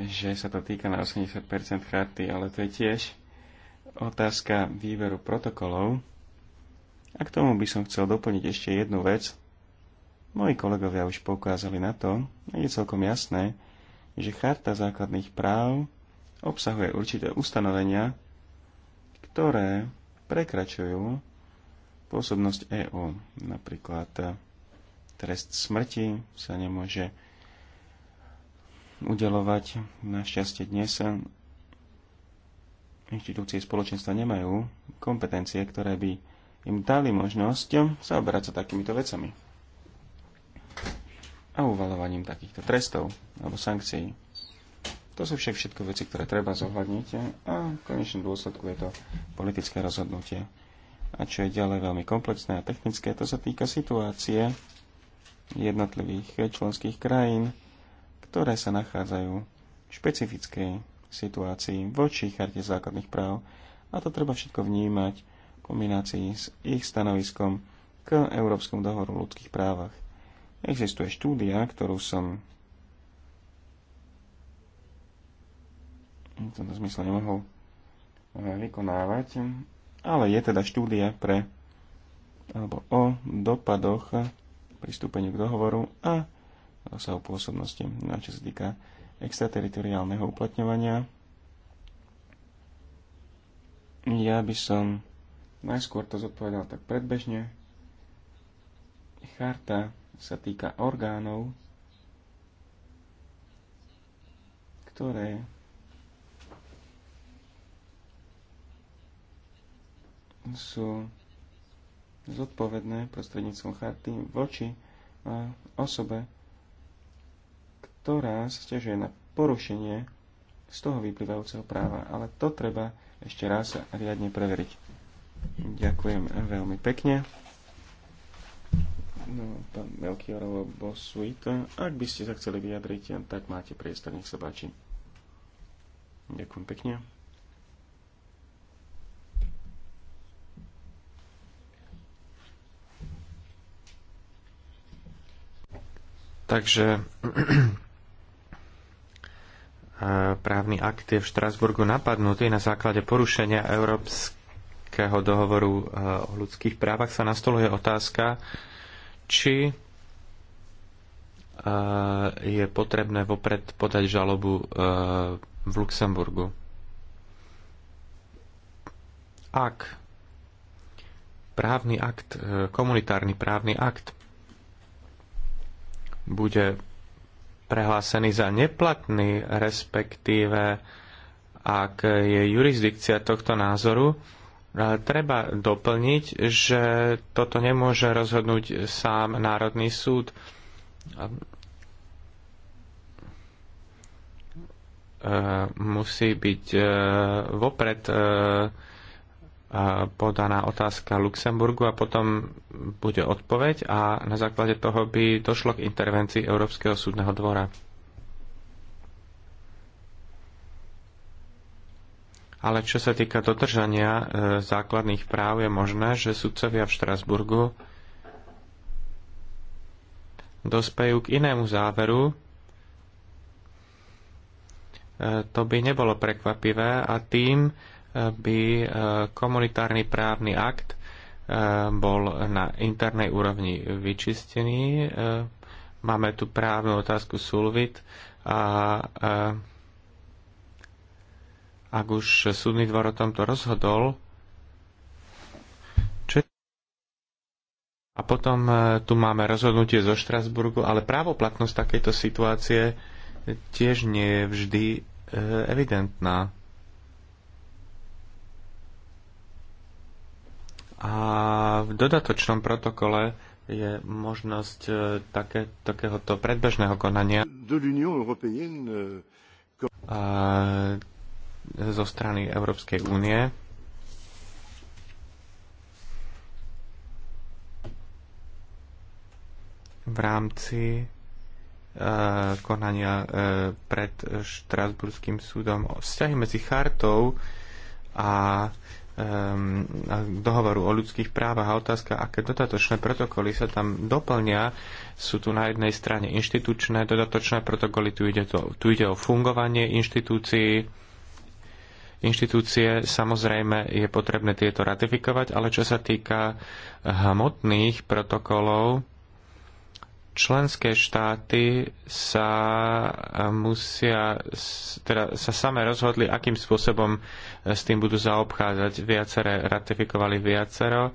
že sa to týka na 80% charty, ale to je tiež otázka výberu protokolov. A k tomu by som chcel doplniť ešte jednu vec. Moji kolegovia už poukázali na to, a je celkom jasné, že Charta základných práv obsahuje určité ustanovenia, ktoré prekračujú pôsobnosť EÚ. Napríklad e, trest smrti sa nemôže udelovať. Našťastie dnes inštitúcie spoločenstva nemajú kompetencie, ktoré by im dali možnosť zaoberať sa takýmito vecami a uvalovaním takýchto trestov alebo sankcií. To sú však všetko veci, ktoré treba zohľadniť a v konečnom dôsledku je to politické rozhodnutie a čo je ďalej veľmi komplexné a technické, to sa týka situácie jednotlivých členských krajín, ktoré sa nachádzajú v špecifickej situácii voči charte základných práv a to treba všetko vnímať v kombinácii s ich stanoviskom k Európskom dohoru o ľudských právach. Existuje štúdia, ktorú som v tomto zmysle nemohol eh, vykonávať, ale je teda štúdia pre alebo o dopadoch pristúpeniu k dohovoru a rozsahu pôsobnosti, na no čo sa týka extrateritoriálneho uplatňovania. Ja by som najskôr to zodpovedal tak predbežne. Charta sa týka orgánov, ktoré sú zodpovedné prostredníctvom charty voči e, osobe, ktorá sa stiažuje na porušenie z toho vyplývajúceho práva. Ale to treba ešte raz riadne preveriť. Ďakujem veľmi pekne. No, pán Melchiorovo Bosuit, ak by ste sa chceli vyjadriť, tak máte priestor, nech sa páči. Ďakujem pekne. Takže právny akt je v Štrasburgu napadnutý na základe porušenia Európskeho dohovoru e, o ľudských právach sa nastoluje otázka, či e, je potrebné vopred podať žalobu e, v Luxemburgu. Ak právny akt, komunitárny právny akt bude prehlásený za neplatný, respektíve ak je jurisdikcia tohto názoru, e, treba doplniť, že toto nemôže rozhodnúť sám Národný súd. E, musí byť e, vopred podaná otázka Luxemburgu a potom bude odpoveď a na základe toho by došlo k intervencii Európskeho súdneho dvora. Ale čo sa týka dodržania e, základných práv, je možné, že sudcovia v Štrasburgu dospejú k inému záveru. E, to by nebolo prekvapivé a tým by e, komunitárny právny akt e, bol na internej úrovni vyčistený. E, máme tu právnu otázku Sulvit a ak už súdny dvor o tomto rozhodol, A potom tu máme rozhodnutie zo Štrasburgu, ale právoplatnosť takejto situácie tiež nie je vždy evidentná. A v dodatočnom protokole je možnosť e, také, takéhoto predbežného konania a, e, zo strany Európskej únie. v rámci e, konania e, pred Štrasburským súdom. Vzťahy medzi chartou a Ehm, dohovoru o ľudských právach a otázka, aké dodatočné protokoly sa tam doplnia, sú tu na jednej strane inštitučné dodatočné protokoly, tu ide, to, tu ide o fungovanie inštitúcií, inštitúcie, samozrejme je potrebné tieto ratifikovať, ale čo sa týka hmotných protokolov, členské štáty sa eh, musia, teda sa same rozhodli, akým spôsobom eh, s tým budú zaobchádzať. Viacere ratifikovali viacero.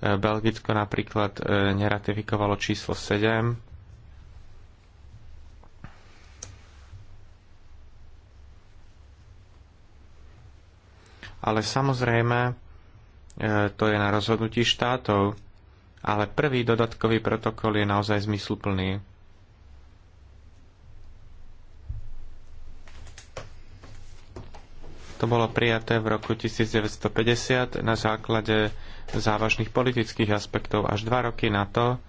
Eh, Belgicko napríklad neratifikovalo číslo 7. Ale samozrejme, to je na rozhodnutí štátov ale prvý dodatkový protokol je naozaj zmysluplný. To bolo prijaté v roku 1950 na základe závažných politických aspektov. Až dva roky na to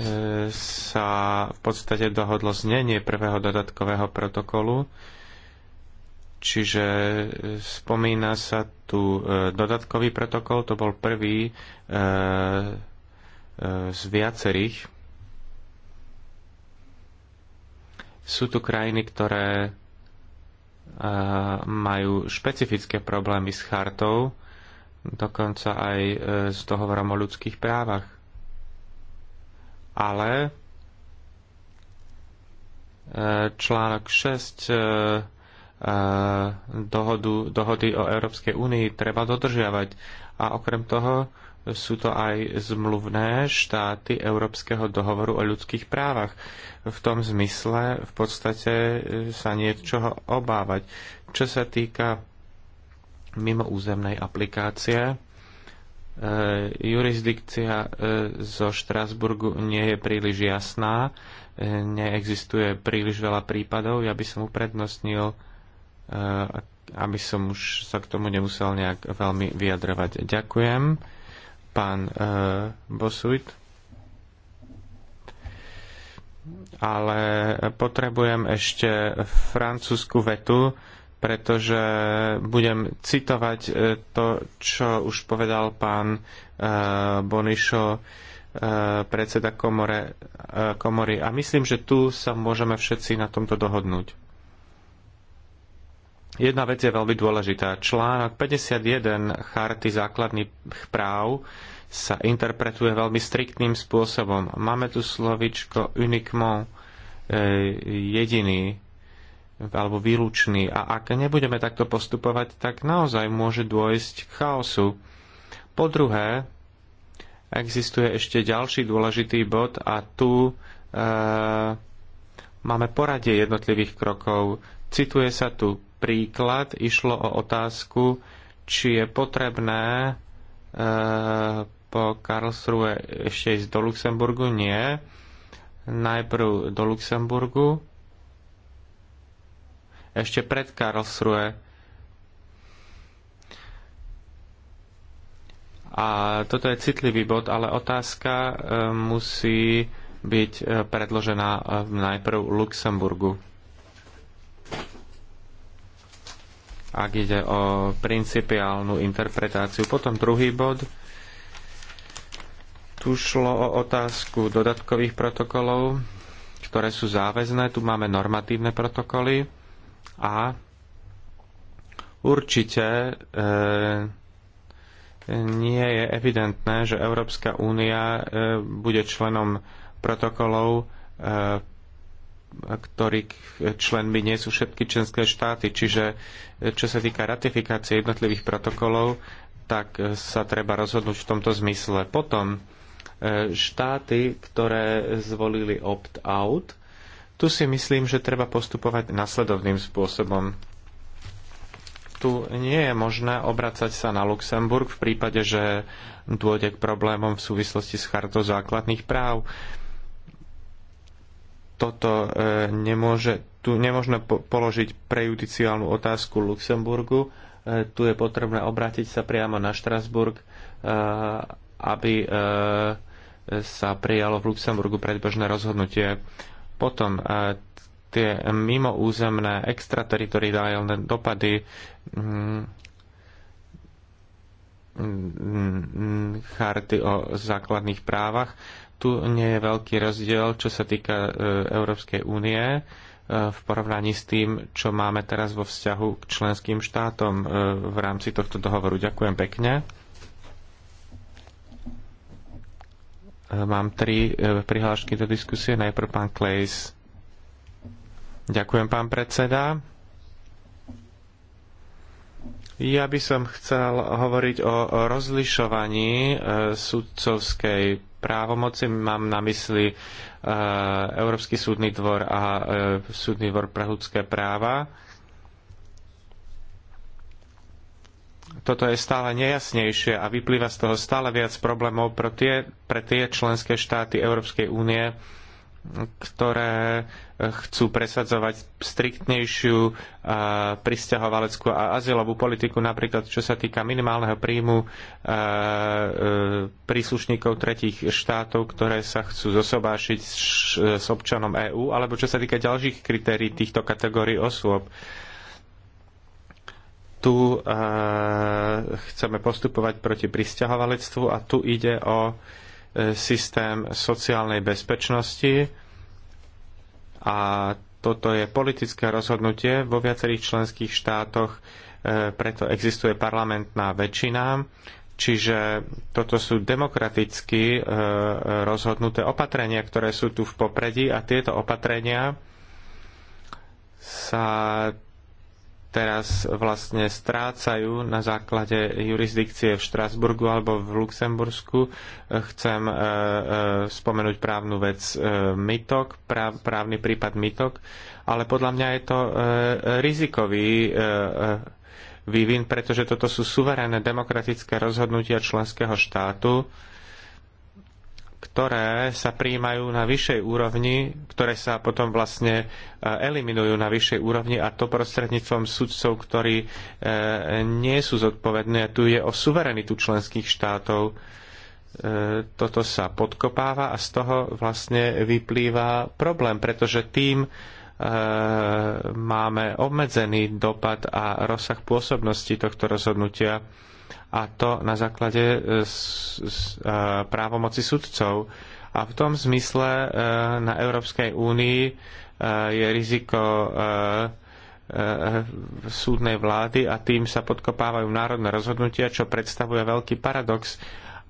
e, sa v podstate dohodlo znenie prvého dodatkového protokolu, čiže e, spomína sa tu e, dodatkový protokol, to bol prvý z viacerých. Sú tu krajiny, ktoré e, majú špecifické problémy s chartou, dokonca aj e, s dohovorom o ľudských právach. Ale e, článok 6 dohodu, dohody o Európskej únii treba dodržiavať. A okrem toho sú to aj zmluvné štáty Európskeho dohovoru o ľudských právach. V tom zmysle v podstate e, sa niečoho obávať. Čo sa týka mimo územnej aplikácie, e, jurisdikcia e, zo Štrasburgu nie je príliš jasná, e, neexistuje príliš veľa prípadov. Ja by som uprednostnil e, aby som už sa k tomu nemusel nejak veľmi vyjadrovať. Ďakujem pán e, Bosuit. Ale potrebujem ešte francúzsku vetu, pretože budem citovať e, to, čo už povedal pán e, Bonišo, e, predseda komore, e, komory. A myslím, že tu sa môžeme všetci na tomto dohodnúť. Jedna vec je veľmi dôležitá. Článok 51 Charty základných práv sa interpretuje veľmi striktným spôsobom. Máme tu slovičko unikmo e, jediný alebo výlučný. A ak nebudeme takto postupovať, tak naozaj môže dôjsť k chaosu. Po druhé, existuje ešte ďalší dôležitý bod a tu e, máme poradie jednotlivých krokov. Cituje sa tu príklad išlo o otázku, či je potrebné e, po Karlsruhe ešte ísť do Luxemburgu. Nie. Najprv do Luxemburgu, ešte pred Karlsruhe. A toto je citlivý bod, ale otázka eh, musí byť eh, predložená najprv Luxemburgu. ak ide o principiálnu interpretáciu. Potom druhý bod. Tu šlo o otázku dodatkových protokolov, ktoré sú záväzné. Tu máme normatívne protokoly a určite e, nie je evidentné, že Európska únia e, bude členom protokolov e, ktorých členmi nie sú všetky členské štáty. Čiže e, čo sa týka ratifikácie jednotlivých protokolov, tak e, sa treba rozhodnúť v tomto zmysle. Potom e, štáty, ktoré zvolili opt-out, tu si myslím, že treba postupovať nasledovným spôsobom. Tu nie je možné obracať sa na Luxemburg v prípade, že dôjde k problémom v súvislosti s chartou základných práv toto e, nemôže, tu nemôžno po- položiť prejudiciálnu otázku Luxemburgu. E, tu je potrebné obrátiť sa priamo na Štrasburg, e, aby sa prijalo v Luxemburgu predbežné rozhodnutie. Potom tie mimoúzemné extrateritoriálne dopady mm, mm, mm, charty o základných právach tu nie je veľký rozdiel, čo sa týka e, Európskej únie e, v porovnaní s tým, čo máme teraz vo vzťahu k členským štátom e, v rámci tohto dohovoru. Ďakujem pekne. Mám tri prihlášky do diskusie. Najprv pán Klejs. Ďakujem, pán predseda. Ja by som chcel hovoriť o rozlišovaní sudcovskej právomoci. Mám na mysli e, Európsky súdny dvor a e, Súdny dvor pre ľudské práva. Toto je stále nejasnejšie a vyplýva z toho stále viac problémov pre tie, pre tie členské štáty Európskej únie, ktoré eh, chcú presadzovať striktnejšiu eh, pristahovaleckú a azylovú politiku, napríklad čo sa týka minimálneho príjmu eh, príslušníkov tretich štátov, ktoré sa chcú zosobášiť s občanom EÚ, alebo čo sa týka ďalších kritérií týchto kategórií osôb. Tu chceme postupovať proti pristahovalectvu a tu ide o E, systém sociálnej bezpečnosti a toto je politické rozhodnutie vo viacerých členských štátoch, e, preto existuje parlamentná väčšina, čiže toto sú demokraticky e, rozhodnuté opatrenia, ktoré sú tu v popredí a tieto opatrenia sa teraz vlastne strácajú na základe jurisdikcie v Štrasburgu alebo v Luxembursku. Chcem e, e, spomenúť právnu vec e, MITOK, práv, právny prípad MITOK, ale podľa mňa je to e, rizikový e, e, vývin, pretože toto sú suverénne demokratické rozhodnutia členského štátu, ktoré sa príjmajú na vyššej úrovni, ktoré sa potom vlastne e, eliminujú na vyššej úrovni a to prostredníctvom sudcov, ktorí e, nie sú zodpovední. A tu je o suverenitu členských štátov. E, toto sa podkopáva a z toho vlastne vyplýva problém, pretože tým máme obmedzený dopad a rozsah pôsobnosti tohto rozhodnutia a to na základe e, e, právomoci sudcov. A v tom zmysle e, na Európskej únii je riziko súdnej vlády a tým sa podkopávajú národné rozhodnutia, čo predstavuje veľký paradox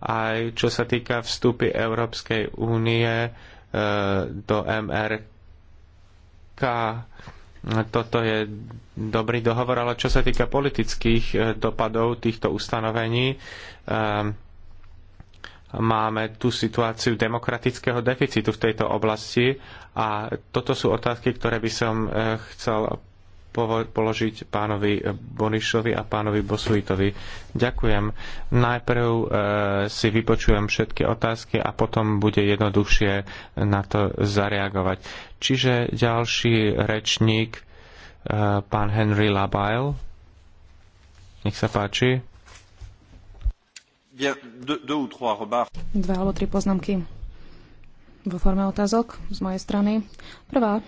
aj čo sa týka vstupy Európskej únie do MRK. No, toto je dobrý dohovor, ale čo sa týka politických eh, dopadov týchto ustanovení, eh, máme tú situáciu demokratického deficitu v tejto oblasti a toto sú otázky, ktoré by som eh, chcel položiť pánovi Bonišovi a pánovi Bosuitovi. Ďakujem. Najprv e, si vypočujem všetky otázky a potom bude jednoduchšie na to zareagovať. Čiže ďalší rečník, e, pán Henry Labile. Nech sa páči. Dva alebo tri poznámky vo forme otázok z mojej strany. Prvá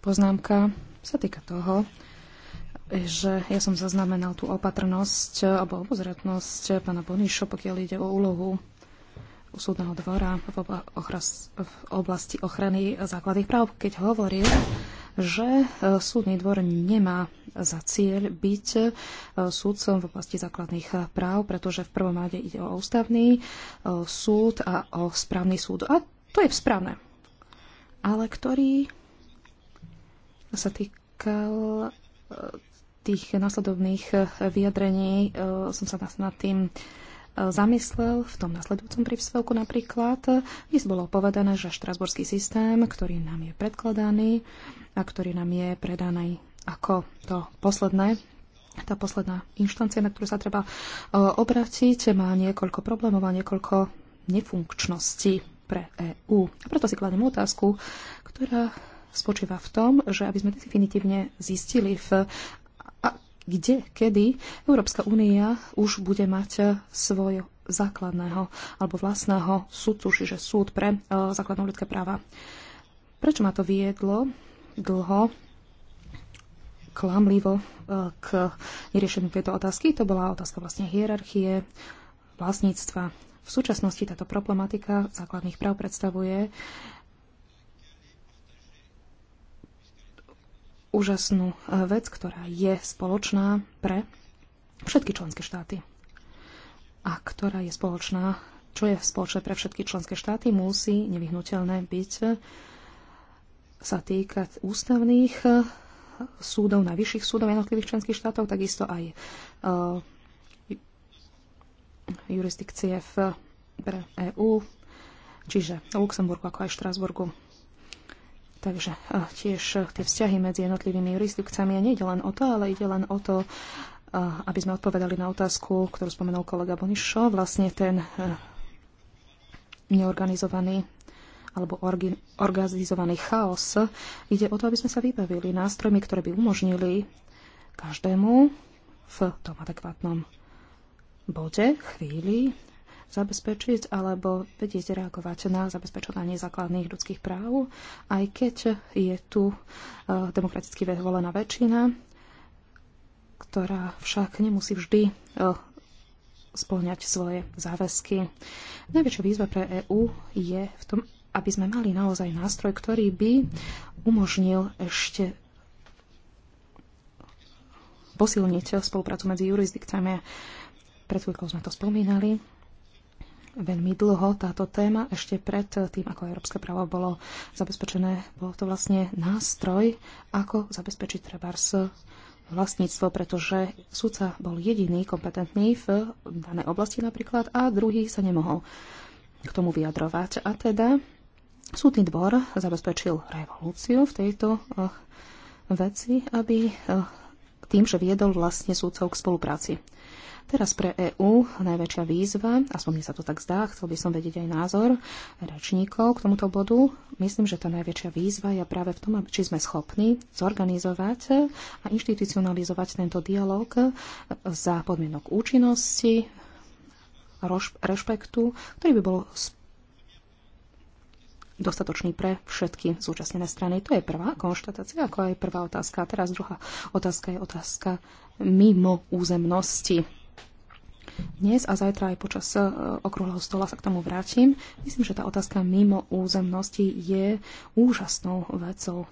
poznámka sa týka toho, že ja som zaznamenal tú opatrnosť eh, alebo obozretnosť eh, pána Bonišo, pokiaľ ide o úlohu súdneho dvora v, oblasti ochrany základných práv, keď hovoril, že eh, súdny dvor nemá za cieľ byť súdcom v oblasti základných práv, pretože v prvom rade ide o ústavný súd a o správny súd. A to je správne. Ale ktorý sa týkal eh, tých následovných eh, vyjadrení, eh, som sa nad tým zamyslel v tom nasledujúcom príspevku napríklad, Dnes bolo povedané, že štrasburský systém, ktorý nám je predkladaný a ktorý nám je predaný ako to posledné, tá posledná inštancia, na ktorú sa treba obrátiť, má niekoľko problémov a niekoľko nefunkčností pre EÚ. A preto si kladem otázku, ktorá spočíva v tom, že aby sme definitívne zistili, v, a, kde, kedy Európska únia už bude mať e, svojho základného alebo vlastného súdcu, čiže súd pre e, základné ľudské práva. Prečo ma to viedlo dlho klamlivo e, k neriešeniu tejto otázky. To bola otázka vlastne hierarchie, vlastníctva. V súčasnosti táto problematika základných práv predstavuje úžasnú eh, vec, ktorá je spoločná pre všetky členské štáty a ktorá je spoločná, čo je spoločné pre všetky členské štáty, musí nevyhnutelné byť eh, sa týkať ústavných eh, súdov, najvyšších súdov jednotlivých členských štátov, takisto aj uh, jurisdikcie v EÚ, e čiže Luxemburgu ako aj Štrásburgu. Takže eh, tiež eh, tie vzťahy medzi jednotlivými jurisdikciami a nejde len o to, ale ide len o to, eh, aby sme odpovedali na otázku, ktorú spomenul kolega Bonišo, vlastne ten neorganizovaný alebo organizovaný chaos. Ide o to, aby sme sa vybavili nástrojmi, ktoré by umožnili každému v tom adekvátnom bode, chvíli zabezpečiť alebo vedieť reagovať na zabezpečovanie základných ľudských práv, aj keď je tu e, demokraticky vyvolená väčšina, ktorá však nemusí vždy e, spĺňať svoje záväzky. Najväčšia výzva pre EÚ je v tom, aby sme mali naozaj nástroj, ktorý by umožnil ešte posilniť spoluprácu medzi jurisdikciami. Pred chvíľkou sme to spomínali veľmi dlho táto téma, ešte pred tým, ako európske právo bolo zabezpečené. Bolo to vlastne nástroj, ako zabezpečiť trebárs vlastníctvo, pretože sudca bol jediný kompetentný v danej oblasti napríklad a druhý sa nemohol k tomu vyjadrovať. A teda súdny dvor zabezpečil revolúciu v tejto eh, veci, aby eh, tým, že viedol vlastne súdcov k spolupráci. Teraz pre EÚ najväčšia výzva, aspoň mi sa to tak zdá, chcel by som vedieť aj názor rečníkov k tomuto bodu. Myslím, že tá najväčšia výzva je práve v tom, či sme schopní zorganizovať a inštitucionalizovať tento dialog za podmienok účinnosti, rešpektu, ktorý by bol dostatočný pre všetky zúčastnené strany. To je prvá konštatácia, ako aj prvá otázka. A teraz druhá otázka je otázka mimo územnosti dnes a zajtra aj počas e, okrúhleho stola sa k tomu vrátim. Myslím, že tá otázka mimo územnosti je úžasnou vecou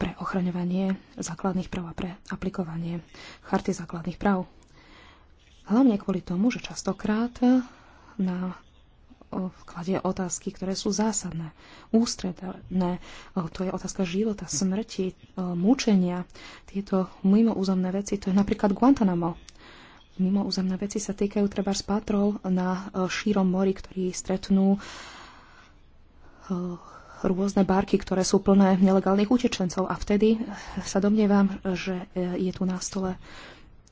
pre ochraňovanie základných práv a pre aplikovanie charty základných práv. Hlavne kvôli tomu, že častokrát na e, kladie otázky, ktoré sú zásadné, ústredné. E, to je otázka života, smrti, mučenia. Tieto mimoúzemné veci, to je napríklad Guantanamo územné veci sa týkajú treba z patrol na e, šírom mori, ktorí stretnú e, rôzne barky, ktoré sú plné nelegálnych utečencov. A vtedy sa domnievam, že e, je tu na stole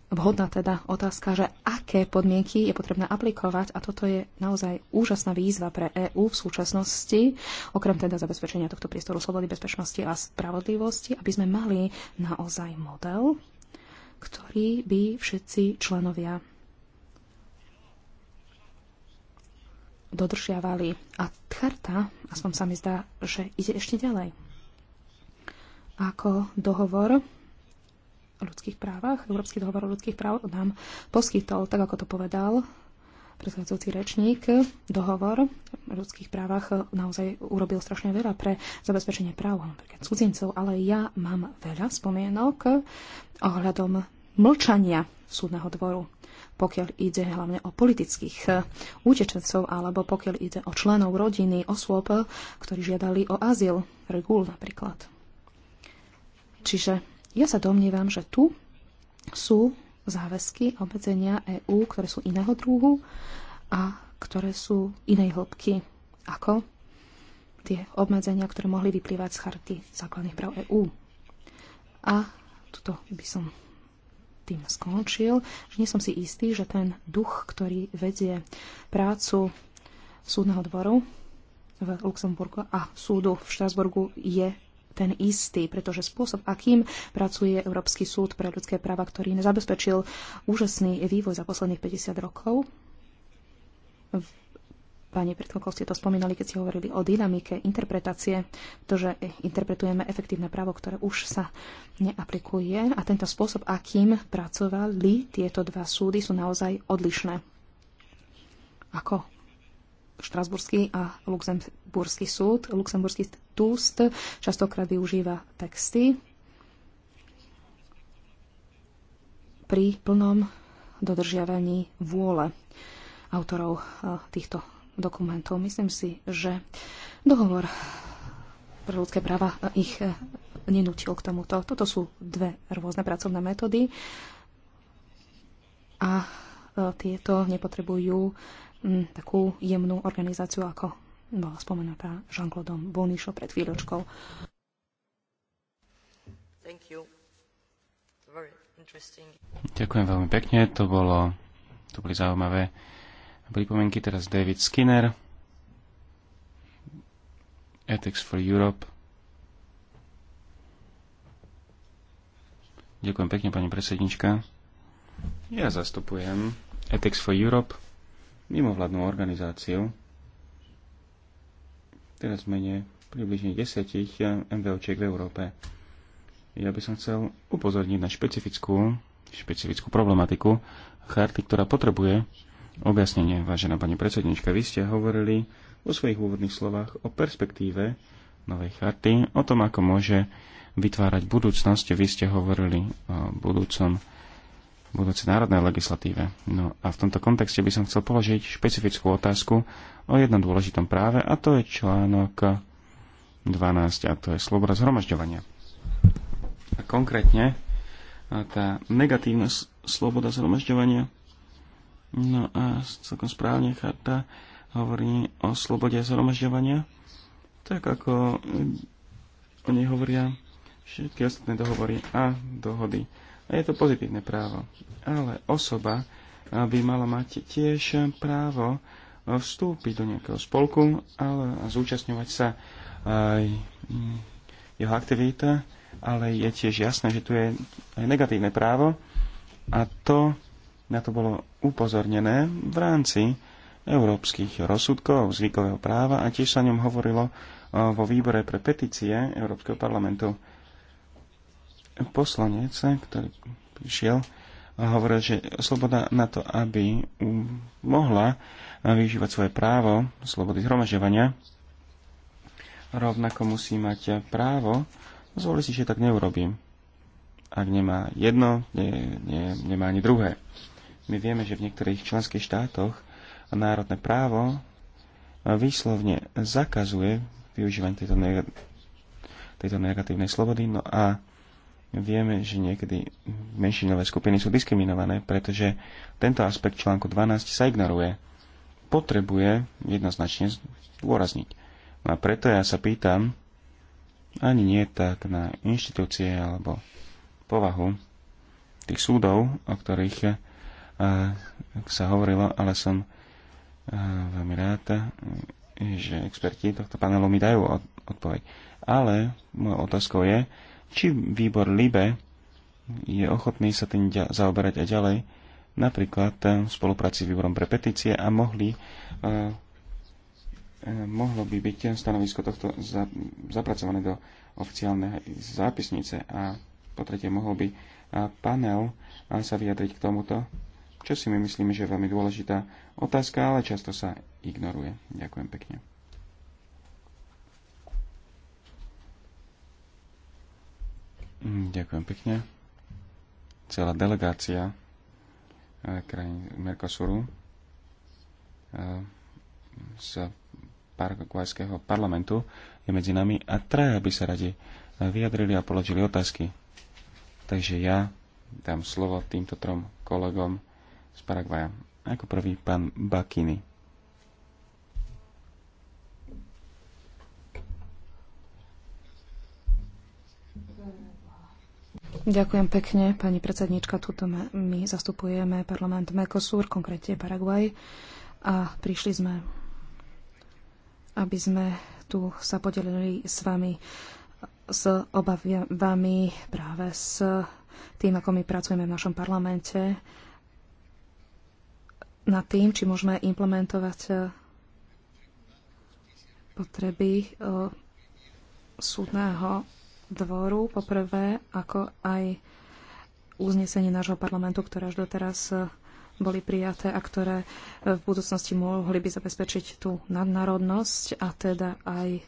vhodná teda otázka, že aké podmienky je potrebné aplikovať a toto je naozaj úžasná výzva pre EÚ v súčasnosti, okrem teda zabezpečenia tohto priestoru slobody, bezpečnosti a spravodlivosti, aby sme mali naozaj model, ktorý by všetci členovia dodržiavali. A charta, aspoň sa mi zdá, že ide ešte ďalej. Ako dohovor o ľudských právach, Európsky dohovor o ľudských práv nám poskytol, tak ako to povedal predchádzajúci rečník, dohovor o ľudských právach naozaj urobil strašne veľa pre zabezpečenie práv napríklad cudzincov, ale ja mám veľa spomienok ohľadom mlčania súdneho dvoru pokiaľ ide hlavne o politických útečencov alebo pokiaľ ide o členov rodiny, osôb, ktorí žiadali o azyl, regul napríklad. Čiže ja sa domnívam, že tu sú záväzky a obmedzenia EÚ, ktoré sú iného druhu a ktoré sú inej hĺbky ako tie obmedzenia, ktoré mohli vyplývať z charty základných práv EÚ. A tuto by som tým skončil, že nie som si istý, že ten duch, ktorý vedie prácu súdneho dvoru v Luxemburgu a súdu v Štrasburgu je ten istý, pretože spôsob, akým pracuje Európsky súd pre ľudské práva, ktorý zabezpečil úžasný vývoj za posledných 50 rokov. Pani predkokov ste to spomínali, keď ste hovorili o dynamike interpretácie, to, že interpretujeme efektívne právo, ktoré už sa neaplikuje a tento spôsob, akým pracovali tieto dva súdy, sú naozaj odlišné. Ako Štrasburský a Luxemburský súd. Luxemburský túst častokrát využíva texty pri plnom dodržiavaní vôle autorov eh, týchto dokumentov. Myslím si, že dohovor pre ľudské práva eh, ich eh, nenútil k tomuto. Toto sú dve rôzne pracovné metódy a tieto nepotrebujú Mm, takú jemnú organizáciu, ako bola spomenutá jean claude Bonišo pred chvíľočkou. Ďakujem veľmi pekne, to bolo, to boli zaujímavé pripomienky. Teraz David Skinner, Ethics for Europe. Ďakujem pekne, pani predsednička. Ja zastupujem Ethics for Europe mimovládnu organizáciu, teraz menej približne 10 MVOčiek v Európe. Ja by som chcel upozorniť na špecifickú, špecifickú problematiku charty, ktorá potrebuje objasnenie. Vážená pani predsednička, vy ste hovorili vo svojich úvodných slovách o perspektíve novej charty, o tom, ako môže vytvárať budúcnosť. Vy ste hovorili o budúcom budúcej národnej legislatíve. No a v tomto kontexte by som chcel položiť špecifickú otázku o jednom dôležitom práve, a to je článok 12, a to je sloboda zhromažďovania. A konkrétne a tá negatívna sloboda zhromažďovania, no a celkom správne charta hovorí o slobode zhromažďovania, tak ako o nej hovoria všetky ostatné dohovory a dohody je to pozitívne právo. Ale osoba eh, by mala mať tiež právo eh, vstúpiť do nejakého spolku a zúčastňovať sa eh, aj mm, jeho aktivita, ale je tiež jasné, že tu je aj negatívne právo a to na to bolo upozornené v rámci európskych rozsudkov zvykového práva a tiež sa o ňom hovorilo vo výbore pre petície Európskeho parlamentu poslanec, ktorý prišiel, hovoril, že sloboda na to, aby mohla využívať svoje právo slobody zhromažďovania, rovnako musí mať právo zvoliť si, že tak neurobím. Ak nemá jedno, nie, nie, nemá ani druhé. My vieme, že v niektorých členských štátoch národné právo výslovne zakazuje využívanie tejto, ne- tejto negatívnej slobody. No a vieme, že niekedy menšinové skupiny sú diskriminované, pretože tento aspekt článku 12 sa ignoruje. Potrebuje jednoznačne zdôrazniť. No a preto ja sa pýtam, ani nie tak na inštitúcie alebo povahu tých súdov, o ktorých uh, sa hovorilo, ale som uh, veľmi rád, že experti tohto panelu mi dajú odpoveď. Ale mojou otázkou je, či výbor LIBE je ochotný sa tým zaoberať aj ďalej, napríklad v spolupráci s výborom pre petície a mohli, eh, mohlo by byť stanovisko tohto za, zapracované do oficiálnej zápisnice a po tretie mohol by e, panel e, sa vyjadriť k tomuto, čo si my myslíme, že je veľmi dôležitá otázka, ale často sa ignoruje. Ďakujem pekne. Mm, ďakujem pekne. Celá delegácia eh, krajín Mercosuru eh, z paragvajského parlamentu je medzi nami a traja by sa radi eh, vyjadrili a položili otázky. Takže ja dám slovo týmto trom kolegom z Paraguaja. Ako prvý pán Bakiny. Ďakujem pekne, pani predsednička. Tuto my zastupujeme parlament Mekosur, konkrétne Paraguaj. A prišli sme, aby sme tu sa podelili s vami s obavami práve s tým, ako my pracujeme v našom parlamente, nad tým, či môžeme implementovať eh, potreby eh, súdneho dvoru, poprvé, ako aj uznesenie nášho parlamentu, ktoré až doteraz e, boli prijaté a ktoré e, v budúcnosti mohli by zabezpečiť tú nadnárodnosť a teda aj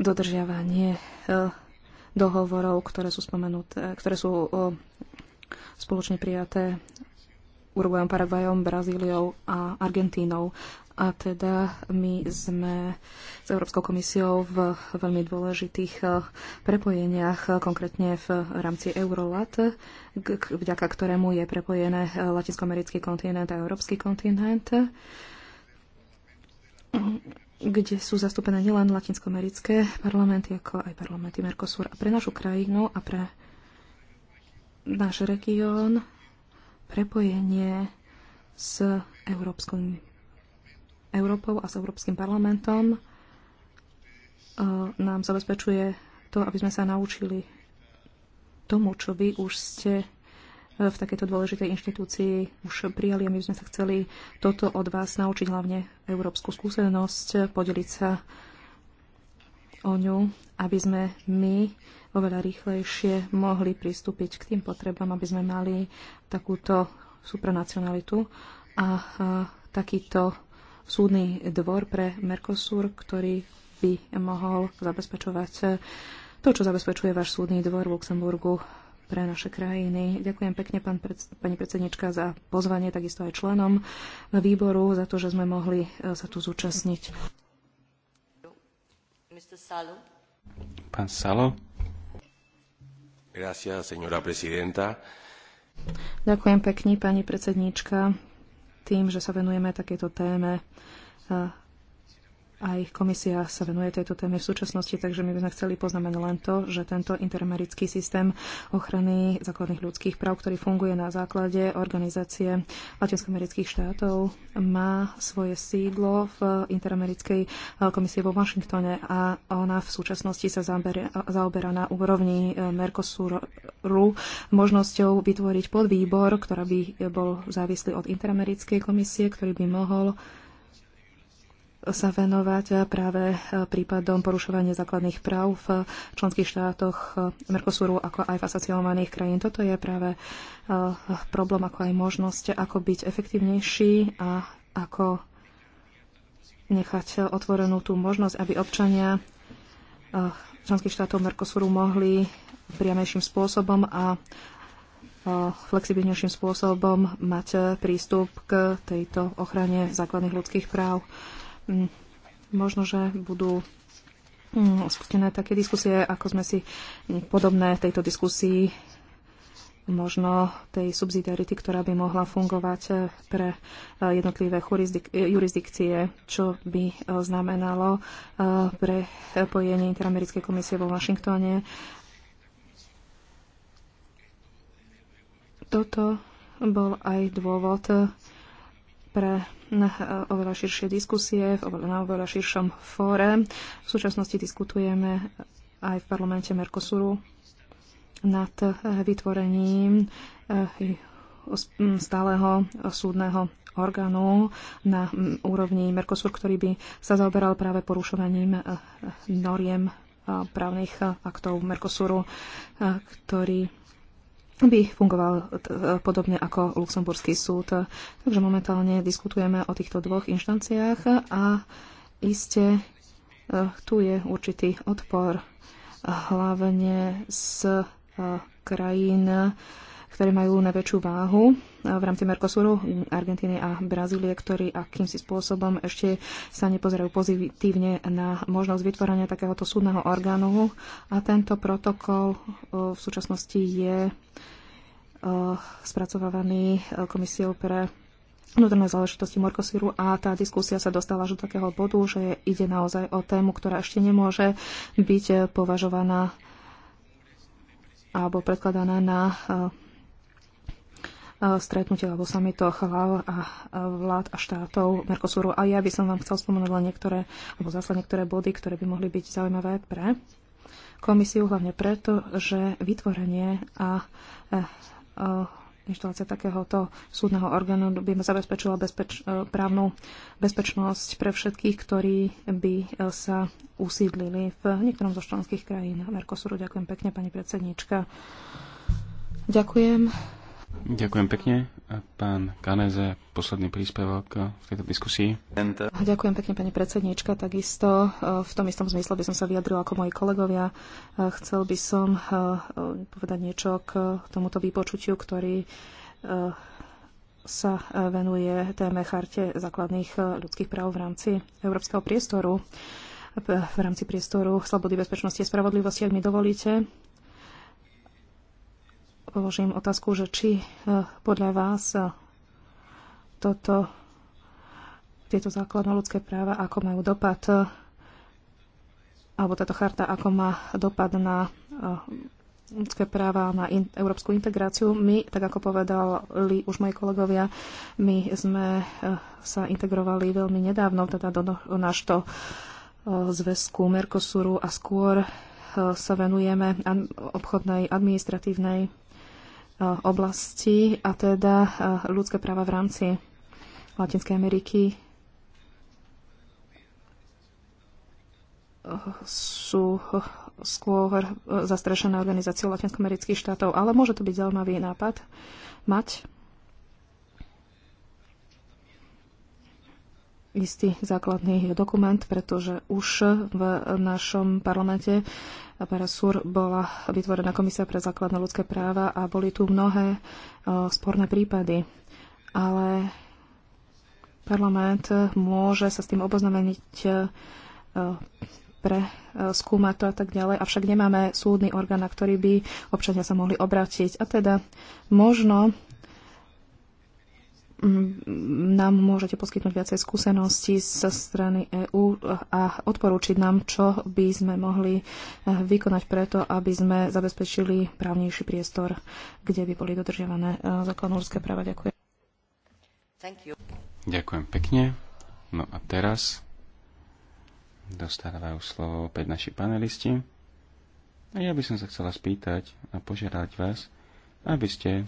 dodržiavanie e, dohovorov, ktoré sú spomenuté, ktoré sú spoločne prijaté Uruguayom, Paraguayom, Brazíliou a Argentínou. A teda my sme s Európskou komisiou v veľmi dôležitých eh, prepojeniach, eh, konkrétne v rámci Eurolat, vďaka ktorému je prepojené eh, latinskoamerický kontinent a európsky kontinent, kde sú zastúpené nielen latinskoamerické parlamenty, ako aj parlamenty Mercosur. A pre našu krajinu a pre náš región prepojenie s európskym Európou a s Európskym parlamentom e, nám zabezpečuje to, aby sme sa naučili tomu, čo vy už ste e, v takejto dôležitej inštitúcii už prijali a my sme sa chceli toto od vás naučiť, hlavne európsku skúsenosť, podeliť sa o ňu, aby sme my oveľa rýchlejšie mohli pristúpiť k tým potrebám, aby sme mali takúto supranacionalitu a, a takýto súdny dvor pre Mercosur, ktorý by mohol zabezpečovať to, čo zabezpečuje váš súdny dvor v Luxemburgu pre naše krajiny. Ďakujem pekne, pán pred, pani predsednička, za pozvanie, takisto aj členom výboru, za to, že sme mohli e, sa tu zúčastniť. Pán Salo. Gracias, señora presidenta. Ďakujem pekne, pani predsedníčka tým, že sa venujeme takéto téme eh, aj komisia sa venuje tejto téme v súčasnosti, takže my by sme chceli poznamenať len to, že tento interamerický systém ochrany základných ľudských práv, ktorý funguje na základe organizácie latinskoamerických štátov, má svoje sídlo v interamerickej eh, komisie vo Washingtone a ona v súčasnosti sa zaoberá na úrovni eh, Mercosuru možnosťou vytvoriť podvýbor, ktorá by bol závislý od interamerickej komisie, ktorý by mohol sa venovať práve e, prípadom porušovania základných práv v členských štátoch e, Mercosuru, ako aj v asociovaných krajín. Toto je práve e, problém, ako aj možnosť, ako byť efektívnejší a ako nechať otvorenú tú možnosť, aby občania členských štátov Mercosuru mohli priamejším spôsobom a flexibilnejším spôsobom mať prístup k tejto ochrane základných ľudských práv. Mm, možno, že budú mm, spustené také diskusie, ako sme si mm, podobné tejto diskusii možno tej subsidiarity, ktorá by mohla fungovať e, pre e, jednotlivé e, jurisdikcie, čo by znamenalo pre pojenie Interamerickej komisie vo Washingtone. Toto bol aj dôvod, pre eh, oveľa širšie diskusie, na oveľa širšom fóre. V súčasnosti diskutujeme aj v parlamente Mercosuru nad eh, vytvorením eh, stáleho súdneho orgánu na úrovni Mercosur, ktorý by sa zaoberal práve porušovaním noriem právnych aktov Mercosuru, ktorý by fungoval podobne ako Luxemburský súd. Takže momentálne diskutujeme o týchto dvoch inštanciách a iste e, tu je určitý odpor hlavne z e, krajín, ktoré majú najväčšiu váhu e, v rámci Mercosuru, Argentíny a Brazílie, ktorí akýmsi spôsobom ešte sa nepozerajú pozitívne na možnosť vytvorenia takéhoto súdneho orgánu. A tento protokol e, v súčasnosti je e, spracovávaný komisiou pre vnútorné záležitosti Morkosíru a tá diskusia sa dostala až do takého bodu, že ide naozaj o tému, ktorá ešte nemôže byť považovaná alebo predkladaná na stretnutiach alebo samitoch hlav a vlád a štátov Mercosuru. A ja by som vám chcel spomenúť len niektoré, alebo zase niektoré body, ktoré by mohli byť zaujímavé pre komisiu, hlavne preto, že vytvorenie a, a e, e, inštalácia takéhoto súdneho orgánu by zabezpečila bezpeč, e, právnu bezpečnosť pre všetkých, ktorí by sa usídlili v niektorom zo členských krajín Mercosuru. Ďakujem pekne, pani predsednička. Ďakujem. Ďakujem pekne. Pán Kaneze, posledný príspevok v tejto diskusii. Ďakujem pekne, pani predsedníčka. Takisto e, v tom istom zmysle by som sa vyjadril ako moji kolegovia. E, chcel by som e, povedať niečo k tomuto výpočutiu, ktorý sa venuje téme charte základných ľudských práv v rámci európskeho priestoru v rámci priestoru slobody, bezpečnosti a spravodlivosti, ak mi dovolíte položím otázku, že či e, podľa vás e, toto, tieto základné ľudské práva, ako majú dopad, e, alebo táto charta, ako má dopad na ľudské práva, na in, európsku integráciu. My, tak ako povedali už moji kolegovia, my sme sa integrovali veľmi nedávno, teda do, do nášto zväzku Mercosuru a skôr sa venujeme obchodnej, administratívnej E, oblasti, a teda e, ľudské práva v rámci Latinskej Ameriky e, sú skôr zastrešené organizáciou latinskoamerických štátov, ale môže to byť zaujímavý nápad mať istý základný dokument, pretože už v našom parlamente Parasur bola vytvorená komisia pre základné ľudské práva a boli tu mnohé e, sporné prípady. Ale parlament môže sa s tým oboznameniť e, pre e, skúmať to a tak ďalej, avšak nemáme súdny orgán, na ktorý by občania sa mohli obrátiť. A teda možno Mm, nám môžete poskytnúť viacej skúseností zo strany EÚ a odporúčiť nám, čo by sme mohli eh, vykonať preto, aby sme zabezpečili právnejší priestor, kde by boli dodržiavané eh, zákonovské práva. Ďakujem. Ďakujem pekne. No a teraz dostávajú slovo opäť naši panelisti. A ja by som sa chcela spýtať a požiadať vás, aby ste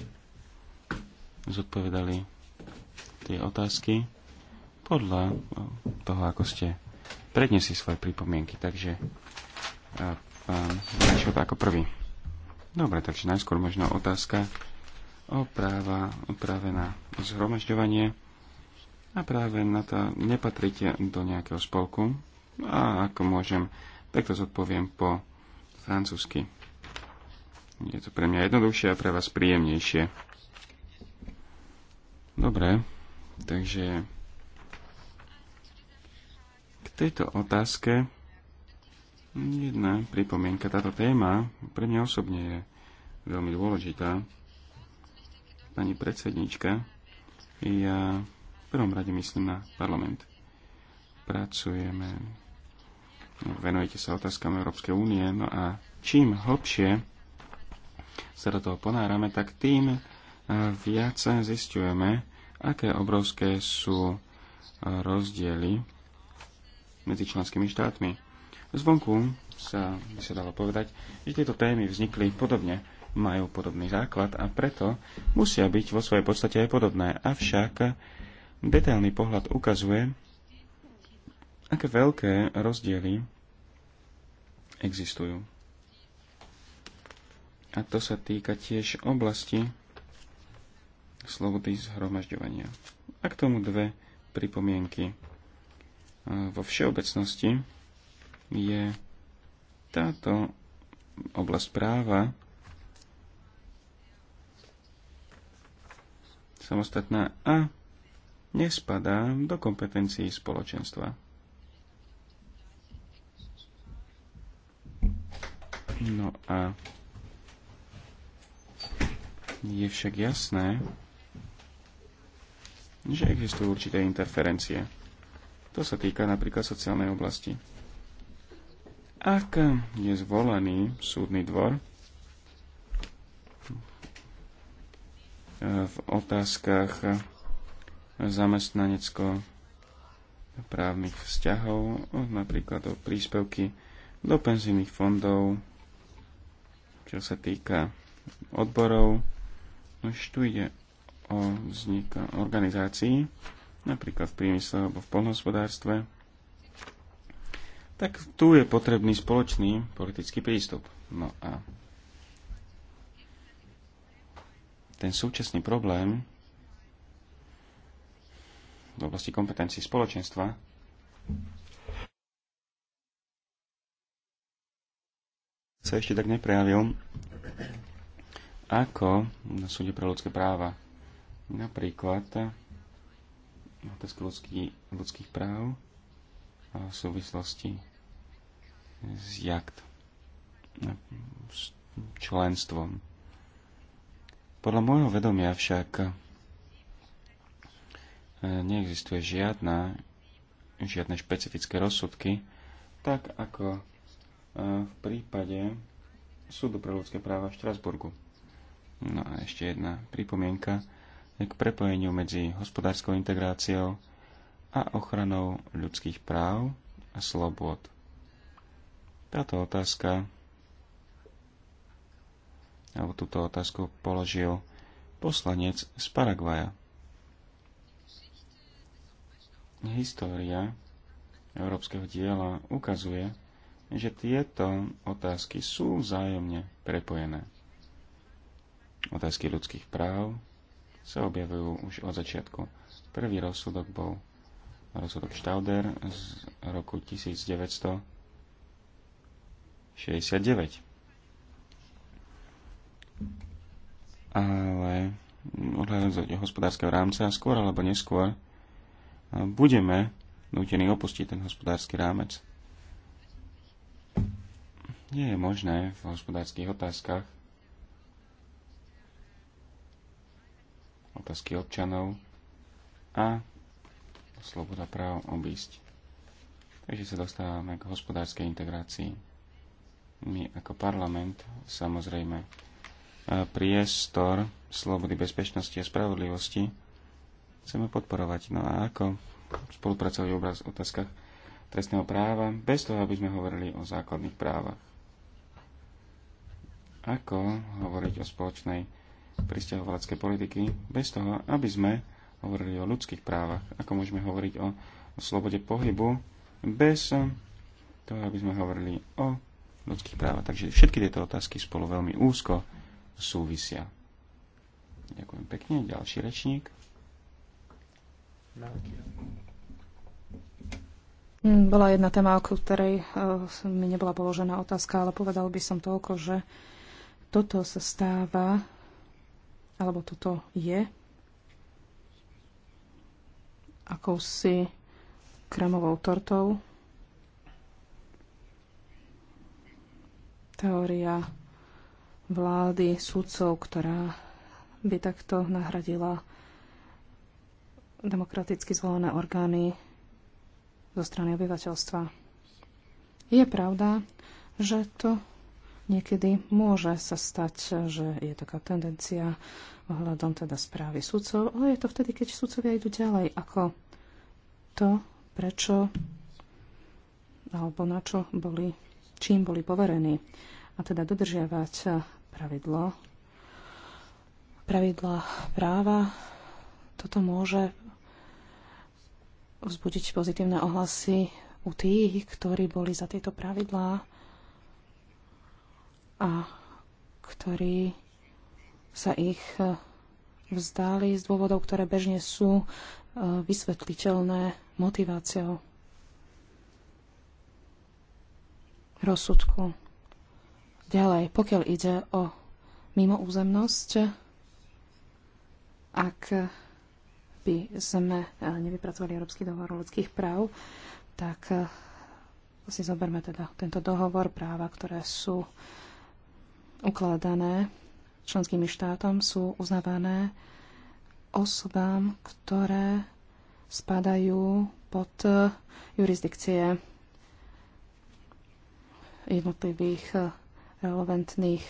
zodpovedali tie otázky podľa toho, ako ste predniesli svoje pripomienky. Takže e, pán Rešot ako prvý. Dobre, takže najskôr možno otázka o práva, o práve na zhromažďovanie a práve na to nepatrite do nejakého spolku. A ako môžem, tak to zodpoviem po francúzsky. Je to pre mňa jednoduchšie a pre vás príjemnejšie. Dobre, Takže k tejto otázke jedna pripomienka. Táto téma pre mňa osobne je veľmi dôležitá. Pani predsednička, ja v prvom rade myslím na parlament. Pracujeme, no, venujete sa otázkam Európskej únie, no a čím hlbšie sa do toho ponárame, tak tým eh, viac zistujeme, aké obrovské sú e, rozdiely medzi členskými štátmi. Zvonku sa by sa dalo povedať, že tieto témy vznikli podobne, majú podobný základ a preto musia byť vo svojej podstate aj podobné. Avšak detailný pohľad ukazuje, aké veľké rozdiely existujú. A to sa týka tiež oblasti, slobody zhromažďovania. A k tomu dve pripomienky. E, vo všeobecnosti je táto oblasť práva samostatná a nespadá do kompetencií spoločenstva. No a je však jasné, že existujú určité interferencie. To sa týka napríklad sociálnej oblasti. Ak je zvolený súdny dvor eh, v otázkach zamestnanecko-právnych vzťahov, napríklad o príspevky do penzijných fondov, čo sa týka odborov, no už tu ide o vznik organizácií, napríklad v priemysle alebo v polnohospodárstve, tak tu je potrebný spoločný politický prístup. No a ten súčasný problém v oblasti kompetencií spoločenstva sa ešte tak neprejavil ako na súde pre ľudské práva Napríklad eh, otázka ľudský, ľudských práv a v súvislosti s jakt eh, s členstvom. Podľa môjho vedomia však eh, neexistuje žiadna, žiadne špecifické rozsudky, tak ako v prípade súdu pre ľudské práva v Štrasburgu. No a ešte jedna pripomienka k prepojeniu medzi hospodárskou integráciou a ochranou ľudských práv a slobod. Táto otázka, alebo túto otázku položil poslanec z Paraguaja. História európskeho diela ukazuje, že tieto otázky sú vzájomne prepojené. Otázky ľudských práv, sa objavujú už od začiatku. Prvý rozsudok bol rozsudok Štauder z roku 1969. Ale odhľadom z hospodárskeho rámca, skôr alebo neskôr, budeme nutení opustiť ten hospodársky rámec. Nie je možné v hospodárskych otázkach otázky občanov a sloboda práv obísť. Takže sa dostávame k hospodárskej integrácii. My ako parlament samozrejme priestor slobody, bezpečnosti a spravodlivosti chceme podporovať. No a ako spolupracovať v otázkach trestného práva, bez toho, aby sme hovorili o základných právach. Ako hovoriť o spoločnej pristahovalecké politiky bez toho, aby sme hovorili o ľudských právach, ako môžeme hovoriť o, o slobode pohybu bez toho, aby sme hovorili o ľudských právach. Takže všetky tieto otázky spolu veľmi úzko súvisia. Ďakujem pekne. Ďalší rečník. Bola jedna téma, o ktorej eh, mi nebola položená otázka, ale povedal by som toľko, že toto sa stáva alebo toto je akousi kremovou tortou. Teória vlády sudcov, ktorá by takto nahradila demokraticky zvolené orgány zo strany obyvateľstva. Je pravda, že to Niekedy môže sa stať, že je taká tendencia ohľadom teda správy sudcov, ale je to vtedy, keď sudcovia idú ďalej ako to, prečo alebo na čo boli, čím boli poverení. A teda dodržiavať pravidlo, pravidla práva, toto môže vzbudiť pozitívne ohlasy u tých, ktorí boli za tieto pravidlá a ktorí sa ich e, vzdali z dôvodov, ktoré bežne sú e, vysvetliteľné motiváciou rozsudku. Ďalej, pokiaľ ide o mimoúzemnosť, ak by sme e, nevypracovali Európsky dohovor ľudských práv, tak si zoberme teda tento dohovor práva, ktoré sú ukladané členskými štátom, sú uznávané osobám, ktoré spadajú pod jurisdikcie jednotlivých eh, relevantných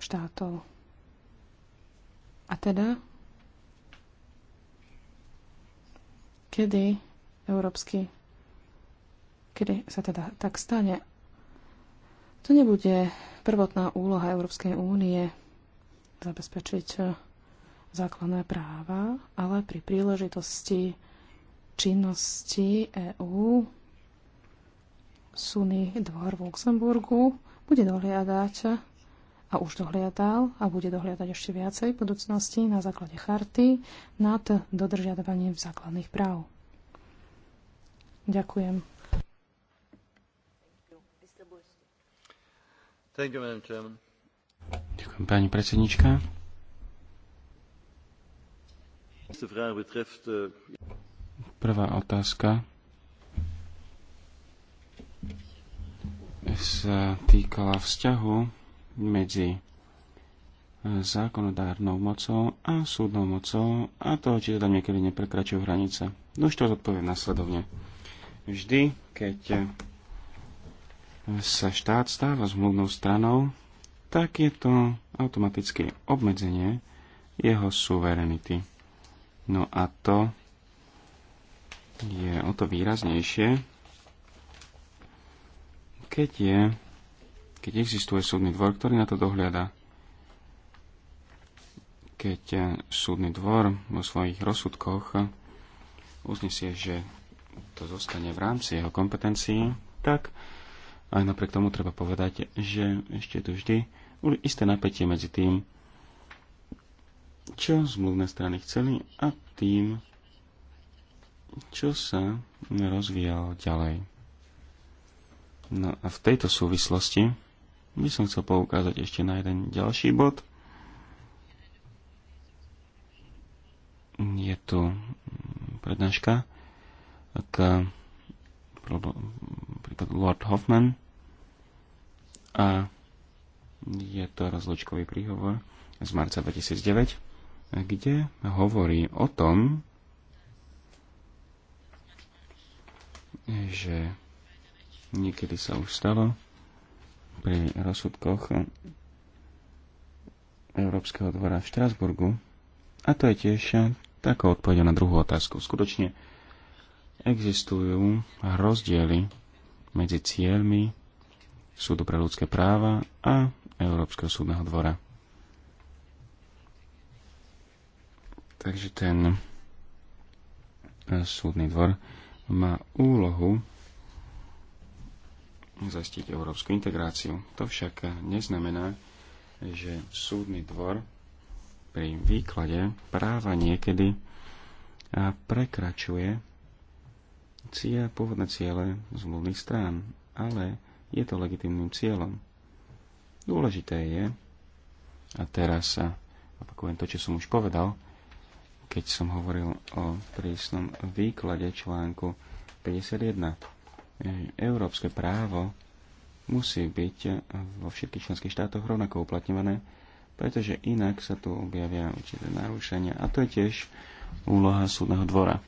štátov. A teda, kedy Európsky kedy sa teda tak stane, to nebude prvotná úloha Európskej únie zabezpečiť eh, základné práva, ale pri príležitosti činnosti EÚ súny dvor v Luxemburgu bude dohliadať a už dohliadal a bude dohliadať ešte viacej v budúcnosti na základe charty nad dodržiavaním základných práv. Ďakujem. Ďakujem, pani predsednička. E, Prvá otázka sa týkala vzťahu medzi zákonodárnou mocou a súdnou mocou a toho, či teda niekedy neprekračujú hranice. No už to zodpoviem nasledovne. Vždy, keď sa štát stáva zmluvnou stranou, tak je to automatické obmedzenie jeho suverenity. No a to je o to výraznejšie, keď je, keď existuje súdny dvor, ktorý na to dohliada. Keď súdny dvor vo svojich rozsudkoch uznesie, že to zostane v rámci jeho kompetencií, tak aj napriek tomu treba povedať, že ešte tu vždy isté napätie medzi tým, čo zmluvné strany chceli a tým, čo sa rozvíjalo ďalej. No a v tejto súvislosti by som chcel poukázať ešte na jeden ďalší bod. Je tu prednáška k prípadu Lord Hoffman a je to rozlučkový príhovor z marca 2009, kde hovorí o tom, že niekedy sa už stalo pri rozsudkoch Európskeho dvora v Štrásburgu. A to je tiež taká odpoveď na druhú otázku. Skutočne existujú rozdiely medzi cieľmi súdu pre ľudské práva a Európskeho súdneho dvora. Takže ten eh, súdny dvor má úlohu zastiť európsku integráciu. To však neznamená, že súdny dvor pri výklade práva niekedy eh, prekračuje cia, pôvodné ciele zmluvných strán, ale je to legitimným cieľom. Dôležité je, a teraz sa opakujem to, čo som už povedal, keď som hovoril o prísnom výklade článku 51. Európske právo musí byť vo všetkých členských štátoch rovnako uplatňované, pretože inak sa tu objavia určité narušenia. A to je tiež úloha súdneho dvora.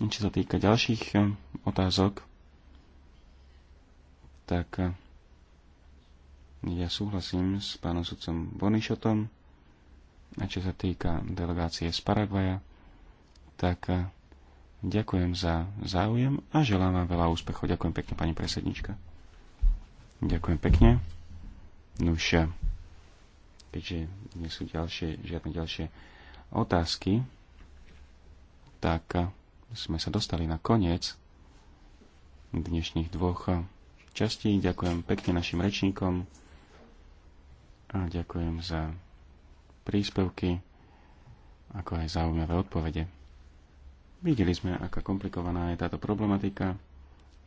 Čo sa týka ďalších otázok, tak eh, ja súhlasím s pánom sudcom Bonišotom. A čo sa týka delegácie z Paraguaja, tak eh, ďakujem za záujem a želám vám veľa úspechov. Ďakujem pekne, pani presednička. Ďakujem pekne. Nuž, eh, keďže nie sú ďalšie, žiadne ďalšie otázky, tak sme sa dostali na koniec dnešných dvoch časti. Ďakujem pekne našim rečníkom a ďakujem za príspevky, ako aj zaujímavé odpovede. Videli sme, aká komplikovaná je táto problematika,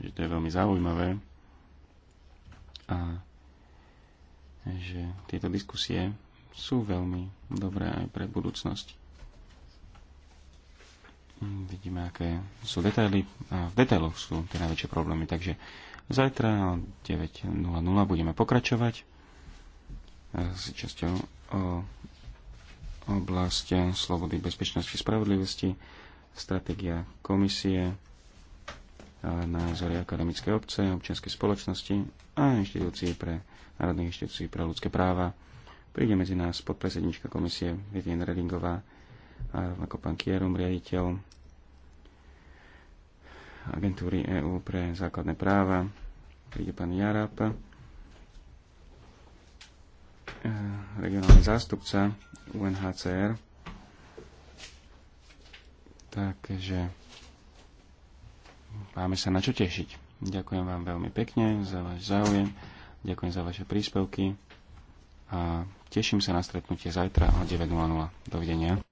že to je veľmi zaujímavé a že tieto diskusie sú veľmi dobré aj pre budúcnosť. Vidíme, aké sú detaily a v detailoch sú tie najväčšie problémy, takže Zajtra o 9.00 budeme pokračovať e, s časťou o oblasti slobody, bezpečnosti, spravodlivosti, stratégia komisie, e, názory akademické obce, občianskej spoločnosti a inštitúcií pre národné inštitúcií pre ľudské práva. Príde medzi nás podpredsednička komisie Vivian Redingová a rovnako pán Kierum, riaditeľ agentúry EÚ pre základné práva. Príde pán Jarab, eh, regionálny zástupca UNHCR. Takže máme sa na čo tešiť. Ďakujem vám veľmi pekne za váš záujem, ďakujem za vaše príspevky a teším sa na stretnutie zajtra o 9.00. Dovidenia.